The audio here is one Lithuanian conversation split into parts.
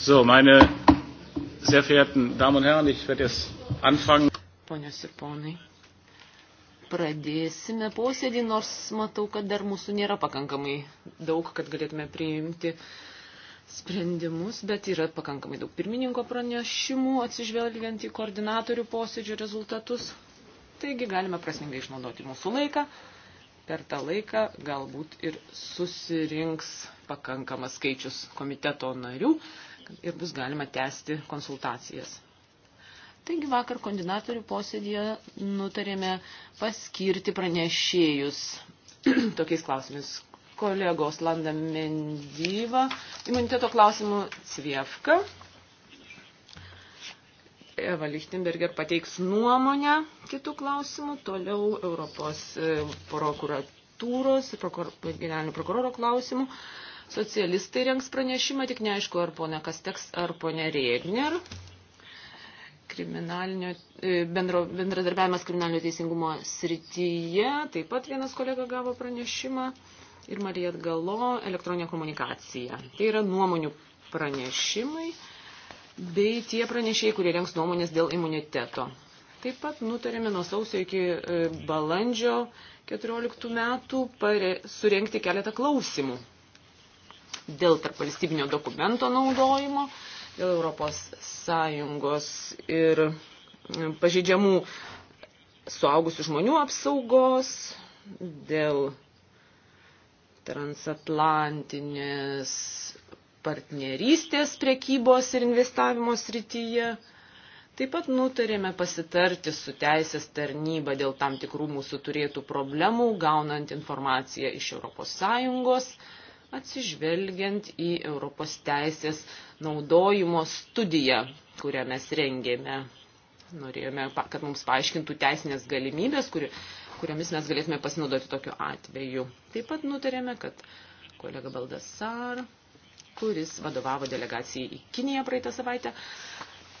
So, meine sehr verehrten Damen und Herren, ich werde jetzt anfangen. Ponios ir ponai, pradėsime posėdį, nors matau, kad dar mūsų nėra pakankamai daug, kad galėtume priimti sprendimus, bet yra pakankamai daug pirmininko pranešimų, atsižvelgiant į koordinatorių posėdžių rezultatus. Taigi galime prasmingai išnaudoti mūsų laiką. Per tą laiką galbūt ir susirinks pakankamas skaičius komiteto narių, ir bus galima tęsti konsultacijas. Taigi vakar koordinatorių posėdėje nutarėme paskirti pranešėjus tokiais klausimais. Kolegos Landa Mendyva, imuniteto klausimų Cviefka. Eva Lichtenberger pateiks nuomonę kitų klausimų, toliau Europos e, prokuratūros ir prokor, generalinio prokuroro klausimų. Socialistai rengs pranešimą, tik neaišku, ar ponia Kasteks, ar ponia Regner. Kriminalinio, e, bendro, bendradarbiavimas kriminalinio teisingumo srityje. Taip pat vienas kolega gavo pranešimą. Ir Marija Galo elektroninė komunikacija. Tai yra nuomonių pranešimai bei tie pranešėjai, kurie rengs nuomonės dėl imuniteto. Taip pat nutarėme nuo sausio iki e, balandžio 14 metų surengti keletą klausimų dėl tarpvalstybinio dokumento naudojimo, dėl Europos Sąjungos ir mm, pažeidžiamų suaugusių žmonių apsaugos, dėl transatlantinės partnerystės prekybos ir investavimo srityje. Taip pat nutarėme pasitarti su teisės tarnyba dėl tam tikrų mūsų turėtų problemų, gaunant informaciją iš ES atsižvelgiant į Europos teisės naudojimo studiją, kurią mes rengėme. Norėjome, kad mums paaiškintų teisinės galimybės, kuri, kuriomis mes galėtume pasinaudoti tokiu atveju. Taip pat nutarėme, kad kolega Baldasar, kuris vadovavo delegacijai į Kiniją praeitą savaitę,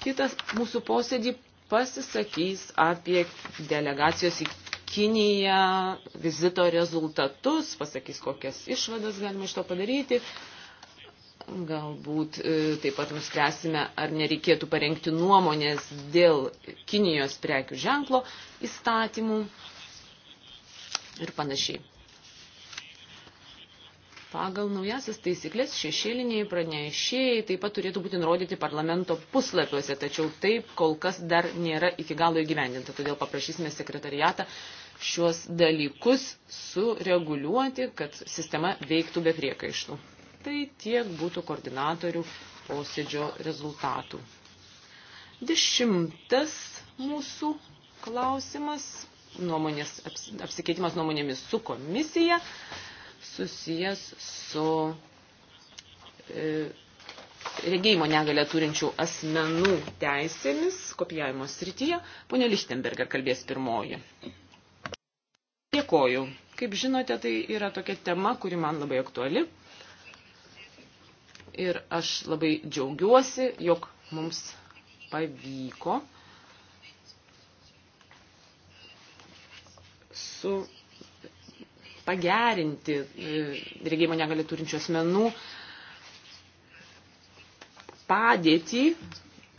kitas mūsų posėdį pasisakys apie delegacijos į Kiniją, vizito rezultatus, pasakys, kokias išvadas galima iš to padaryti. Galbūt e, taip pat nuspręsime, ar nereikėtų parengti nuomonės dėl Kinijos prekių ženklo įstatymų ir panašiai. Pagal naujasis taisyklės šešėliniai pranešėjai taip pat turėtų būti nurodyti parlamento puslapiuose, tačiau taip kol kas dar nėra iki galo įgyvendinta. Todėl paprašysime sekretariatą šiuos dalykus sureguliuoti, kad sistema veiktų be priekaištų. Tai tiek būtų koordinatorių posėdžio rezultatų. Dešimtas mūsų klausimas nuomonės, apsikeitimas nuomonėmis su komisija susijęs su e, regėjimo negalę turinčių asmenų teisėmis kopijavimo srityje. Pone Lichtenberger kalbės pirmoji. Dėkoju. Kaip žinote, tai yra tokia tema, kuri man labai aktuali. Ir aš labai džiaugiuosi, jog mums pavyko su pagerinti e, regėjimo negalį turinčių asmenų padėtį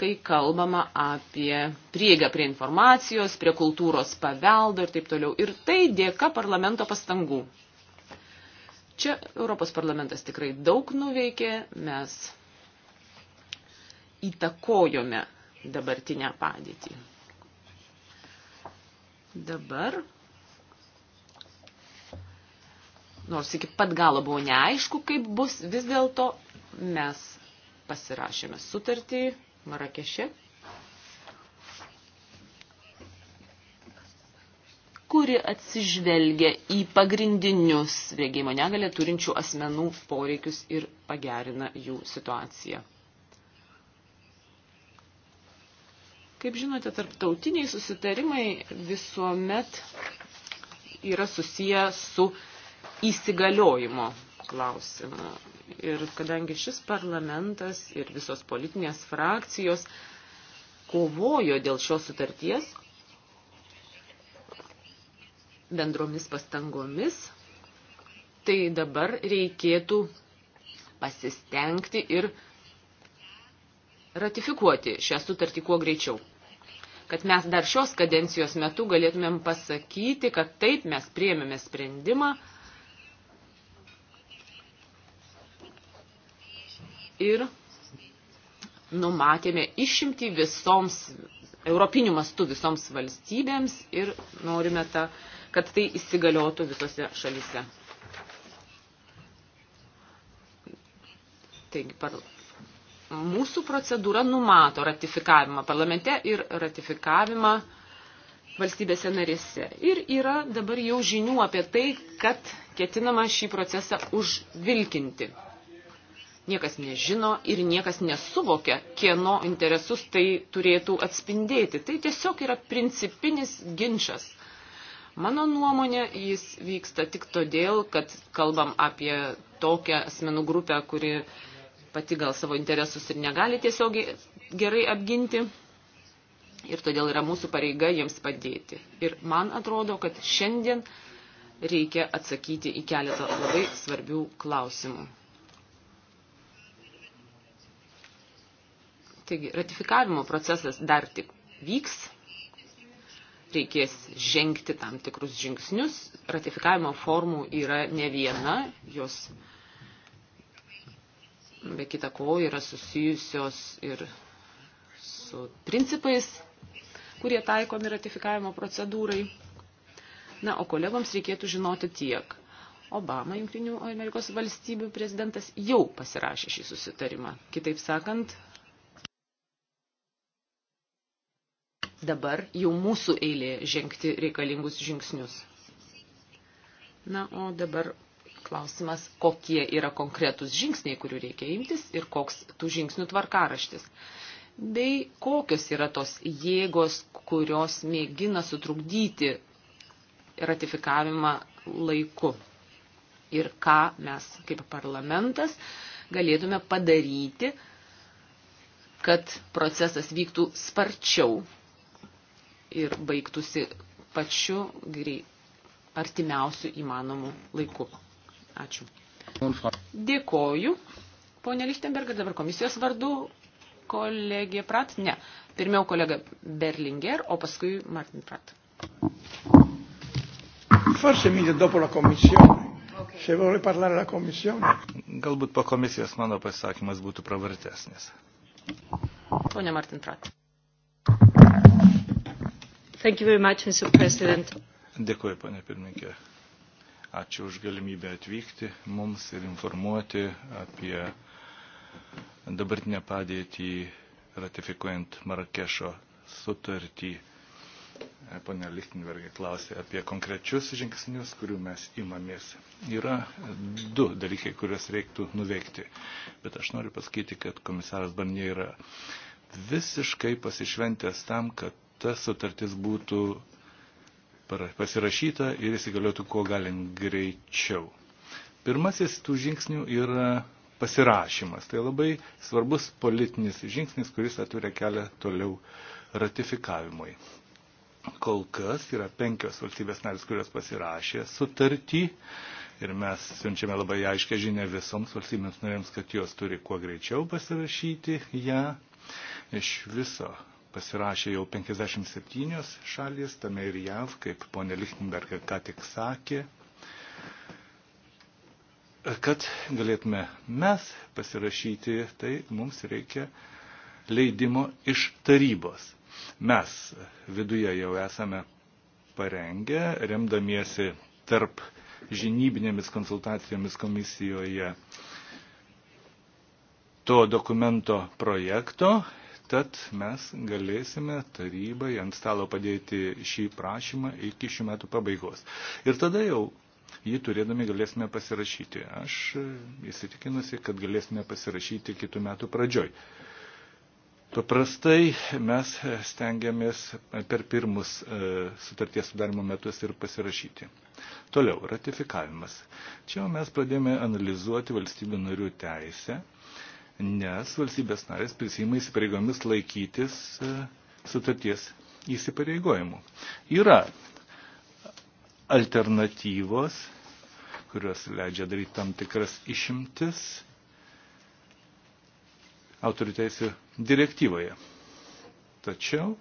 kai kalbama apie prieigą prie informacijos, prie kultūros paveldo ir taip toliau. Ir tai dėka parlamento pastangų. Čia Europos parlamentas tikrai daug nuveikė, mes įtakojome dabartinę padėtį. Dabar nors iki pat galo buvo neaišku, kaip bus, vis dėlto mes pasirašėme sutartį Marakeše, kuri atsižvelgia į pagrindinius regėjimo negalę turinčių asmenų poreikius ir pagerina jų situaciją. Kaip žinote, tarptautiniai susitarimai visuomet yra susiję su įsigaliojimo klausimų. Ir kadangi šis parlamentas ir visos politinės frakcijos kovojo dėl šios sutarties bendromis pastangomis, tai dabar reikėtų pasistengti ir ratifikuoti šią sutartį kuo greičiau kad mes dar šios kadencijos metu galėtumėm pasakyti, kad taip mes priėmėme sprendimą, ir numatėme išimti visoms, europinių mastų visoms valstybėms ir norime, ta, kad tai įsigaliotų visose šalyse. Taigi, par, mūsų procedūra numato ratifikavimą parlamente ir ratifikavimą valstybėse narėse. Ir yra dabar jau žinių apie tai, kad ketinama šį procesą užvilkinti. Niekas nežino ir niekas nesuvokia, kieno interesus tai turėtų atspindėti. Tai tiesiog yra principinis ginčas. Mano nuomonė, jis vyksta tik todėl, kad kalbam apie tokią asmenų grupę, kuri pati gal savo interesus ir negali tiesiogiai gerai apginti. Ir todėl yra mūsų pareiga jiems padėti. Ir man atrodo, kad šiandien reikia atsakyti į keletą labai svarbių klausimų. Taigi ratifikavimo procesas dar tik vyks, reikės žengti tam tikrus žingsnius. Ratifikavimo formų yra ne viena, jos be kita ko yra susijusios ir su principais, kurie taikomi ratifikavimo procedūrai. Na, o kolegoms reikėtų žinoti tiek. Obama, Junktinių Amerikos valstybių prezidentas, jau pasirašė šį susitarimą. Kitaip sakant, dabar jau mūsų eilė žengti reikalingus žingsnius. Na, o dabar klausimas, kokie yra konkretūs žingsniai, kurių reikia imtis ir koks tų žingsnių tvarkaraštis. Bei kokios yra tos jėgos, kurios mėgina sutrukdyti ratifikavimą laiku. Ir ką mes kaip parlamentas galėtume padaryti, kad procesas vyktų sparčiau ir baigtųsi pačiu greit artimiausių įmanomų laikų. Ačiū. Dėkoju. Pone Lichtenberg, dabar komisijos vardu kolegė Prat. Ne, pirmiau kolega Berlinger, o paskui Martin Prat. Forse meglio dopo la commissione. Se vuole parlare la commissione. Galbūt po komisijos mano pasakymas būtų pravartesnis. Pone Martin Prat. Thank you very much, Mr. President. Dėkuoju, panė pirmininkė. Ačiū už galimybę atvykti mums ir informuoti apie dabartinę padėtį ratifikuojant Marakešo sutartį. Pane Lichtenbergai klausė apie konkrečius žingsnius, kurių mes imamės. Yra du dalykai, kuriuos reiktų nuveikti. Bet aš noriu pasakyti, kad komisaras Barnė yra visiškai pasišventęs tam, kad ta sutartis būtų pasirašyta ir įsigaliotų kuo galint greičiau. Pirmasis tų žingsnių yra pasirašymas. Tai labai svarbus politinis žingsnis, kuris atveria kelią toliau ratifikavimui. Kol kas yra penkios valstybės narės, kurios pasirašė sutartį ir mes siunčiame labai aiškę žinę visoms valstybėms narėms, kad jos turi kuo greičiau pasirašyti ją. Iš viso pasirašė jau 57 šalis, tame ir JAV, kaip ponė Lichtenberg ką tik sakė, kad galėtume mes pasirašyti, tai mums reikia leidimo iš tarybos. Mes viduje jau esame parengę, remdamiesi tarp žinybinėmis konsultacijomis komisijoje to dokumento projekto Tad mes galėsime tarybai ant stalo padėti šį prašymą iki šių metų pabaigos. Ir tada jau jį turėdami galėsime pasirašyti. Aš įsitikinusi, kad galėsime pasirašyti kitų metų pradžioj. Paprastai mes stengiamės per pirmus e, sutarties sudarimo metus ir pasirašyti. Toliau, ratifikavimas. Čia mes pradėjome analizuoti valstybių narių teisę nes valstybės narės prisima įsipareigomis laikytis e, sutarties įsipareigojimų. Yra alternatyvos, kurios leidžia daryti tam tikras išimtis autoriteisių direktyvoje. Tačiau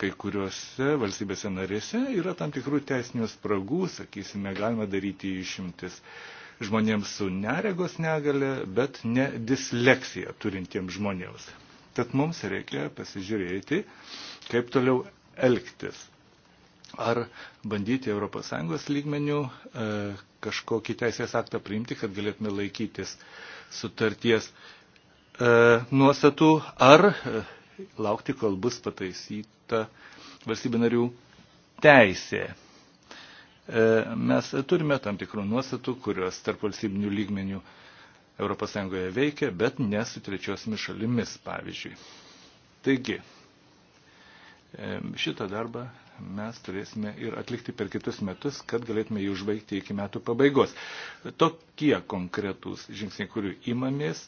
kai kuriuose valstybėse narėse yra tam tikrų teisinių spragų, sakysime, galima daryti išimtis žmonėms su neregos negale, bet ne disleksiją turintiems žmonėms. Tad mums reikia pasižiūrėti, kaip toliau elgtis. Ar bandyti ES lygmenių e, kažkokį teisės aktą priimti, kad galėtume laikytis sutarties e, nuostatų, ar e, laukti, kol bus pataisyta valstybė narių teisė. E, mes turime tam tikrų nuostatų, kurios tarp valstybinių lygmenių ES veikia, bet ne su trečiosiomis šalimis, pavyzdžiui. Taigi, e, šitą darbą mes turėsime ir atlikti per kitus metus, kad galėtume jį užbaigti iki metų pabaigos. Tokie konkretūs žingsniai, kurių imamės,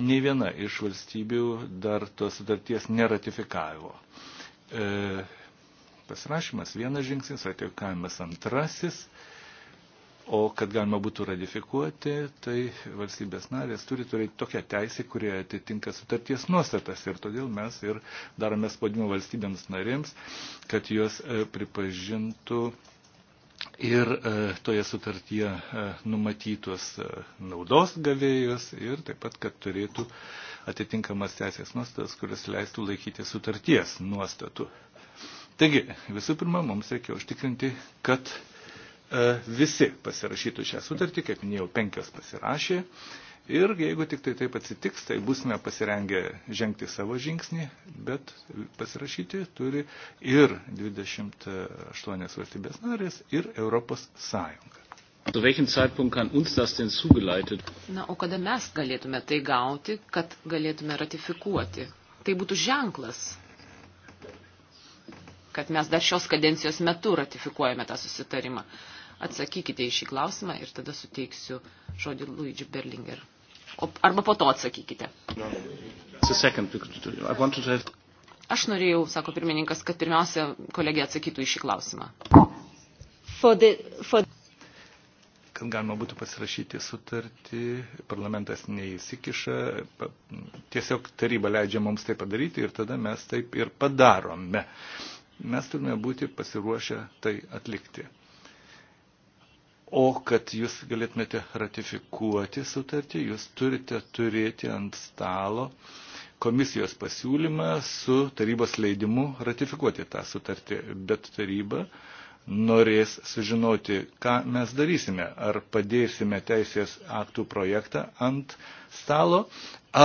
nei viena iš valstybių dar tos sutarties neratifikavo. E, pasirašymas vienas žingsnis, ratifikavimas antrasis, o kad galima būtų ratifikuoti, tai valstybės narės turi turėti tokią teisę, kurie atitinka sutarties nuostatas ir todėl mes ir darome spaudimą valstybėms narėms, kad juos e, pripažintų ir e, toje sutartyje e, numatytos naudos gavėjos ir taip pat, kad turėtų atitinkamas teisės nuostatas, kuris leistų laikyti sutarties nuostatų. Taigi, visų pirma, mums reikia užtikrinti, kad e, visi pasirašytų šią sutartį, kaip minėjau, penkios pasirašė. Ir jeigu tik tai taip atsitiks, tai būsime pasirengę žengti savo žingsnį, bet pasirašyti turi ir 28 valstybės narės, ir Europos Sąjunga. Na, o kada mes galėtume tai gauti, kad galėtume ratifikuoti? Tai būtų ženklas kad mes dar šios kadencijos metu ratifikuojame tą susitarimą? Atsakykite į šį klausimą ir tada suteiksiu žodį Luigi Berlinger. O, arba po to atsakykite. Aš norėjau, sako pirmininkas, kad pirmiausia kolegė atsakytų į šį klausimą. For the, for kad galima būtų pasirašyti sutartį, parlamentas neįsikiša, tiesiog taryba leidžia mums tai padaryti ir tada mes taip ir padarome mes turime būti pasiruošę tai atlikti. O kad jūs galėtumėte ratifikuoti sutartį, jūs turite turėti ant stalo komisijos pasiūlymą su tarybos leidimu ratifikuoti tą sutartį. Bet taryba norės sužinoti, ką mes darysime. Ar padėsime teisės aktų projektą ant stalo,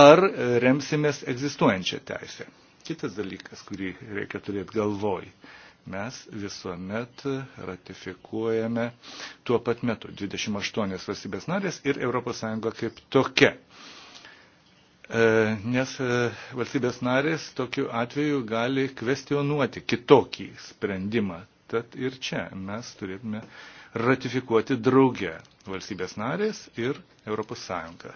ar remsimės egzistuojančią teisę. Kitas dalykas, kurį reikia turėti galvoj. Mes visuomet ratifikuojame tuo pat metu 28 valstybės narės ir ES kaip tokia e, nes e, valstybės narės tokiu atveju gali kvestionuoti kitokį sprendimą. Tad ir čia mes turėtume ratifikuoti draugę valstybės narės ir Europos Sąjungą.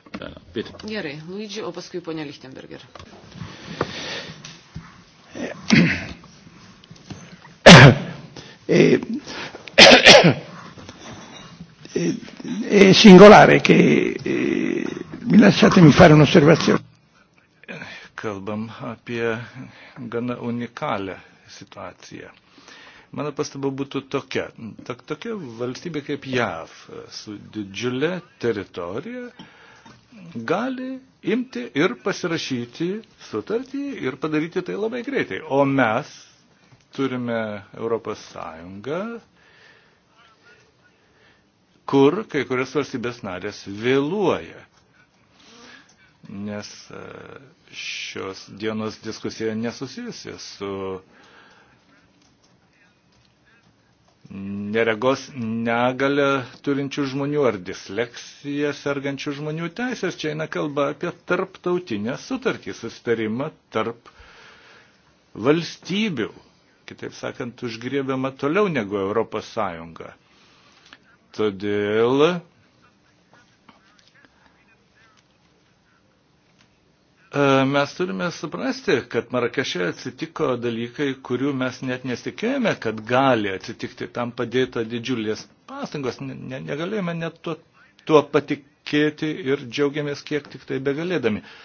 Gerai, Luidži, o paskui ponė Lichtenberger è, eh, è eh, eh, singolare che eh, lasciatemi fare un'osservazione. Kalbam apie gana unikalią situaciją. Mano pastaba būtų tokia. Tok, tokia valstybė kaip JAV su didžiulė teritorija, gali imti ir pasirašyti sutartį ir padaryti tai labai greitai. O mes turime Europos Sąjungą, kur kai kurias valstybės narės vėluoja. Nes e, šios dienos diskusija nesusijusi su uh, neregos negalę turinčių žmonių ar disleksiją sergančių žmonių teisės. Čia eina kalba apie tarptautinę sutartį, sustarimą tarp valstybių. Kitaip sakant, užgriebiama toliau negu Europos Sąjunga. Todėl E, mes turime suprasti, kad Marakešė atsitiko dalykai, kurių mes net nesitikėjome, kad gali atsitikti. Tam padėta didžiulės pastangos, ne, negalėjome net tuo, tuo patikėti ir džiaugiamės kiek tik tai begalėdami. Uh,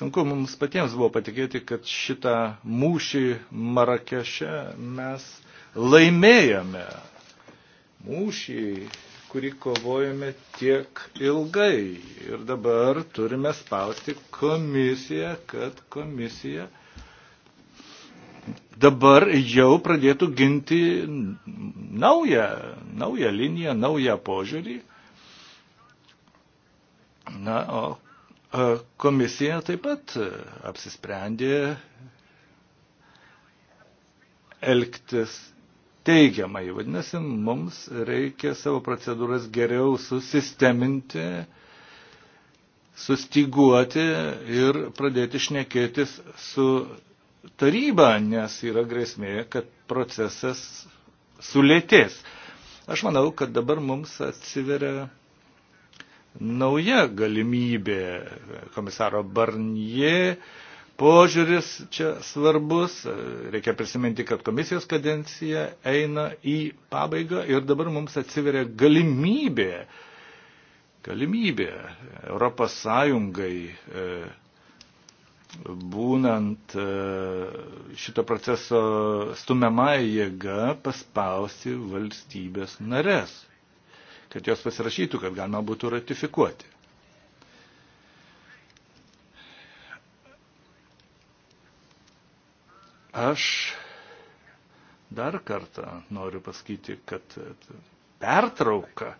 Sunku mums patiems buvo patikėti, kad šitą mūšį Marakeše mes laimėjome. Mūšį, kurį kovojame tiek ilgai. Ir dabar turime spausti komisiją, kad komisija dabar jau pradėtų ginti naują, naują liniją, naują požiūrį. Na, o Komisija taip pat e, apsisprendė elgtis teigiamai. Vadinasi, mums reikia savo procedūras geriau susisteminti, sustiguoti ir pradėti šnekėtis su taryba, nes yra grėsmė, kad procesas sulėtės. Aš manau, kad dabar mums atsiveria nauja galimybė. Komisaro Barnie požiūris čia svarbus. Reikia prisiminti, kad komisijos kadencija eina į pabaigą ir dabar mums atsiveria galimybė. Galimybė Europos Sąjungai e, būnant e, šito proceso stumiamąją jėgą paspausti valstybės nares kad jos pasirašytų, kad galima būtų ratifikuoti. Aš dar kartą noriu pasakyti, kad pertrauka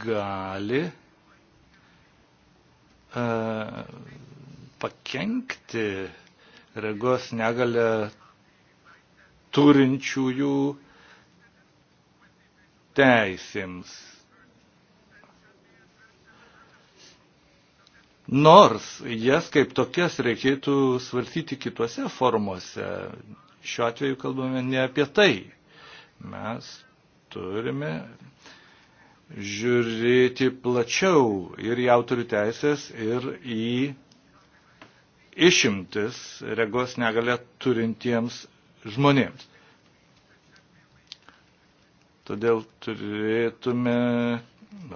gali e, pakenkti regos negalę turinčiųjų teisėms. Nors jas kaip tokias reikėtų svarstyti kitose formuose. Šiuo atveju kalbame ne apie tai. Mes turime žiūrėti plačiau ir į autorių teisės, ir į išimtis regos negalę turintiems žmonėms. Todėl turėtume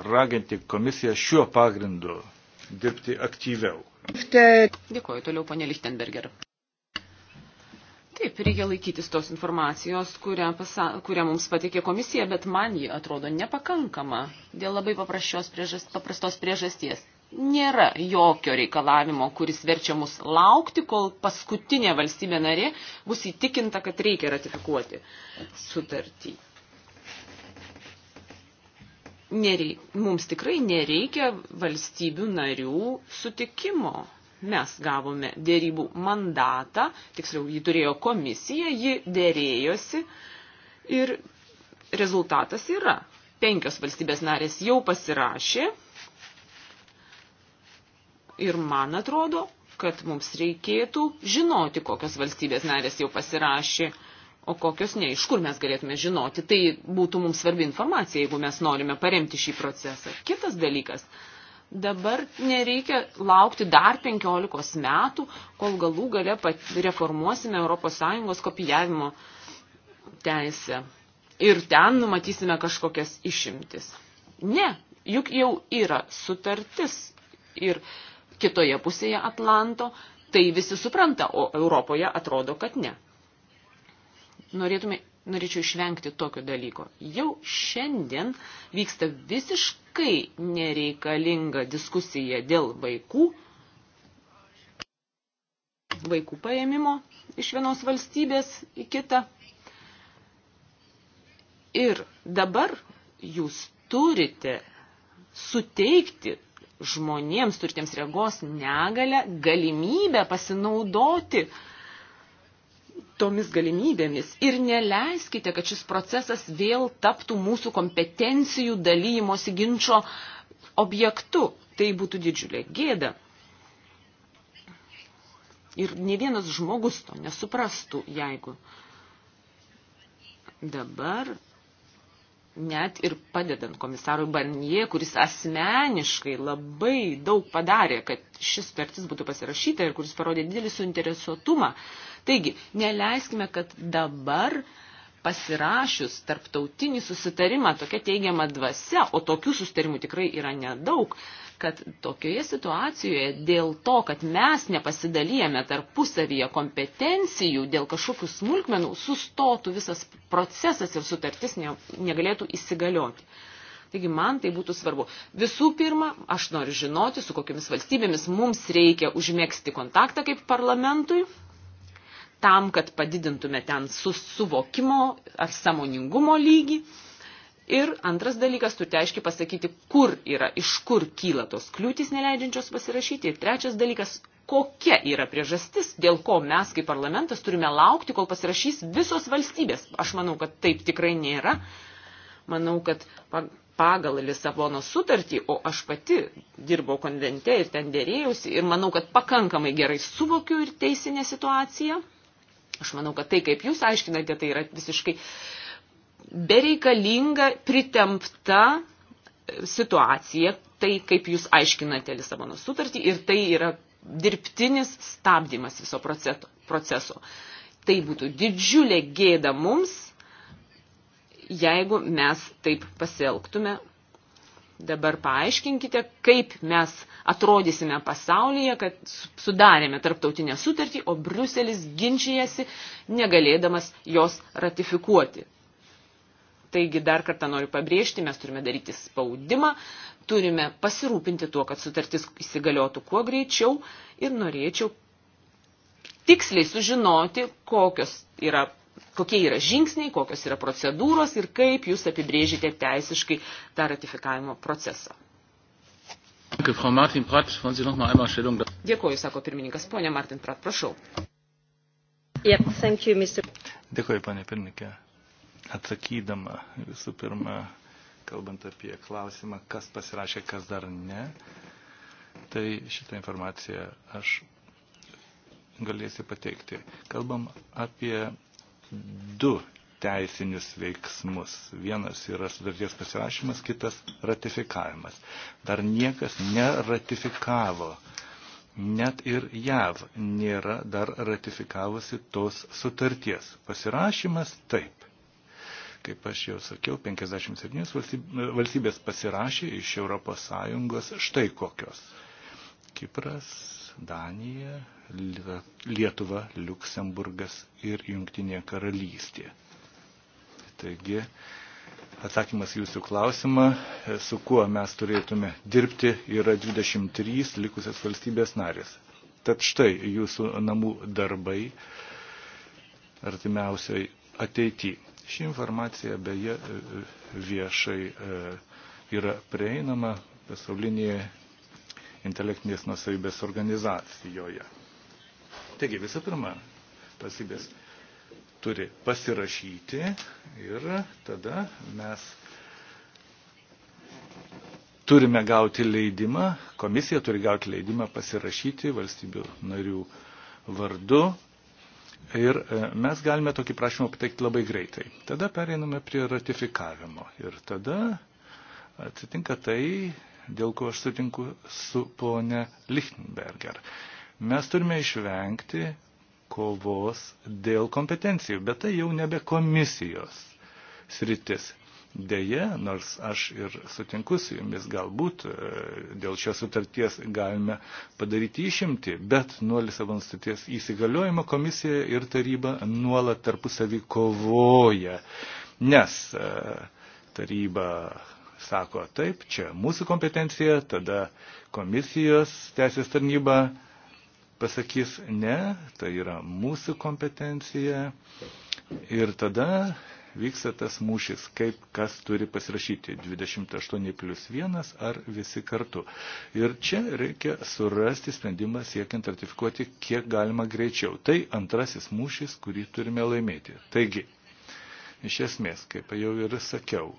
raginti komisiją šiuo pagrindu dirbti aktyviau. Dėkuoju toliau, ponė Lichtenberger. Taip, reikia laikytis tos informacijos, kurią, pasa, kurią mums pateikė komisija, bet man ji atrodo nepakankama dėl labai paprastos priežasties nėra jokio reikalavimo, kuris verčia mus laukti, kol paskutinė valstybė narė bus įtikinta, kad reikia ratifikuoti sutartį. Nereik, mums tikrai nereikia valstybių narių sutikimo. Mes gavome dėrybų mandatą, tiksliau jį turėjo komisija, ji dėrėjosi ir rezultatas yra. Penkios valstybės narės jau pasirašė Ir man atrodo, kad mums reikėtų žinoti, kokios valstybės narės jau pasirašė, o kokios ne, iš kur mes galėtume žinoti. Tai būtų mums svarbi informacija, jeigu mes norime paremti šį procesą. Kitas dalykas. Dabar nereikia laukti dar 15 metų, kol galų gale reformuosime ES kopijavimo teisę. Ir ten numatysime kažkokias išimtis. Ne, juk jau yra sutartis ir kitoje pusėje Atlanto, tai visi supranta, o Europoje atrodo, kad ne. Norėtume, norėčiau išvengti tokio dalyko. Jau šiandien vyksta visiškai nereikalinga diskusija dėl vaikų, vaikų paėmimo iš vienos valstybės į kitą. Ir dabar jūs turite suteikti žmonėms turtiems regos negalę galimybę pasinaudoti tomis galimybėmis ir neleiskite, kad šis procesas vėl taptų mūsų kompetencijų dalymosi ginčio objektu. Tai būtų didžiulė gėda. Ir ne vienas žmogus to nesuprastų, jeigu dabar net ir padedant komisarui Barnie, kuris asmeniškai labai daug padarė, kad šis sutartis būtų pasirašyta ir kuris parodė didelį suinteresuotumą. Taigi, neleiskime, kad dabar pasirašius tarptautinį susitarimą tokia teigiama dvasia, o tokių susitarimų tikrai yra nedaug, uh, kad tokioje situacijoje dėl to, kad mes nepasidalijame tarpusavyje kompetencijų dėl kažkokių smulkmenų, sustotų visas procesas ir sutartis ne, negalėtų įsigalioti. Taigi man tai būtų svarbu. Visų pirma, aš noriu žinoti, su kokiamis valstybėmis mums reikia užmėgsti kontaktą kaip parlamentui, tam, kad padidintume ten su suvokimo ar samoningumo lygį. Ir antras dalykas, turite aiškiai pasakyti, kur yra, iš kur kyla tos kliūtis neleidžiančios pasirašyti. Ir trečias dalykas, kokia yra priežastis, dėl ko mes kaip parlamentas turime laukti, kol pasirašys visos valstybės. Aš manau, kad taip tikrai nėra. Manau, kad pagal Lisabonos sutartį, o aš pati dirbau konvente ir ten dėrėjausi ir manau, kad pakankamai gerai suvokiu ir teisinę situaciją. Aš manau, kad tai, kaip jūs aiškinate, tai yra visiškai uh, bereikalinga pritempta situacija, tai kaip jūs aiškinate Lisabono sutartį ir tai yra dirbtinis stabdymas viso proceso. Tai būtų didžiulė gėda mums, jeigu mes taip pasielgtume. Dabar paaiškinkite, kaip mes atrodysime pasaulyje, kad sudarėme tarptautinę sutartį, o Bruselis ginčijasi, negalėdamas jos ratifikuoti. Taigi dar kartą noriu pabrėžti, mes turime daryti spaudimą, turime pasirūpinti tuo, kad sutartis įsigaliotų kuo greičiau ir norėčiau tiksliai sužinoti, kokios yra kokie yra žingsniai, kokios yra procedūros ir kaip jūs apibrėžite teisiškai tą ratifikavimo procesą. Dėkuoju, sako pirmininkas. Pone Martin Prat, prašau. Yep, thank you, Mr. Dėkuoju, pane pirmininkė atsakydama visų pirma, kalbant apie klausimą, kas pasirašė, kas dar ne, tai šitą informaciją aš galėsiu pateikti. Kalbam apie du teisinius veiksmus. Vienas yra sudarties pasirašymas, kitas ratifikavimas. Dar niekas neratifikavo. Net ir JAV nėra dar ratifikavusi tos sutarties. Pasirašymas taip. Kaip aš jau sakiau, 57 valstybės pasirašė iš ES štai kokios. Kipras, Danija, Lietuva, Luksemburgas ir Junktinė karalystė. Taigi, atsakymas jūsų klausimą, su kuo mes turėtume dirbti, yra 23 likusios valstybės narės. Tad štai jūsų namų darbai artimiausiai ateityje. Ši informacija beje e, e, viešai e, yra prieinama pasaulinėje intelektinės nusavybės organizacijoje. Taigi visų pirma, pasibės turi pasirašyti ir tada mes turime gauti leidimą, komisija turi gauti leidimą pasirašyti valstybių narių vardu Ir e, mes galime tokį prašymą pateikti labai greitai. Tada pereiname prie ratifikavimo. Ir tada atsitinka tai, dėl ko aš sutinku su ponė Lichtenberger. Mes turime išvengti kovos dėl kompetencijų, bet tai jau nebe komisijos sritis. Deja, nors aš ir sutinku su jumis, galbūt e, dėl šios sutarties galime padaryti išimti, bet nuo Lisabon sutarties įsigaliojimo komisija ir taryba nuolat tarpusavį kovoja, nes e, taryba sako taip, čia mūsų kompetencija, tada komisijos teisės tarnyba pasakys ne, tai yra mūsų kompetencija. Ir tada vyksta tas mūšis, kaip kas turi pasirašyti 28 plus 1 ar visi kartu. Ir čia reikia surasti sprendimą siekiant ratifikuoti kiek galima greičiau. Tai antrasis mūšis, kurį turime laimėti. Taigi, iš esmės, kaip jau ir sakiau,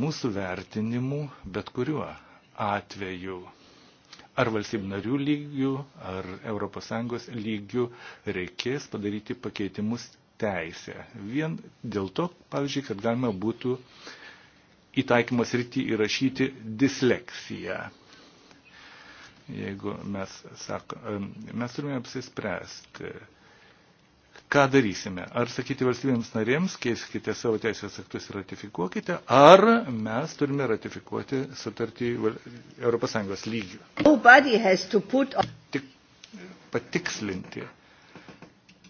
mūsų vertinimų bet kuriuo atveju ar valstybių narių lygių, ar ES lygių reikės padaryti pakeitimus teisę. Vien dėl to, pavyzdžiui, kad galima būtų įtaikymas rytį įrašyti disleksiją. Jeigu mes sakome, mes turime apsispręsti, ką darysime. Ar sakyti valstybėms narėms, keiskite savo teisės aktus ir ratifikuokite, ar mes turime ratifikuoti sutartį ES lygių. Tik patikslinti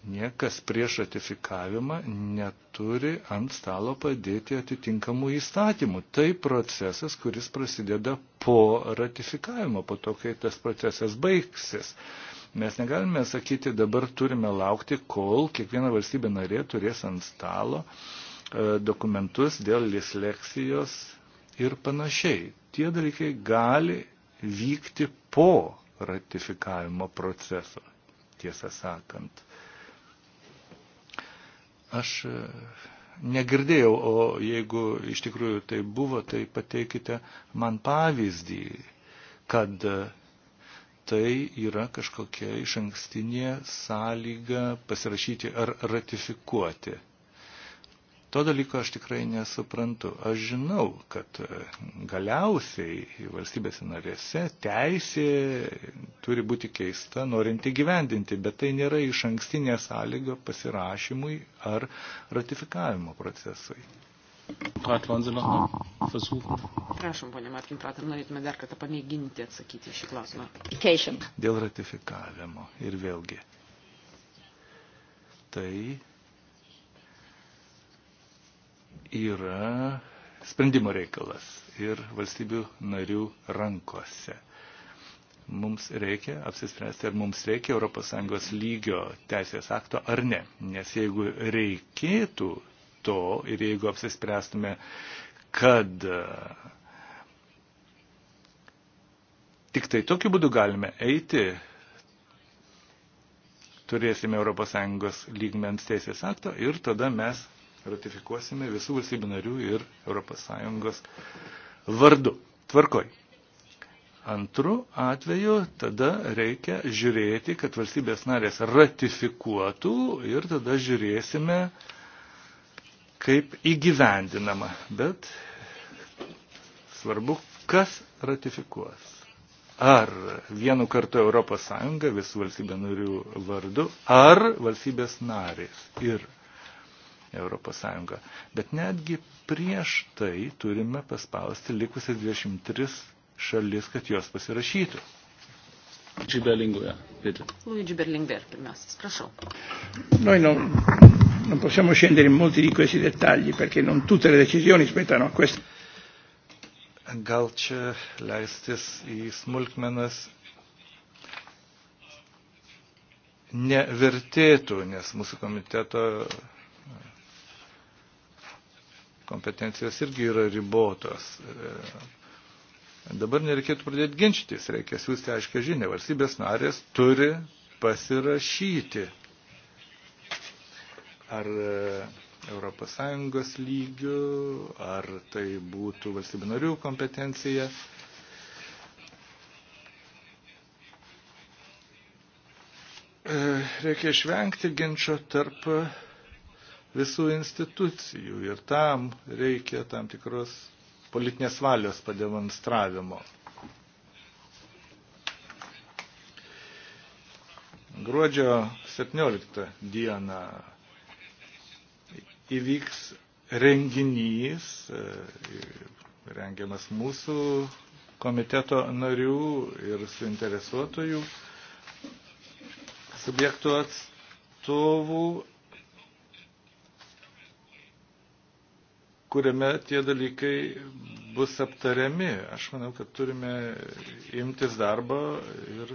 niekas prieš ratifikavimą neturi ant stalo padėti atitinkamų įstatymų. Tai procesas, kuris prasideda po ratifikavimo, po to, kai tas procesas baigsis. Mes negalime sakyti, dabar turime laukti, kol kiekviena valstybė narė turės ant stalo e, dokumentus dėl disleksijos ir panašiai. Tie dalykai gali vykti po ratifikavimo proceso, tiesą sakant. Aš e, negirdėjau, o jeigu iš tikrųjų tai buvo, tai pateikite man pavyzdį, kad e, tai yra kažkokia iš ankstinė sąlyga pasirašyti ar ratifikuoti. To dalyko aš tikrai nesuprantu. Aš žinau, kad e, galiausiai valstybėse narėse teisė turi būti keista, norint įgyvendinti, bet tai nėra iš ankstinė sąlyga pasirašymui ar ratifikavimo procesui. Prašom, ponė Martin Pratam, norėtume dar kartą pamėginti atsakyti šį klausimą. Dėl ratifikavimo ir vėlgi. Tai yra sprendimo reikalas ir valstybių narių rankose. Mums reikia apsispręsti, ar mums reikia ES lygio teisės akto ar ne. Nes jeigu reikėtų to ir jeigu apsispręstume, kad e, Tik tai tokiu būdu galime eiti, turėsime ES lygmens teisės akto ir tada mes ratifikuosime visų valstybių narių ir ES vardu. Tvarkoj. Antru atveju tada reikia žiūrėti, kad valstybės narės ratifikuotų ir tada žiūrėsime, kaip įgyvendinama. Bet svarbu, kas ratifikuos. Ar vienu kartu ES visų valstybė narių vardu, ar valstybės narės. Ir ES. Bet netgi prieš tai turime paspausti likusias 23 šalis, kad jos pasirašytų. Luigi Berlinguer, bitte. Luigi Berlinguer, pirmiausias, prašau. Noi non, non possiamo scendere in molti di questi dettagli perché non tutte le decisioni spettano a questo. Gal čia leistis į smulkmenas nevertėtų, nes mūsų komiteto kompetencijos irgi yra ribotos. E, dabar nereikėtų pradėti ginčytis, reikia siūsti aiškę žinę. Valstybės narės turi pasirašyti. Ar ES lygių, ar tai būtų valstybių narių kompetencija. E, reikia išvengti ginčio tarp visų institucijų ir tam reikia tam tikros politinės valios pademonstravimo. Gruodžio 17 dieną įvyks renginys, e, rengiamas mūsų komiteto narių ir suinteresuotojų subjektų atstovų kuriame tie dalykai bus aptariami. Aš manau, kad turime imtis darbo ir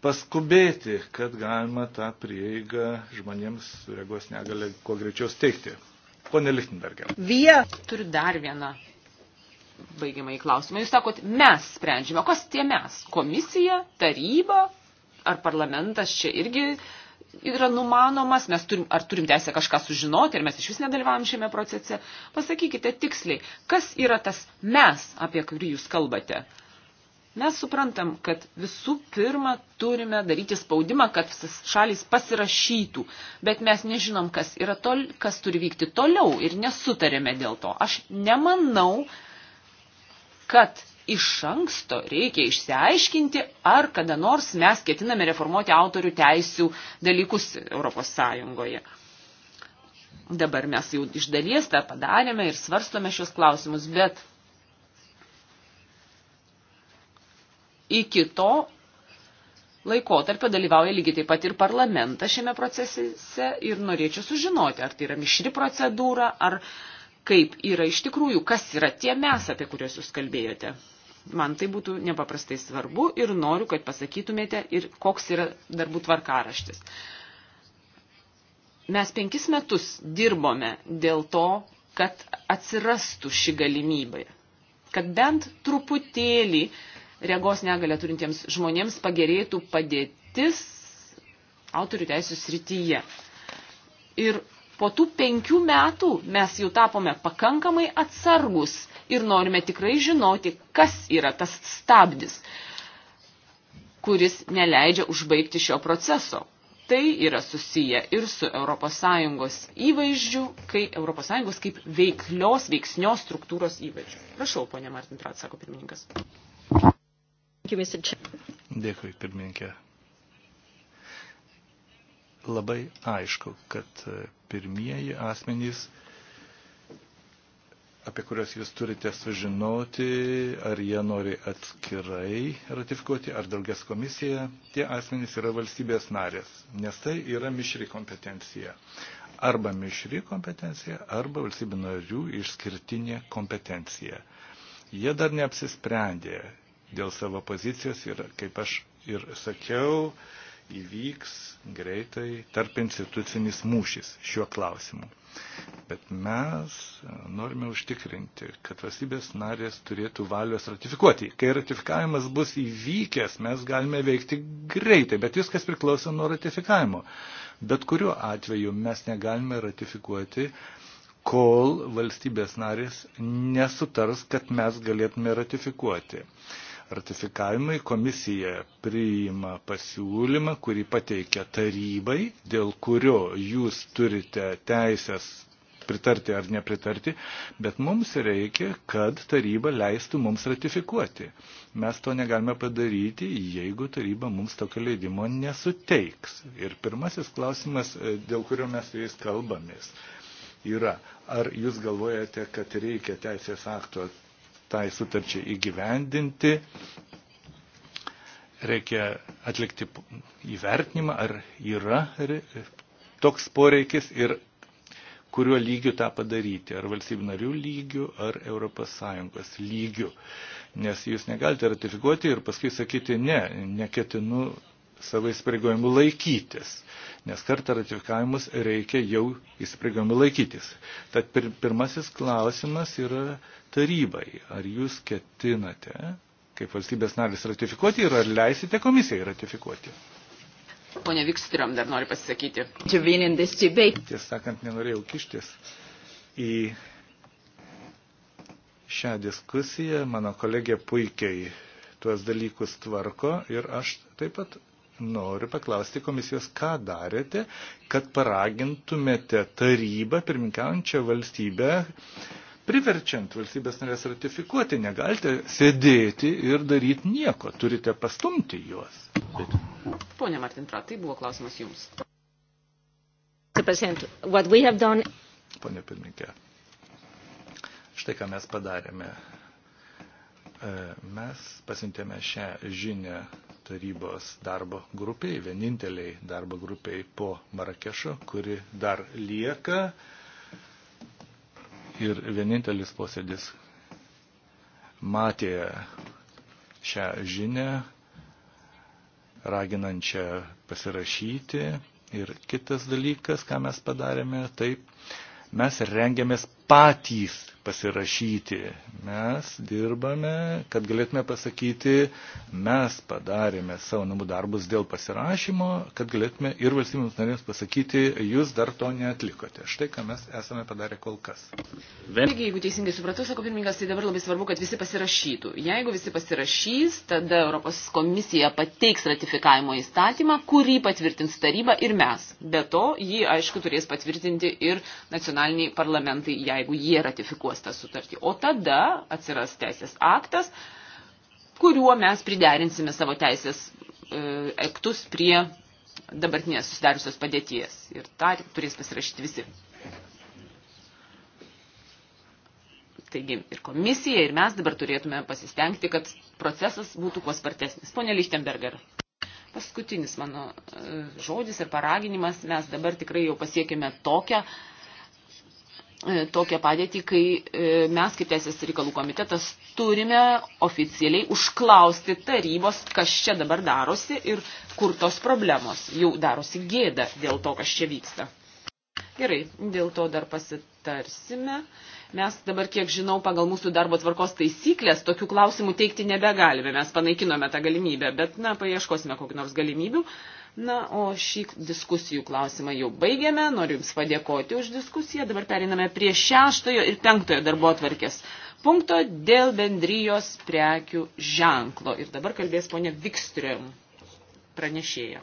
paskubėti, kad galima tą prieigą žmonėms su regos negalė kuo greičiau steigti. Pone Lichtenberger. Vie turi dar vieną baigiamą į klausimą. Jūs sakot, mes sprendžiame. Kas tie mes? Komisija, taryba ar parlamentas čia irgi uh, yra numanomas, mes turim, ar turim teisę kažką sužinoti, ar mes iš vis nedalyvavom šiame procese. Pasakykite tiksliai, kas yra tas mes, apie kurį jūs kalbate. Mes suprantam, kad visų pirma turime daryti spaudimą, kad šalis pasirašytų, bet mes nežinom, kas, yra tol, kas turi vykti toliau ir nesutarėme dėl to. Aš nemanau, kad iš anksto reikia išsiaiškinti, ar kada nors mes ketiname reformuoti autorių teisių dalykus Europos Sąjungoje. Dabar mes jau iš dalies tą padarėme ir svarstome šios klausimus, bet iki to laikotarpio dalyvauja lygiai taip pat ir parlamentas šiame procese ir norėčiau sužinoti, ar tai yra mišri procedūra, ar kaip yra iš tikrųjų, kas yra tie mes, apie kuriuos jūs kalbėjote. Man tai būtų nepaprastai svarbu ir noriu, kad pasakytumėte ir koks yra darbų tvarkaraštis. Mes penkis metus dirbome dėl to, kad atsirastų ši galimybė, kad bent truputėlį regos negalę turintiems žmonėms pagerėtų padėtis autorių teisų srityje. Ir po tų penkių metų mes jau tapome pakankamai atsargus ir norime tikrai žinoti, kas yra tas stabdis, kuris neleidžia užbaigti šio proceso. Tai yra susiję ir su ES įvaizdžiu, kai ES kaip veiklios, veiksnios struktūros įvaizdžiu. Prašau, ponė Martin Trat, sako pirmininkas. Dėkui, pirmininkė labai aišku, kad e, pirmieji asmenys, apie kuriuos jūs turite sužinoti, ar jie nori atskirai ratifikuoti, ar draugės komisija, tie asmenys yra valstybės narės, nes tai yra mišri kompetencija. Arba mišri kompetencija, arba valstybių narių išskirtinė kompetencija. Jie dar neapsisprendė dėl savo pozicijos ir, kaip aš ir sakiau, uh, įvyks greitai tarp institucinis mūšis šiuo klausimu. Bet mes e, norime užtikrinti, kad valstybės narės turėtų valios ratifikuoti. Kai ratifikavimas bus įvykęs, mes galime veikti greitai, bet viskas priklauso nuo ratifikavimo. Bet kuriuo atveju mes negalime ratifikuoti, kol valstybės narės nesutars, kad mes galėtume ratifikuoti. Uh, ratifikavimui komisija priima pasiūlymą, kurį pateikia tarybai, dėl kurio jūs turite teisės pritarti ar nepritarti, bet mums reikia, kad taryba leistų mums ratifikuoti. Mes to negalime padaryti, jeigu taryba mums tokio leidimo nesuteiks. Ir pirmasis klausimas, e, dėl kurio mes su jais kalbamės, yra, ar jūs galvojate, kad reikia teisės akto tai sutarčiai įgyvendinti. Reikia atlikti įvertinimą, ar yra toks poreikis ir kuriuo lygiu tą padaryti, ar valstybių narių lygiu, ar ES lygiu. Nes jūs negalite ratifikuoti ir paskui sakyti, ne, neketinu savo įsipareigojimų laikytis, nes kartą ratifikavimus reikia jau įsipareigojimų laikytis. Tad pir pirmasis klausimas yra tarybai. Ar jūs ketinate, kaip valstybės narys, ratifikuoti ir ar leisite komisijai ratifikuoti? Pone Vikstriom dar nori pasisakyti. Tiesą sakant, nenorėjau kištis į šią diskusiją. Mano kolegė puikiai tuos dalykus tvarko ir aš taip pat noriu paklausti komisijos, ką darėte, kad paragintumėte tarybą, pirminkaujančią valstybę, priverčiant valstybės narės ratifikuoti. Negalite sėdėti ir daryti nieko, turite pastumti juos. Bet... Pone Martin Prat, tai buvo klausimas jums. Pone pirmininkė, štai ką mes padarėme. E, mes pasintėme šią žinę tarybos darbo grupiai, vieninteliai darbo grupiai po Marakešo, kuri dar lieka. Ir vienintelis posėdis matė šią žinę, raginančią pasirašyti. Ir kitas dalykas, ką mes padarėme, taip, mes rengiamės patys pasirašyti. Mes dirbame, kad galėtume pasakyti, mes padarėme savo namų darbus dėl pasirašymo, kad galėtume ir valstybėms narėms pasakyti, jūs dar to neatlikote. Štai ką mes esame padarę kol kas. Taigi, jeigu teisingai supratau, sako pirmininkas, tai dabar labai svarbu, kad visi pasirašytų. Jeigu visi pasirašys, tada Europos komisija pateiks ratifikavimo įstatymą, kurį patvirtins taryba ir mes. Be to, jį, aišku, turės patvirtinti ir nacionaliniai parlamentai, jeigu jie ratifikuos pagal tą sutartį. O tada atsiras teisės aktas, kuriuo mes priderinsime savo teisės e, aktus prie dabartinės susidariusios padėties. Ir tą turės pasirašyti visi. Taigi ir komisija, ir mes dabar turėtume pasistengti, kad procesas būtų kuo spartesnis. Pone Lichtenberger, paskutinis mano e, žodis ir paraginimas, mes dabar tikrai jau pasiekime tokią uh, E, tokią padėtį, kai e, mes kaip Teisės reikalų komitetas turime oficialiai užklausti tarybos, kas čia dabar darosi ir kur tos problemos. Jau darosi gėda dėl to, kas čia vyksta. Gerai, dėl to dar pasitarsime. Mes dabar, kiek žinau, pagal mūsų darbo tvarkos taisyklės tokių klausimų teikti nebegalime. Mes panaikinome tą galimybę, bet, na, paieškosime kokiu nors galimybių. Uh, Na, o šį diskusijų klausimą jau baigėme. Noriu Jums padėkoti už diskusiją. Dabar periname prie šeštojo ir penktojo darbo atvarkės punkto dėl bendrijos prekių ženklo. Ir dabar kalbės ponė Vikström, pranešėja.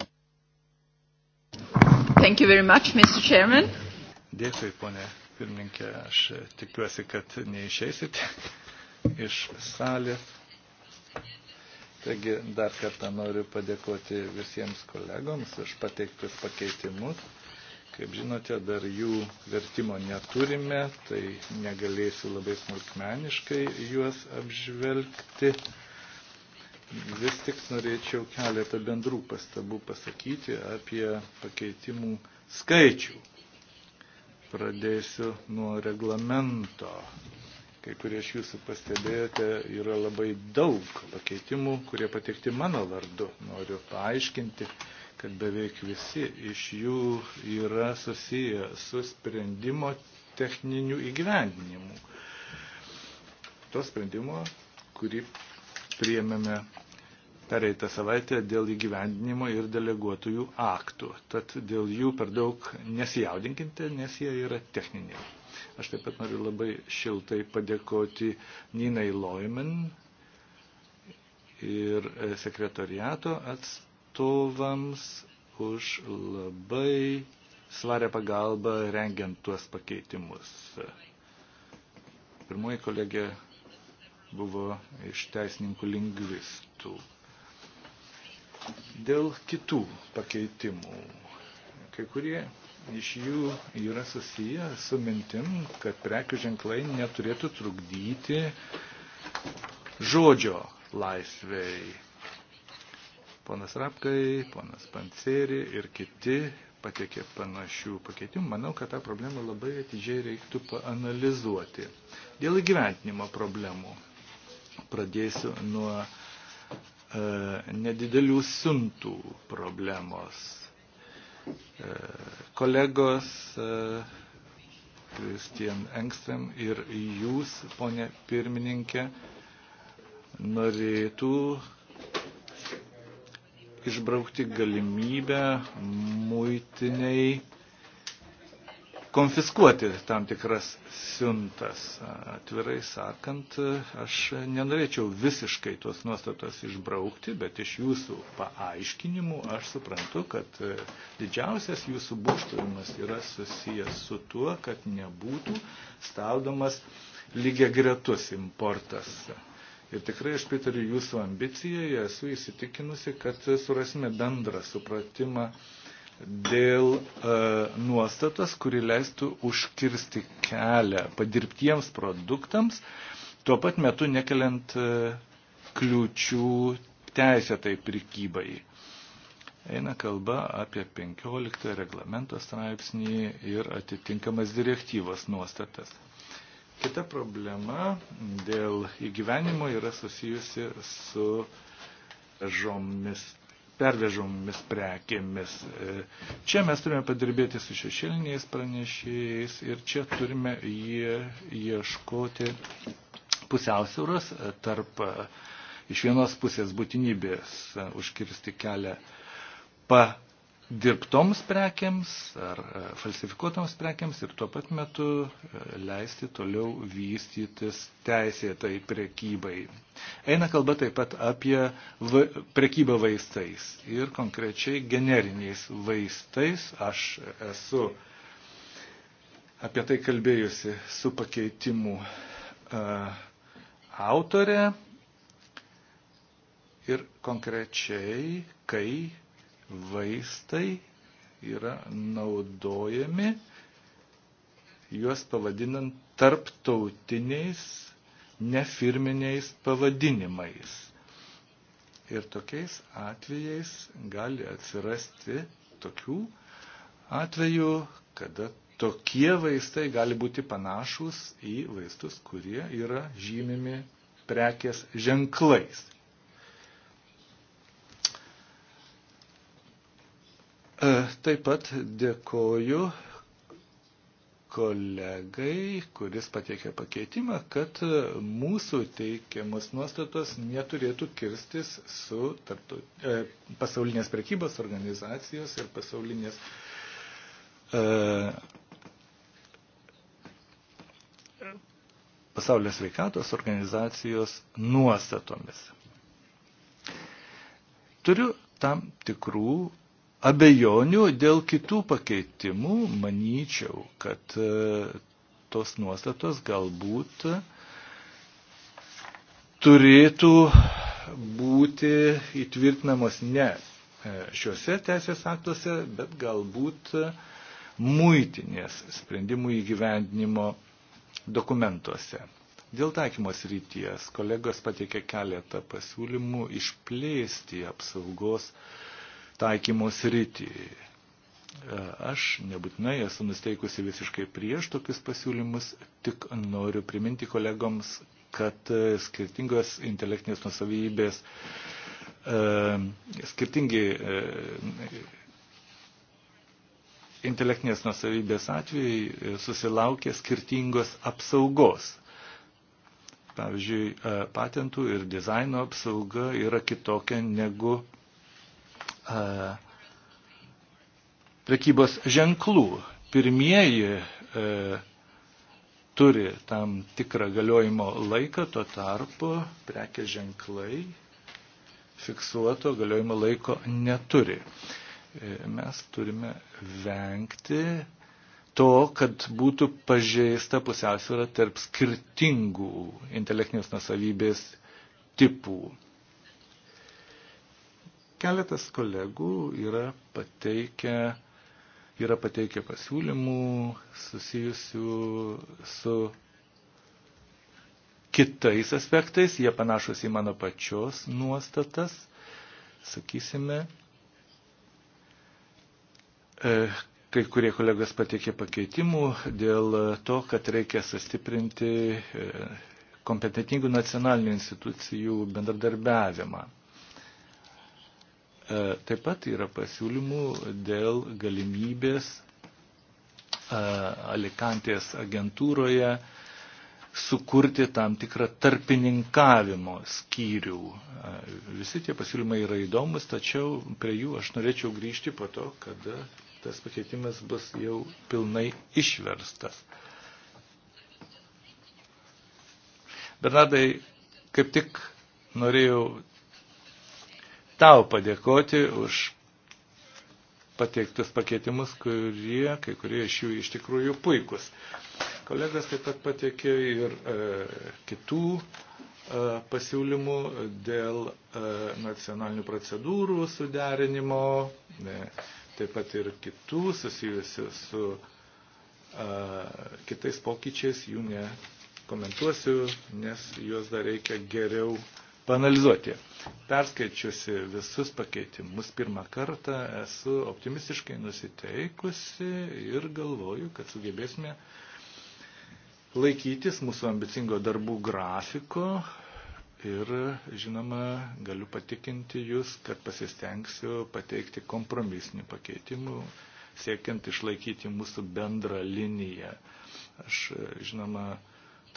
Thank you very much, Mr. Chairman. Dėkui, ponė pirmininkė. Aš tikiuosi, kad neišeisite iš salės. Taigi dar kartą noriu padėkoti visiems kolegoms už pateiktus pakeitimus. Kaip žinote, dar jų vertimo neturime, tai negalėsiu labai smulkmeniškai juos apžvelgti. Vis tik norėčiau keletą bendrų pastabų pasakyti apie pakeitimų skaičių. Pradėsiu nuo reglamento kai kurie iš jūsų pastebėjote, yra labai daug pakeitimų, kurie pateikti mano vardu. Noriu paaiškinti, kad beveik visi iš jų yra susiję su sprendimo techniniu įgyvendinimu. To sprendimo, kurį priėmėme pereitą savaitę dėl įgyvendinimo ir deleguotųjų aktų. Tad dėl jų per daug nesijaudinkite, nes jie yra techniniai Aš taip pat noriu labai šiltai padėkoti Ninai Loimen ir e, sekretoriato atstovams už labai svarę pagalbą rengiant tuos pakeitimus. Pirmoji kolegė buvo iš teisininkų lingvistų. Dėl kitų pakeitimų. Kai kurie iš jų yra susiję su mintim, kad prekių ženklai neturėtų trukdyti žodžio laisvėjai. Ponas Rapkai, ponas Panceri ir kiti patiekė panašių pakeitimų. Manau, kad tą problemą labai atidžiai reiktų paanalizuoti. Dėl įgyventinimo problemų pradėsiu nuo e, nedidelių siuntų problemos E, kolegos e, Kristian Engstrem ir jūs, ponė pirmininkė, norėtų išbraukti galimybę muitiniai konfiskuoti tam tikras siuntas. Atvirai sakant, aš nenorėčiau visiškai tuos nuostatos išbraukti, bet iš jūsų paaiškinimų aš suprantu, kad didžiausias jūsų būštavimas yra susijęs su tuo, kad nebūtų stabdomas lygiai gretus importas. Ir tikrai aš pritariu jūsų ambicijai, esu įsitikinusi, kad surasime bendrą supratimą dėl e, nuostatos, kuri leistų užkirsti kelią padirbtiems produktams, tuo pat metu nekeliant e, kliūčių teisėtai prikybai. Eina kalba apie 15 reglamento straipsnį ir atitinkamas direktyvos nuostatas. Kita problema dėl įgyvenimo yra susijusi su žomis pervežomis prekėmis. E, čia mes turime padirbėti su šešėliniais pranešėjais ir čia turime jie ieškoti pusiausvėros e, tarp e, iš vienos pusės būtinybės užkirsti kelią pa dirbtoms prekiams ar e, falsifikuotoms prekiams ir tuo pat metu e, leisti toliau vystytis teisėtai prekybai. Eina kalba taip pat apie va prekybą vaistais ir konkrečiai generiniais vaistais. Aš esu apie tai kalbėjusi su pakeitimu uh, autorė ir konkrečiai, kai vaistai yra naudojami, juos pavadinant tarptautiniais nefirminiais pavadinimais. Ir tokiais atvejais gali atsirasti tokių atvejų, kada tokie vaistai gali būti panašus į vaistus, kurie yra žymimi prekės ženklais. E, taip pat dėkoju kolegai, kuris patiekė pakeitimą, kad mūsų teikiamas nuostatos neturėtų kirstis su tarptu, e, pasaulinės prekybos organizacijos ir pasaulinės e, pasaulio sveikatos organizacijos nuostatomis. Turiu tam tikrų abejonių dėl kitų pakeitimų, manyčiau, kad e, tos nuostatos galbūt turėtų būti įtvirtinamos ne e, šiuose teisės aktuose, bet galbūt muitinės sprendimų įgyvendinimo dokumentuose. Dėl taikymos ryties kolegos pateikė keletą pasiūlymų išplėsti apsaugos uh, taikymo sritį. E, aš nebūtinai esu nusteikusi visiškai prieš tokius pasiūlymus, tik noriu priminti kolegoms, kad e, skirtingos intelektinės nusavybės, e, skirtingi intelektinės nusavybės atvejai susilaukia skirtingos apsaugos. Pavyzdžiui, patentų ir dizaino apsauga yra kitokia negu E, prekybos ženklų. Pirmieji e, turi tam tikrą galiojimo laiką, tuo tarpu prekės ženklai fiksuoto galiojimo laiko neturi. E, mes turime vengti to, kad būtų pažeista pusiausvėra tarp skirtingų intelektinės nusavybės tipų. Keletas kolegų yra pateikę, yra pateikę pasiūlymų susijusių su kitais aspektais, jie panašus į mano pačios nuostatas, sakysime. E, kai kurie kolegos patikė pakeitimų dėl to, kad reikia sustiprinti e, kompetentingų nacionalinių institucijų bendradarbiavimą. E, taip pat yra pasiūlymų dėl galimybės e, Alikantės agentūroje sukurti tam tikrą tarpininkavimo skyrių. E, visi tie pasiūlymai yra įdomus, tačiau prie jų aš norėčiau grįžti po to, kada tas pakeitimas bus jau pilnai išverstas. Bernardai, kaip tik norėjau tau padėkoti už pateiktus pakeitimus, kurie, kai kurie iš jų iš tikrųjų puikus. Kolegas taip pat pateikė ir e, kitų e, pasiūlymų dėl e, nacionalinių procedūrų suderinimo, e, taip pat ir kitų susijusių su e, kitais pokyčiais, jų nekomentuosiu, nes juos dar reikia geriau panalizuoti. Perskaičiusi visus pakeitimus pirmą kartą esu optimistiškai nusiteikusi ir galvoju, kad sugebėsime laikytis mūsų ambicingo darbų grafiko ir, žinoma, galiu patikinti Jūs, kad pasistengsiu pateikti kompromisinių pakeitimų, siekiant išlaikyti mūsų bendrą liniją. Aš, žinoma,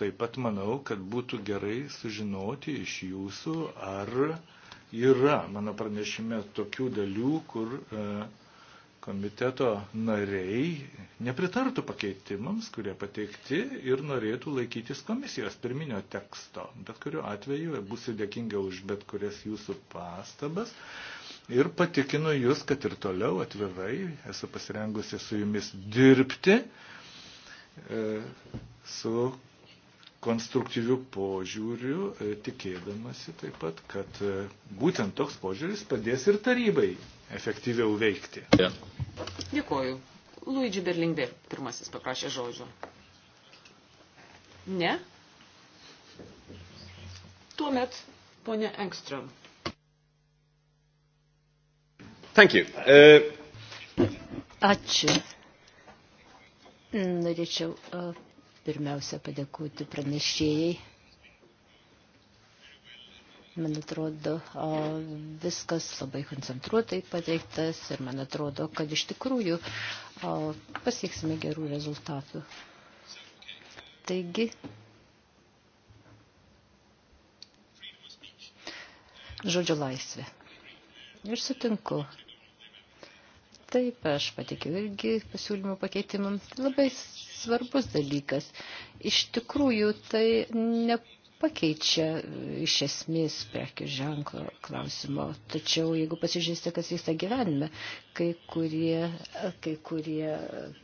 Taip pat manau, kad būtų gerai sužinoti iš jūsų, ar yra mano pranešime tokių dalių, kur e, komiteto nariai nepritartų pakeitimams, kurie pateikti ir norėtų laikytis komisijos pirminio teksto. Bet kuriuo atveju būsiu dėkinga už bet kurias jūsų pastabas. Ir patikinu jūs, kad ir toliau atvirai esu pasirengusi su jumis dirbti e, su konstruktyviu požiūriu, e, tikėdamasi taip pat, kad e, būtent toks požiūris padės ir tarybai efektyviau veikti. Ja. Dėkoju. Luigi Berlingvė pirmasis paprašė žodžio. Ne? Tuomet ponė Engström. Thank you. Uh... Ačiū. Norėčiau uh, pirmiausia padėkoti pranešėjai. Man atrodo, viskas labai koncentruotai pateiktas ir man atrodo, kad iš tikrųjų pasieksime gerų rezultatų. Taigi, žodžio laisvė. Ir sutinku, Taip, aš patikiu irgi pasiūlymų pakeitimam. Tai labai svarbus dalykas. Iš tikrųjų, tai nepakeičia e, iš esmės prekių ženklo klausimo. Tačiau, jeigu pasižiūrėsite, kas vyksta gyvenime, kai kurie, kai kurie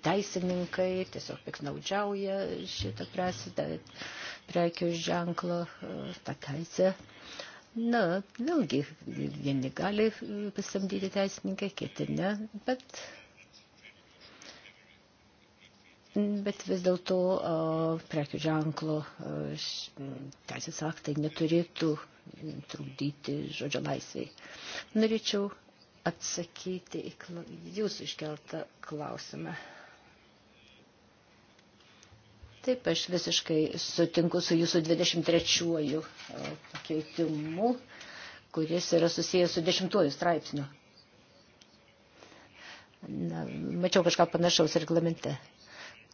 teisininkai tiesiog piknaudžiauja šitą prasitą prekių ženklo e, tą teisę. Na, vėlgi, vieni gali e, pasamdyti teisininką, kiti ne, bet, bet vis dėlto e, prekių ženklo e, teisės aktai neturėtų trukdyti žodžio laisviai. Norėčiau atsakyti į jūsų iškeltą klausimą. Taip, aš visiškai sutinku su jūsų 23-uoju e, pakeitimu, kuris yra susijęs su 10-uoju straipsniu. Na, mačiau kažką panašaus reglamente.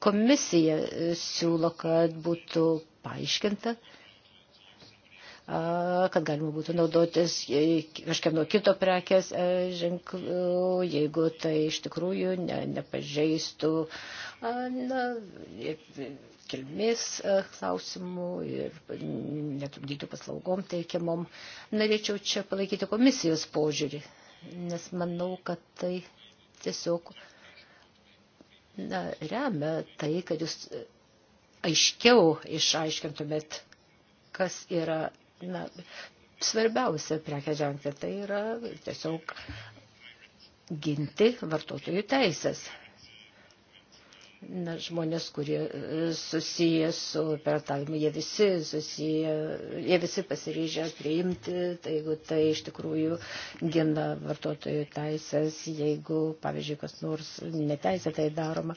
Komisija e, siūlo, kad būtų paaiškinta, kad galima būtų naudotis e, kažkieno kito prekės e, ženklų, jeigu tai iš tikrųjų ne, nepažeistų na, kilmės e, klausimų ir netrukdytų paslaugom teikiamom. Norėčiau čia palaikyti komisijos požiūrį, nes manau, kad tai tiesiog na, remia tai, kad jūs aiškiau išaiškintumėt, kas yra na, svarbiausia prekia ženklė. Tai yra tiesiog ginti vartotojų teisės. Na, žmonės, kurie e, susiję su piratavimu, jie visi susiję, jie visi pasiryžę priimti, tai jeigu tai iš tikrųjų gina vartotojų teisės, jeigu, pavyzdžiui, kas nors neteisė tai daroma.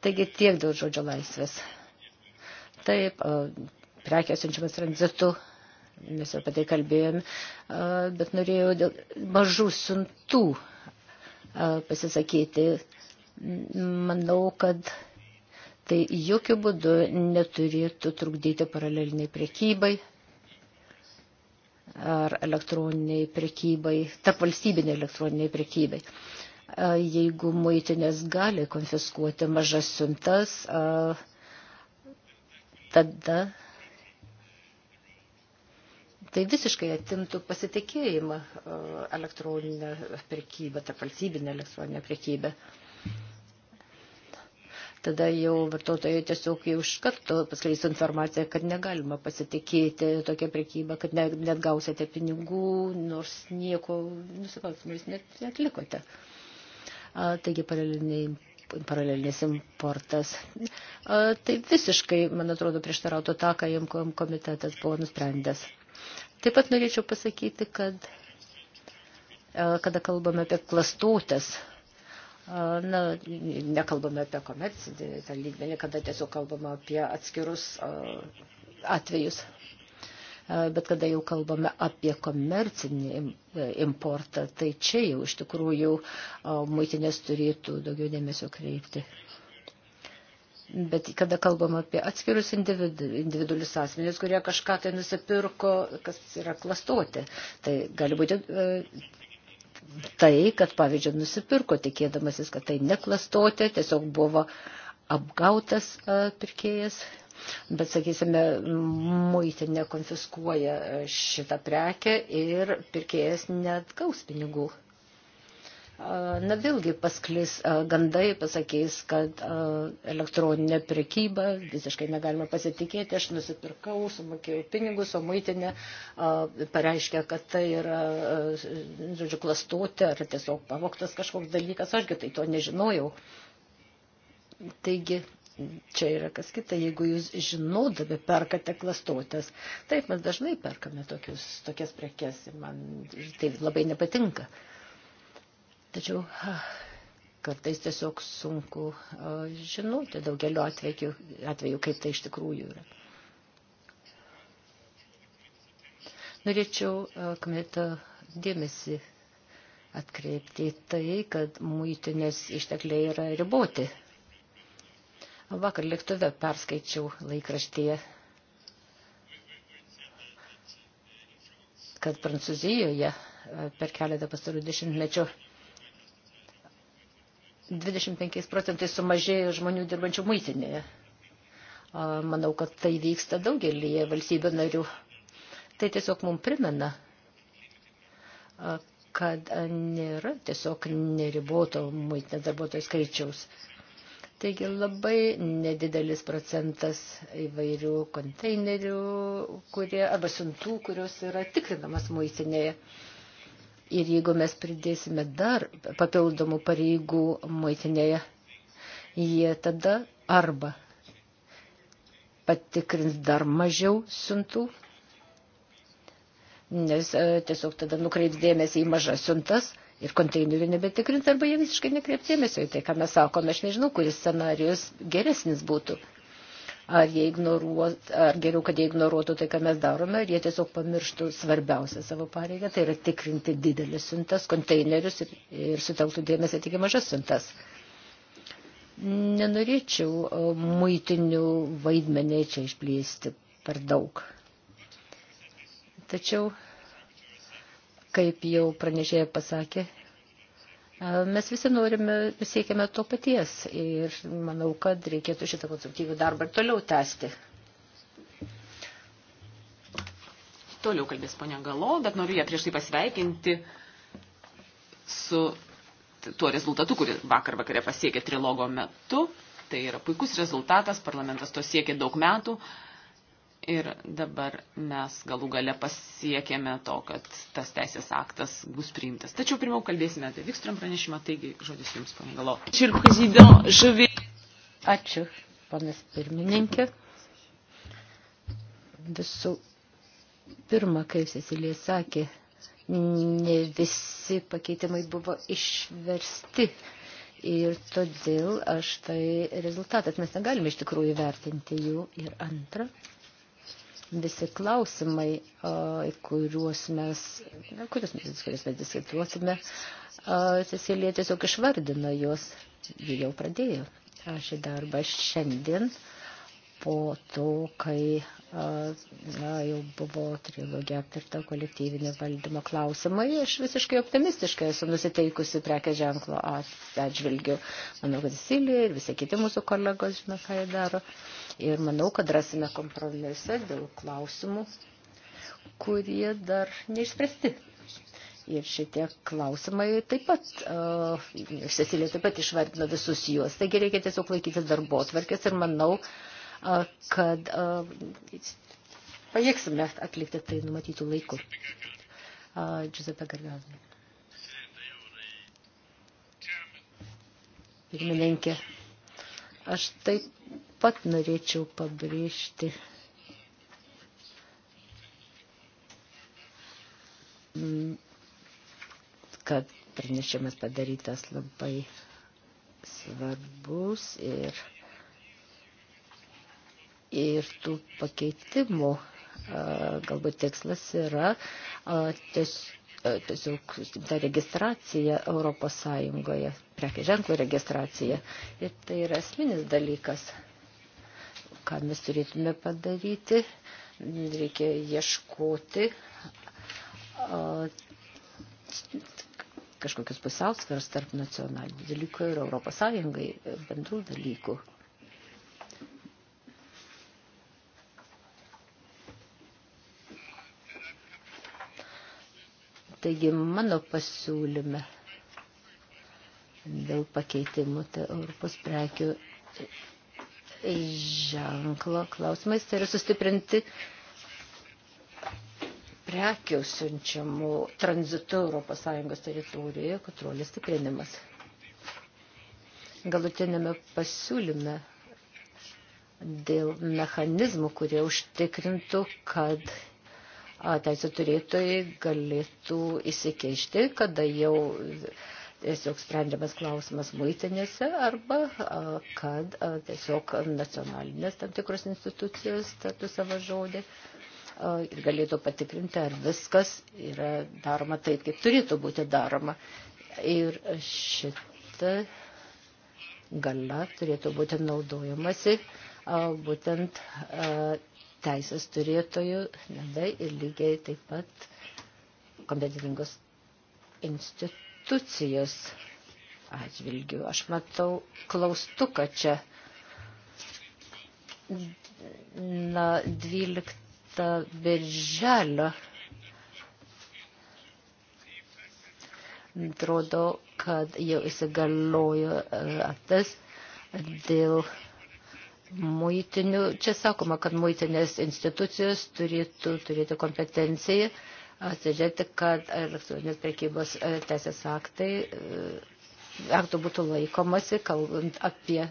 Taigi tiek dėl žodžio laisvės. Taip, prekės siunčiamas tranzitu, mes apie tai kalbėjom, bet norėjau dėl mažų siuntų pasisakyti. Manau, kad tai jokių būdų neturėtų trukdyti paraleliniai priekybai ar elektroniniai priekybai, tarp valstybiniai elektroniniai priekybai. Jeigu muitinės gali konfiskuoti mažas siuntas, tada tai visiškai atimtų pasitikėjimą e, elektroninę prekybą, tą valstybinę elektroninę prekybę. Tada jau vartotojai tiesiog jau iš karto paskleis informaciją, kad negalima pasitikėti tokią prekybą, kad ne, net gausite pinigų, nors nieko nusikalstamus net netlikote. Taigi paraleliniai paralelinis importas. Tai visiškai, man atrodo, prieštarautų tą, ką jam komitetas buvo nusprendęs. Taip pat norėčiau pasakyti, kad kada kalbame apie klastotės, na, nekalbame apie komercinį lygmenį, kada tiesiog kalbame apie atskirus atvejus bet kada jau kalbame apie komercinį e, importą, tai čia jau iš tikrųjų muitinės turėtų daugiau dėmesio kreipti. Bet kada kalbam apie atskirus individu, individualius asmenys, kurie kažką tai nusipirko, kas yra klastoti, tai gali būti e, tai, kad, pavyzdžiui, nusipirko tikėdamasis, kad tai neklastoti, tiesiog buvo apgautas e, pirkėjas bet, sakysime, muitinė konfiskuoja šitą prekę ir pirkėjas net gaus pinigų. Na vėlgi pasklis gandai, pasakys, kad elektroninė prekyba, visiškai negalima pasitikėti, aš nusipirkau, sumokėjau pinigus, o muitinė pareiškia, kad tai yra, žodžiu, klastoti ar tiesiog pavoktas kažkoks dalykas, ašgi tai to nežinojau. Taigi čia yra kas kita, jeigu jūs žinodami perkate klastotės. Taip, mes dažnai perkame tokius, tokias prekes ir man tai labai nepatinka. Tačiau kartais tiesiog sunku žinoti daugeliu atveju, atveju, kaip tai iš tikrųjų yra. Norėčiau komiteto dėmesį atkreipti į tai, kad muitinės ištekliai yra riboti Vakar lėktuve perskaičiau laikraštyje, kad Prancūzijoje e, per keletą pastarų dešimtmečių 25 procentais sumažėjo žmonių dirbančių muitinėje. Manau, kad tai vyksta daugelį valstybių narių. Tai tiesiog mums primena, kad nėra tiesiog neriboto muitinės darbuotojų skaičiaus. Taigi labai nedidelis procentas įvairių konteinerių kurie, arba siuntų, kurios yra tikrinamas muitinėje. Ir jeigu mes pridėsime dar papildomų pareigų muitinėje, jie tada arba patikrins dar mažiau siuntų, nes e, tiesiog tada nukreips dėmesį į mažas siuntas ir konteinerių nebetikrins, arba jie visiškai nekreiptėmėsio į tai, ką mes sakome. Aš nežinau, kuris scenarius geresnis būtų. Ar, jie ignoruos, ar geriau, kad jie ignoruotų tai, ką mes darome, ar jie tiesiog pamirštų svarbiausią savo pareigą, tai yra tikrinti didelis siuntas, konteinerius ir, ir sutelktų dėmesį tik į mažas siuntas. Nenorėčiau e, muitinių vaidmenį čia išplėsti per daug. Tačiau Kaip jau pranešėja pasakė, Mes visi norime, siekiame to paties ir manau, kad reikėtų šitą konstruktyvų darbą ir toliau tęsti. Toliau kalbės ponia Galo, bet noriu ją prieš tai pasveikinti su tuo rezultatu, kurį vakar vakare pasiekė trilogo metu. Tai yra puikus rezultatas, parlamentas to siekė daug metų. Uh, Ir dabar mes galų gale pasiekėme to, kad tas teisės aktas bus priimtas. Tačiau pirmiau kalbėsime apie Vikstrom pranešimą, taigi žodis Jums, ponė Galo. Ačiū, panas pirmininkė. Visų pirma, kaip Cecilija sakė, ne visi pakeitimai buvo išversti. Ir todėl aš tai rezultatas, mes negalime iš tikrųjų vertinti jų. Ir antra, visi klausimai, kuriuos mes, kuriuos mes, kuriuos mes diskutuosime, Cecilija tiesiog išvardino juos, ji jau pradėjo šį darbą šiandien po to, kai na, jau buvo trilogija aptarta kolektyvinio valdymo klausimai, aš visiškai optimistiškai esu nusiteikusi prekės ženklo atžvilgiu. Manau, kad Silija ir visi kiti mūsų kolegos žino, ką jie daro ir manau, kad rasime kompromisą dėl klausimų, kurie dar neišspręsti. Ir šitie klausimai taip pat, uh, Cecilija taip pat išvardino visus juos, taigi reikia tiesiog laikytis darbo atvarkės ir manau, uh, kad uh, pajėgsime atlikti tai numatytų laikų. Uh, Giuseppe Gargazmi. Pirmininkė, aš taip pat norėčiau pabrėžti kad pranešimas padarytas labai svarbus ir, ir tų pakeitimų galbūt tikslas yra ties, tiesiog ta registracija Europos Sąjungoje, prekė ženklo registracija. Ir tai yra esminis dalykas ką mes turėtume padaryti. Reikia ieškoti kažkokius pusiausvėras tarp nacionalinių dalykų ir Europos Sąjungai bendrų dalykų. Taigi mano pasiūlyme dėl pakeitimų tai Europos prekių ženklo klausimais, tai yra sustiprinti prekių siunčiamų tranzitu ES teritorijoje kontrolės stiprinimas. Galutinėme pasiūlyme dėl mechanizmų, kurie užtikrintų, kad teisų turėtojai galėtų įsikeišti, kada jau tiesiog sprendžiamas klausimas muitinėse arba kad tiesiog nacionalinės tam tikros institucijos tartų savo žodį ir galėtų patikrinti, ar viskas yra daroma taip, kaip turėtų būti daroma. Ir šita gala turėtų būti naudojamasi būtent teisės turėtojų nedai ir lygiai taip pat kompetitingos institucijos institucijos atžvilgių. Aš matau klaustuką čia. Na, 12 birželio. Atrodo, kad jau įsigaliojo e, atas dėl muitinių. Čia sakoma, kad muitinės institucijos turėtų turėti kompetenciją atsižiūrėti, kad elektroninės prekybos e, teisės aktai, e, aktų būtų laikomasi, kalbant apie e,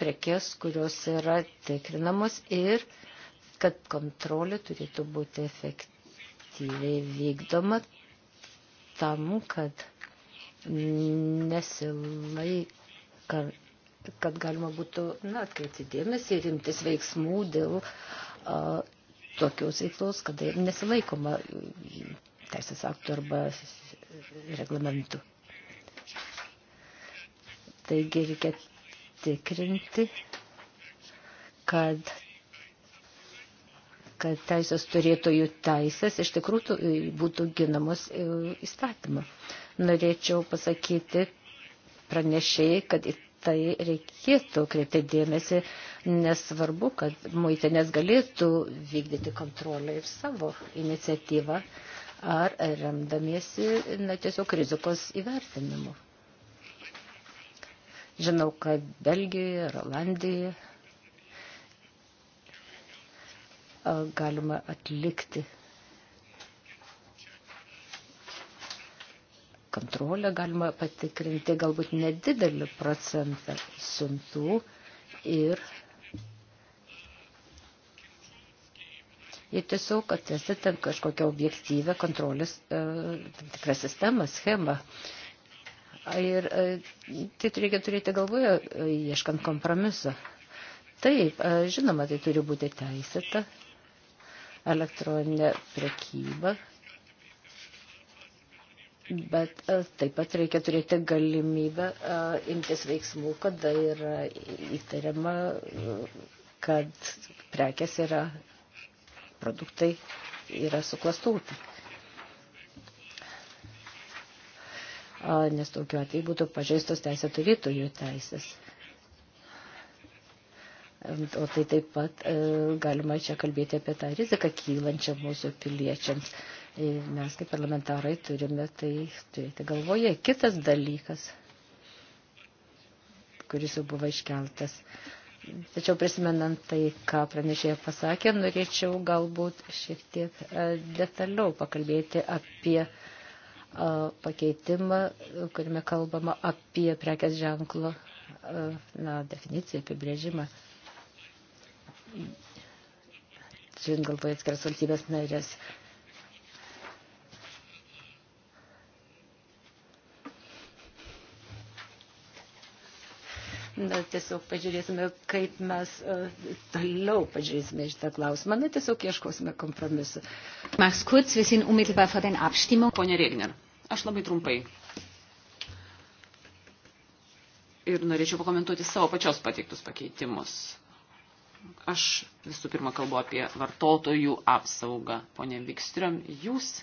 prekes, kurios yra tikrinamos ir kad kontrolė turėtų būti efektyviai vykdoma tam, kad nesilaikant kad galima būtų na, atkreipti dėmesį ir imtis veiksmų dėl uh, tokios veiklos, kada nesilaikoma teisės aktų arba reglamentų. Taigi reikia tikrinti, kad, kad teisės turėtojų teisės iš tikrųjų būtų ginamos e, įstatymą. Norėčiau pasakyti pranešėjai, kad tai reikėtų kreipti dėmesį, nesvarbu, kad muitinės galėtų vykdyti kontrolę ir savo iniciatyvą ar remdamiesi na, tiesiog rizikos įvertinimu. Žinau, kad Belgijoje ir Olandijoje galima atlikti kontrolę galima patikrinti galbūt nedidelį procentą siuntų ir ir tiesiog atvesti ten kažkokią objektyvę kontrolės e, tam tikrą sistemą, schemą. Ir e, tai reikia turėti galvoje, e, ieškant kompromiso. Taip, žinoma, tai turi būti teisėta elektroninė prekyba, Bet e, taip pat reikia turėti galimybę e, imtis veiksmų, kada yra įtariama, e, kad prekes yra, produktai yra suklastauti. Nes tokiu atveju būtų pažeistos teisė turėtojų teisės. O tai taip pat galima čia kalbėti apie tą riziką kylančią mūsų piliečiams. Ir mes kaip parlamentarai turime tai turėti galvoje. Kitas dalykas, kuris jau buvo iškeltas. Tačiau prisimenant tai, ką pranešėja pasakė, norėčiau galbūt šiek tiek e, detaliau pakalbėti apie e, pakeitimą, kuriame kalbama apie prekės ženklo e, na, definiciją, apibrėžimą. Žinant galvoje atskiras valstybės narės. Na, tiesiog pažiūrėsime, kaip mes e, toliau pažiūrėsime šitą klausimą. Na, tiesiog ieškosime kompromisu. Max Kurz, visi umidilbar vor den Abstimmung. Pone Regner, aš labai trumpai. Ir norėčiau pakomentuoti savo pačios pateiktus pakeitimus. Aš visų pirma kalbu apie vartotojų apsaugą. Pone Vikstriom, jūs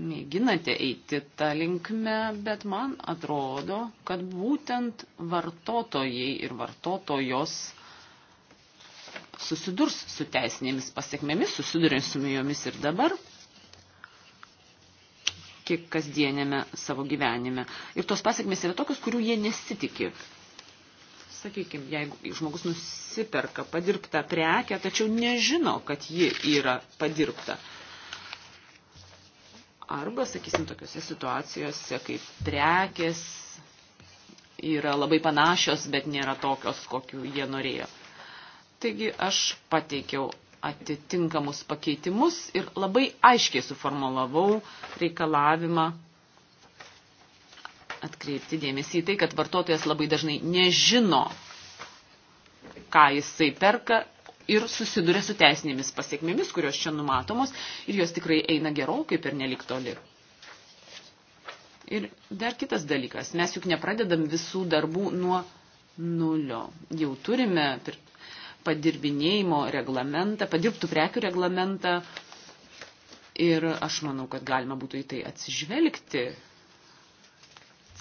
mėginate eiti tą linkmę, bet man atrodo, kad būtent vartotojai ir vartotojos susidurs su teisinėmis pasiekmėmis, susidurėsime jomis ir dabar, kiek kasdienėme savo gyvenime. Ir tos pasiekmės yra tokios, kurių jie nesitikė. Sakykime, jeigu žmogus nusiperka padirbtą prekę, tačiau nežino, kad ji yra padirbta Arba, sakysim, tokiuose situacijose, kaip prekės yra labai panašios, bet nėra tokios, kokiu jie norėjo. Taigi aš pateikiau atitinkamus pakeitimus ir labai aiškiai suformulavau reikalavimą atkreipti dėmesį į tai, kad vartotojas labai dažnai nežino, ką jisai perka ir susiduria su teisinėmis pasiekmėmis, kurios čia numatomos ir jos tikrai eina gerokai per nelik toli. Ir dar kitas dalykas, mes juk nepradedam visų darbų nuo nulio. Jau turime padirbinėjimo reglamentą, padirbtų prekių reglamentą ir aš manau, kad galima būtų į tai atsižvelgti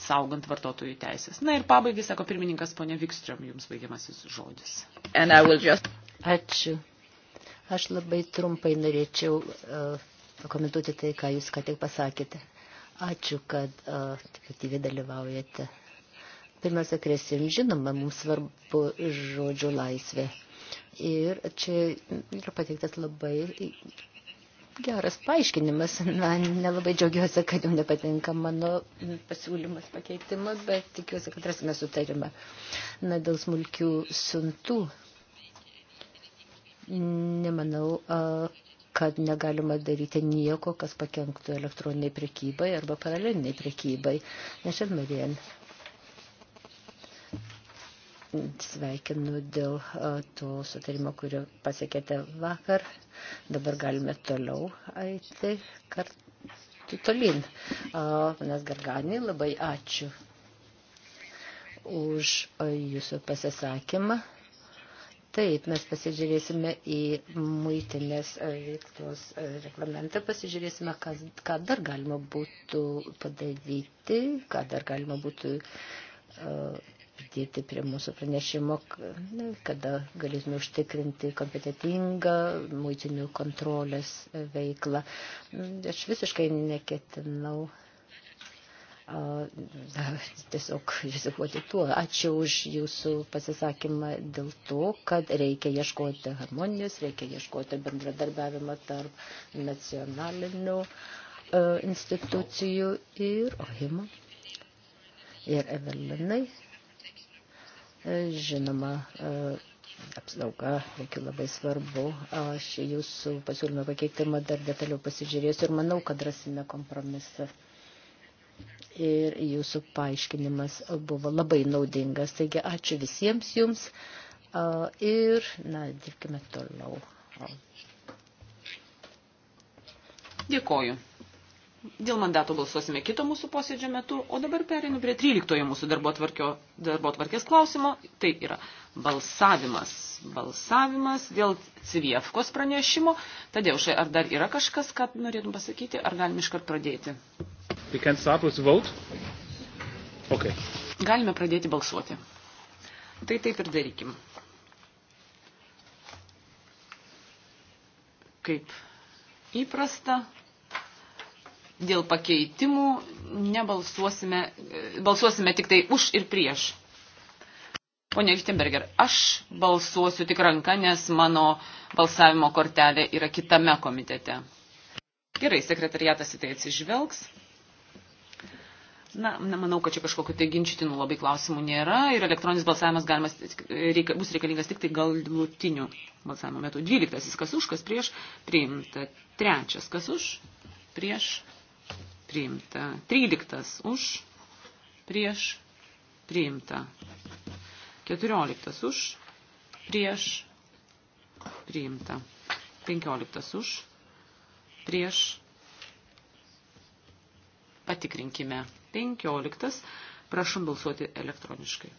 saugant vartotojų teisės. Na ir pabaigai, sako pirmininkas ponė Vikström, jums baigiamasis žodis. Just... Ačiū. Aš labai trumpai norėčiau uh, e, komentuoti tai, ką jūs ką tik pasakėte. Ačiū, kad uh, aktyviai dalyvaujate. Pirmiausia, kresim, žinoma, mums svarbu žodžių laisvė. Ir čia yra pateiktas labai geras paaiškinimas. Na, nelabai džiaugiuosi, kad jums nepatinka mano pasiūlymas pakeitimas, bet tikiuosi, kad rasime sutarimą. Na, dėl smulkių siuntų nemanau, kad negalima daryti nieko, kas pakenktų elektroniniai prekybai arba paraleliniai prekybai. Nešel Marien, sveikinu dėl to sutarimo, kurio pasiekėte vakar. Dabar galime toliau eiti kartu tolin. Panas Gargani, labai ačiū už jūsų pasisakymą. Taip, mes pasižiūrėsime į muitinės e, veiklos e, reglamentą, pasižiūrėsime, kas, ką dar galima būtų padaryti, ką dar galima būtų e, pridėti prie mūsų pranešimo, kada galėtume užtikrinti kompetitingą muitinių kontrolės veiklą. Aš visiškai neketinau tiesiog rizikuoti tuo. Ačiū už jūsų pasisakymą dėl to, kad reikia ieškoti harmonijos, reikia ieškoti bendradarbiavimą tarp nacionalinių e, institucijų ir OHIMO ir Evelinai. E, žinoma, e, apsauga, jokių labai svarbu. Aš jūsų pasiūlymą pakeitimą dar detaliau pasižiūrėsiu ir manau, kad rasime kompromisą ir jūsų paaiškinimas buvo labai naudingas. Taigi ačiū visiems jums ir, na, dirbkime toliau. Dėkoju. Dėl mandato balsuosime kito mūsų posėdžio metu, o dabar perinu prie 13 mūsų darbo, tvarkio, darbo tvarkės klausimo. Tai yra balsavimas. Balsavimas dėl Civievkos pranešimo. Tadeušai, ar dar yra kažkas, ką norėtum pasakyti, ar galim iškart pradėti? We can start with the vote? Okay. Galime pradėti balsuoti. Tai taip ir darykim. Kaip įprasta, dėl pakeitimų nebalsuosime, balsuosime tik tai už ir prieš. Pone Lichtenberger, aš balsuosiu tik ranką, nes mano balsavimo kortelė yra kitame komitete. Gerai, sekretariatas į tai atsižvelgs. Na, nemanau, kad čia kažkokiu tai ginčytinų labai klausimų nėra ir elektroninis balsavimas galimas, reika, bus reikalingas tik tai galutiniu balsavimo metu. Dvyliktasis, kas už, kas prieš, priimta. Trečias, kas už, prieš, priimta. Tryliktas, už, prieš, priimta. Keturioliktas, už, prieš, priimta. Penkioliktas, už, prieš, patikrinkime 15. Prašom balsuoti elektroniškai.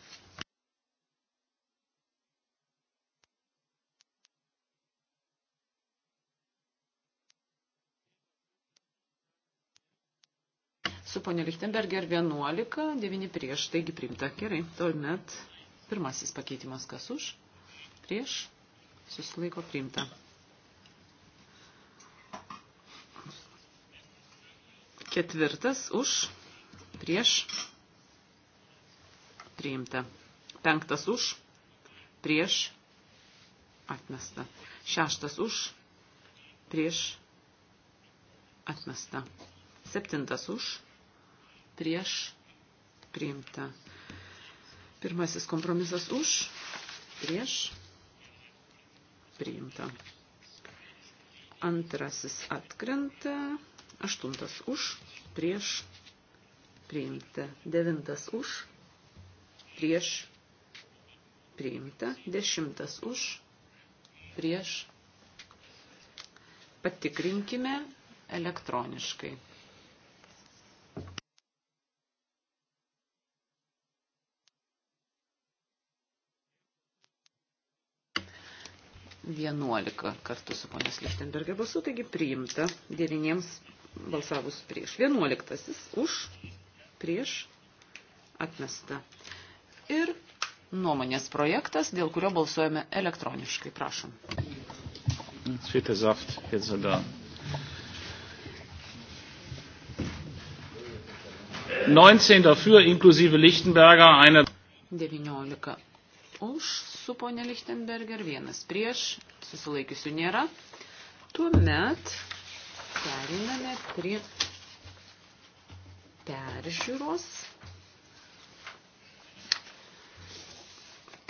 Su ponė Lichtenberger 11, 9 prieš, taigi priimta. Gerai, tuomet pirmasis pakeitimas kas už, prieš, susilaiko priimta. Ketvirtas už, prieš, priimta. Penktas už, prieš, atmesta. Šeštas už, prieš, atmesta. Septintas už, prieš, priimta. Pirmasis kompromisas už, prieš, priimta. Antrasis atkrenta, aštuntas už, prieš, priimta. Devintas už, prieš, priimta. Dešimtas už, prieš. Patikrinkime elektroniškai. Vienuolika kartu su ponas Lichtenberger balsu, taigi priimta devyniems balsavus prieš. Vienuoliktasis už, prieš atmesta. Ir nuomonės projektas, dėl kurio balsuojame elektroniškai. Prašom. Sveitas Zaft, Hetzada. dafür inklusive Lichtenberger eine 19 už su ponė Lichtenberger, vienas prieš, susilaikiusių nėra. Tuomet periname prie peržiūros.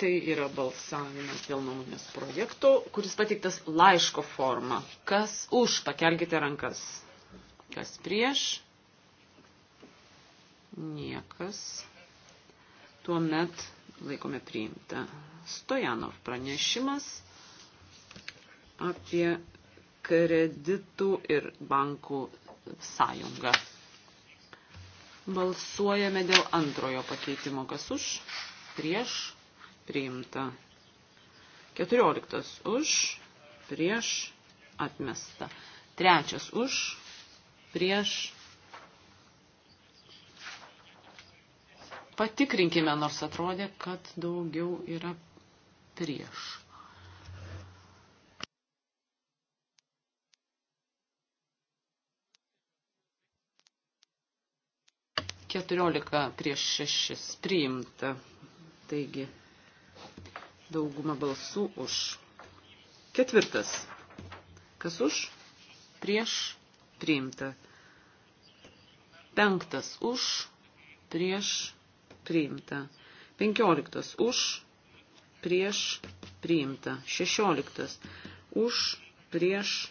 Tai yra balsavimas dėl nuomonės projekto, kuris pateiktas laiško forma. Kas už, pakelkite rankas. Kas prieš? Niekas. Tuomet laikome priimta. Stojanov pranešimas apie kreditų ir bankų sąjungą. Balsuojame dėl antrojo pakeitimo. Kas už? Prieš. Priimta. 14. Už. Prieš. Atmesta. Trečias. Už. Prieš. Patikrinkime, nors atrodė, kad daugiau yra prieš. 14 prieš 6 priimta. Taigi dauguma balsų už. Ketvirtas. Kas už? Prieš priimta. Penktas už. Prieš priimta. Penkioliktas už. Prieš priimta. Šešioliktas už. Prieš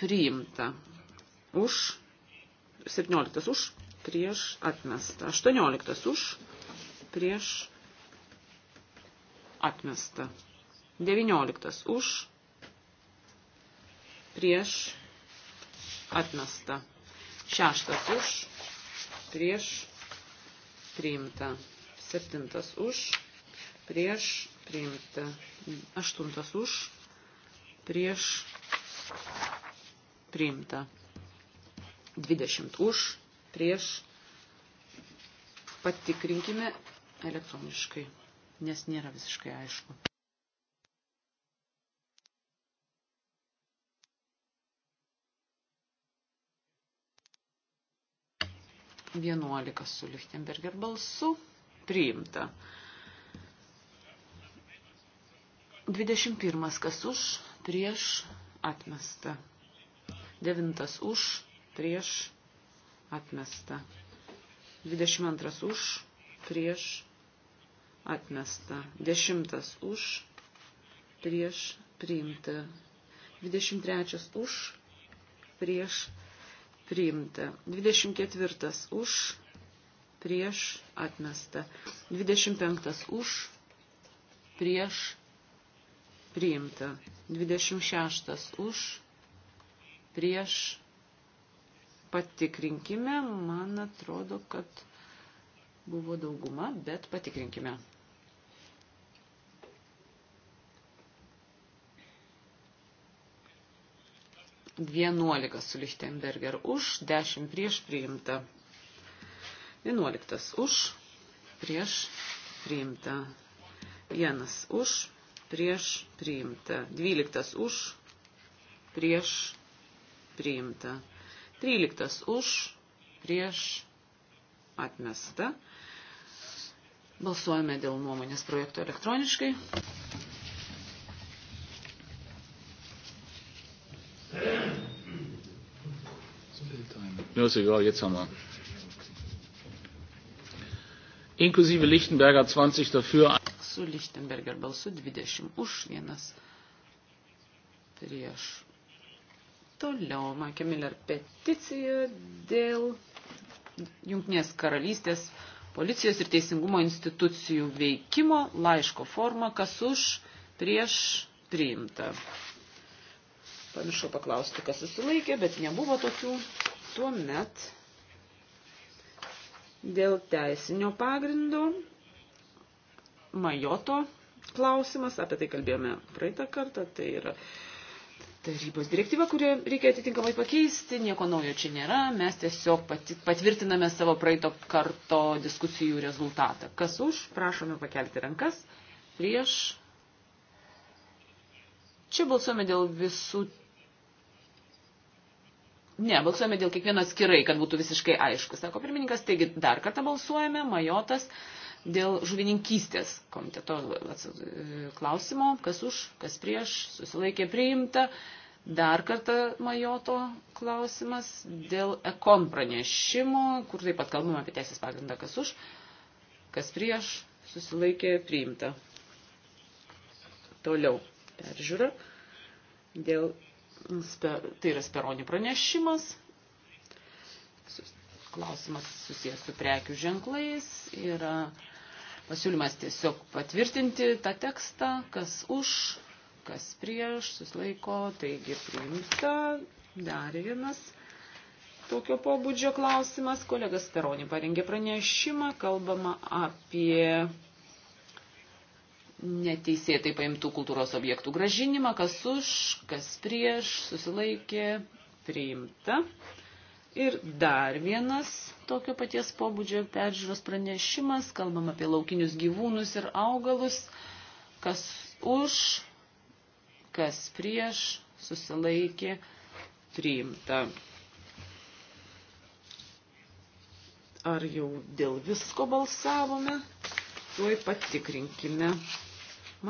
priimta. Už 17 už, prieš atmestą. 18 už, prieš atmestą. 19 už, prieš atmestą. 6 už, prieš priimta. 7 už, prieš priimta. 8 už, prieš priimta. 20 už, prieš. Patikrinkime elektroniškai, nes nėra visiškai aišku. Vienuolika su Lichtenberger balsu priimta. 21. Kas už, prieš, atmesta. 9. Už, prieš atmesta. 22 už prieš atmesta. 10 už prieš priimta. 23 už prieš priimta. 24 už prieš atmesta. 25 už prieš priimta. 26 už prieš patikrinkime, man atrodo, kad buvo dauguma, bet patikrinkime. Vienuolika su Lichtenberger už, dešimt prieš priimta. Vienuoliktas už, prieš priimta. Vienas už, prieš priimta. Dvyliktas už, prieš priimta. 13 už, prieš, atmesta. Balsuojame dėl nuomonės projekto elektroniškai. Mir ist egal, jetzt haben wir. Inklusive Lichtenberger 20 dafür. Su Lichtenberger balsu 20 už, vienas prieš Toliau, Mankė Miller peticija dėl Junktinės karalystės policijos ir teisingumo institucijų veikimo laiško forma, kas už prieš priimta. Pamiršau paklausti, kas susilaikė, bet nebuvo tokių. Tuomet dėl teisinio pagrindo Majoto klausimas, apie tai kalbėjome praeitą kartą, tai yra tarybos direktyva, kurią reikia atitinkamai pakeisti, nieko naujo čia nėra, mes tiesiog patvirtiname savo praeito karto diskusijų rezultatą. Kas už, prašome pakelti rankas, prieš. Čia balsuojame dėl visų. Ne, balsuojame dėl kiekvieno atskirai, kad būtų visiškai aišku, sako pirmininkas. Taigi dar kartą balsuojame, majotas. Uh, dėl žuvininkystės komiteto klausimo, kas už, kas prieš, susilaikė priimta. Dar kartą Majoto klausimas dėl ekon pranešimo, kur taip pat kalbama apie teisės pagrindą, kas už, kas prieš, susilaikė priimta. Toliau peržiūra. Dėl, tai yra speronių pranešimas. Klausimas susijęs su prekių ženklais. Yra Pasiūlymas tiesiog patvirtinti tą tekstą, kas už, kas prieš, susilaiko, taigi priimta. Dar vienas tokio pobūdžio klausimas. Kolegas Peronį parengė pranešimą, kalbama apie neteisėtai paimtų kultūros objektų gražinimą, kas už, kas prieš, susilaikė, priimta. Ir dar vienas tokio paties pobūdžio peržiūros pranešimas, kalbam apie laukinius gyvūnus ir augalus, kas už, kas prieš, susilaikė, priimta. Ar jau dėl visko balsavome, tuoj patikrinkime.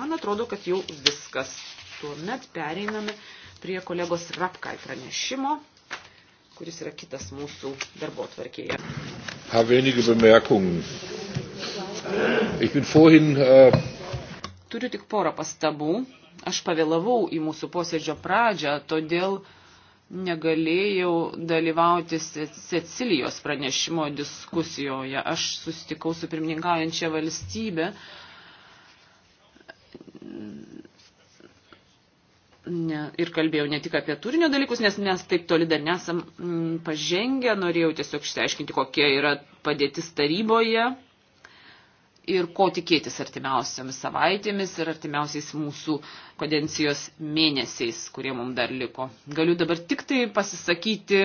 Man atrodo, kad jau viskas. Tuomet pereiname prie kolegos Rapkai pranešimo kuris yra kitas mūsų darbo tvarkėje. Äh, Turiu tik porą pastabų. Aš pavėlavau į mūsų posėdžio pradžią, todėl negalėjau dalyvauti Cecilijos pranešimo diskusijoje. Aš susitikau su pirmininkaujančia valstybė ne, ir kalbėjau ne tik apie turinio dalykus, nes mes taip toli dar nesam m, mm, pažengę, norėjau tiesiog išsiaiškinti, kokia yra padėtis taryboje ir ko tikėtis artimiausiamis savaitėmis ir artimiausiais mūsų kadencijos mėnesiais, kurie mums dar liko. Galiu dabar tik tai pasisakyti,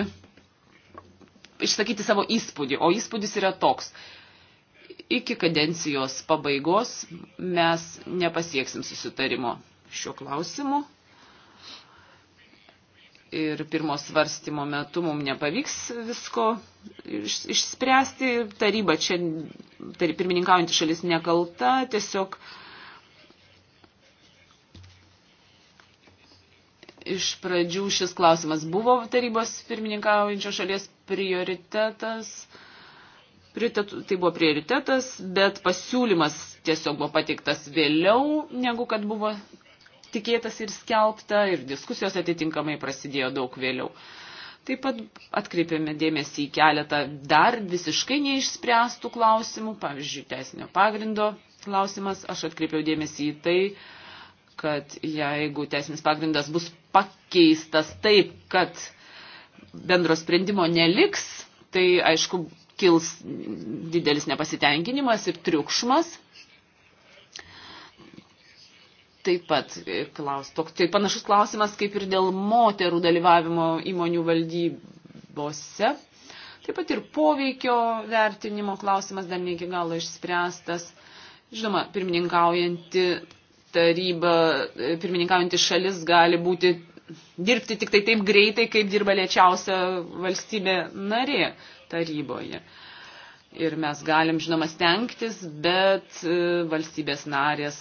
išsakyti savo įspūdį, o įspūdis yra toks iki kadencijos pabaigos mes nepasieksim susitarimo šiuo klausimu ir pirmo svarstymo metu mums nepavyks visko iš, išspręsti. Taryba čia, tai pirmininkaujantį šalis nekalta, tiesiog iš pradžių šis klausimas buvo tarybos pirmininkaujančio šalies prioritetas. Prioritetu, tai buvo prioritetas, bet pasiūlymas tiesiog buvo pateiktas vėliau, negu kad buvo tikėtas ir skelbta, ir diskusijos atitinkamai prasidėjo daug vėliau. Taip pat atkreipėme dėmesį į keletą dar visiškai neišspręstų klausimų, pavyzdžiui, teisinio pagrindo klausimas. Aš atkreipiau dėmesį į tai, kad jeigu teisinis pagrindas bus pakeistas taip, kad bendro sprendimo neliks, tai aišku, kils didelis nepasitenkinimas ir triukšmas taip pat e, klaus, toks, tai panašus klausimas kaip ir dėl moterų dalyvavimo įmonių valdybose. Taip pat ir poveikio vertinimo klausimas dar ne iki galo išspręstas. Žinoma, pirmininkaujanti taryba, e, pirmininkaujanti šalis gali būti dirbti tik tai taip greitai, kaip dirba lėčiausia valstybė narė taryboje. Ir mes galim, žinoma, stengtis, bet e, valstybės narės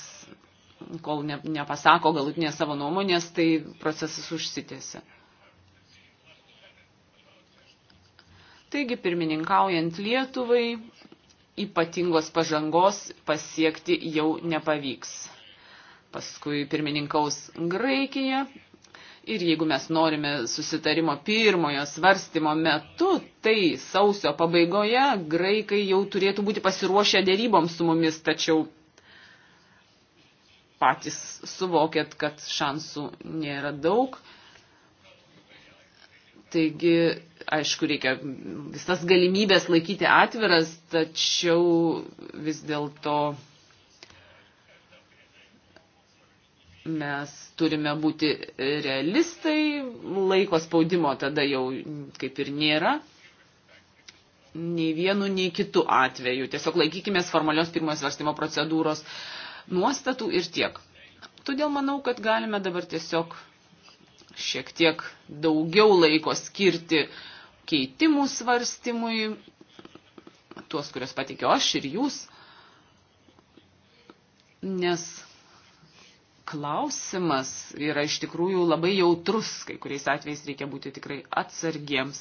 kol ne, nepasako galutinės savo nuomonės, tai procesas užsitėsi. Taigi, pirmininkaujant Lietuvai, ypatingos pažangos pasiekti jau nepavyks. Paskui pirmininkaus Graikija, Ir jeigu mes norime susitarimo pirmojo svarstymo metu, tai sausio pabaigoje graikai jau turėtų būti pasiruošę dėryboms su mumis, tačiau patys suvokėt, kad šansų nėra daug. Taigi, aišku, reikia visas galimybės laikyti atviras, tačiau vis dėlto mes turime būti realistai, laiko spaudimo tada jau kaip ir nėra. Nei vienu, nei kitu atveju. Tiesiog laikykime formalios pirmojo svarstymo procedūros. Uh, nuostatų ir tiek. Todėl manau, kad galime dabar tiesiog šiek tiek daugiau laiko skirti keitimų svarstymui, tuos, kuriuos pateikiau aš ir jūs, nes klausimas yra iš tikrųjų labai jautrus, kai kuriais atvejais reikia būti tikrai atsargiems.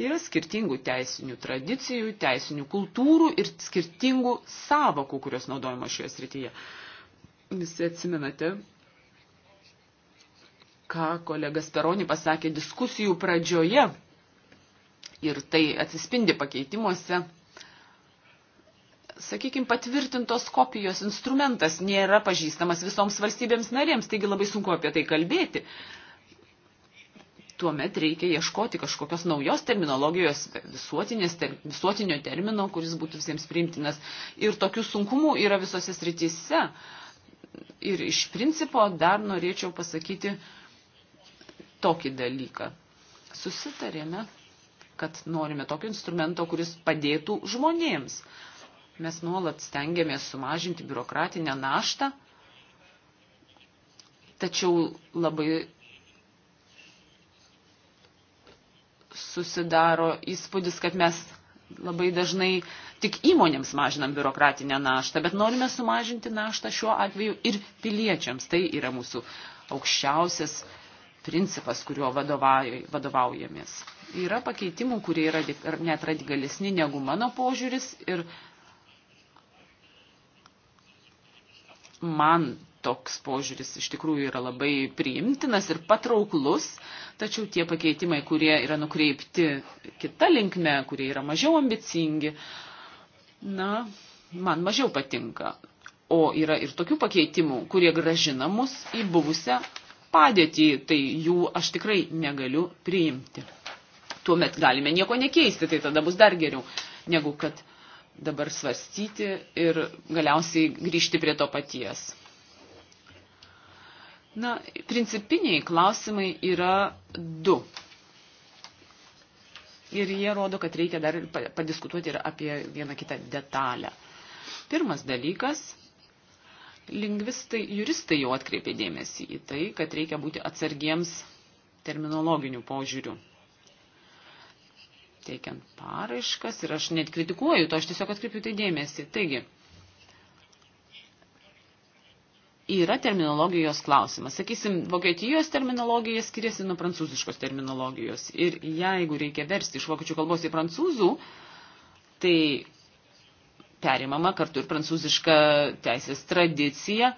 Yra skirtingų teisinių tradicijų, teisinių kultūrų ir skirtingų savokų, kurios naudojamos šioje srityje. Visi atsimenate, ką kolega Speroni pasakė diskusijų pradžioje. Ir tai atsispindi pakeitimuose sakykime, patvirtintos kopijos instrumentas nėra pažįstamas visoms valstybėms narėms, taigi labai sunku apie tai kalbėti tuomet reikia ieškoti kažkokios naujos terminologijos, ter, visuotinio termino, kuris būtų visiems priimtinas. Ir tokių sunkumų yra visose srityse. Ir iš principo dar norėčiau pasakyti tokį dalyką. Susitarėme, kad norime tokio instrumento, kuris padėtų žmonėms. Mes nuolat stengiamės sumažinti biurokratinę naštą, tačiau labai susidaro įspūdis, kad mes labai dažnai tik įmonėms mažinam biurokratinę naštą, bet norime sumažinti naštą šiuo atveju ir piliečiams. Tai yra mūsų aukščiausias principas, kuriuo vadovaujamės. Yra pakeitimų, kurie yra net radikalesni negu mano požiūris ir man toks požiūris iš tikrųjų yra labai priimtinas ir patrauklus, tačiau tie pakeitimai, kurie yra nukreipti kita linkme, kurie yra mažiau ambicingi, na, man mažiau patinka. O yra ir tokių pakeitimų, kurie gražina mus į buvusią padėtį, tai jų aš tikrai negaliu priimti. Tuomet galime nieko nekeisti, tai tada bus dar geriau, negu kad dabar svarstyti ir galiausiai grįžti prie to paties. Na, principiniai klausimai yra du. Ir jie rodo, kad reikia dar ir padiskutuoti ir apie vieną kitą detalę. Pirmas dalykas - lingvistai, juristai jau atkreipė dėmesį į tai, kad reikia būti atsargiems terminologinių požiūrių teikiant paraiškas ir aš net kritikuoju to, aš tiesiog atkreipiu tai dėmesį. Taigi, yra terminologijos klausimas. Sakysim, Vokietijos terminologija skiriasi nuo prancūziškos terminologijos. Ir jeigu reikia versti iš vokiečių kalbos į prancūzų, tai perimama kartu ir prancūziška teisės tradicija.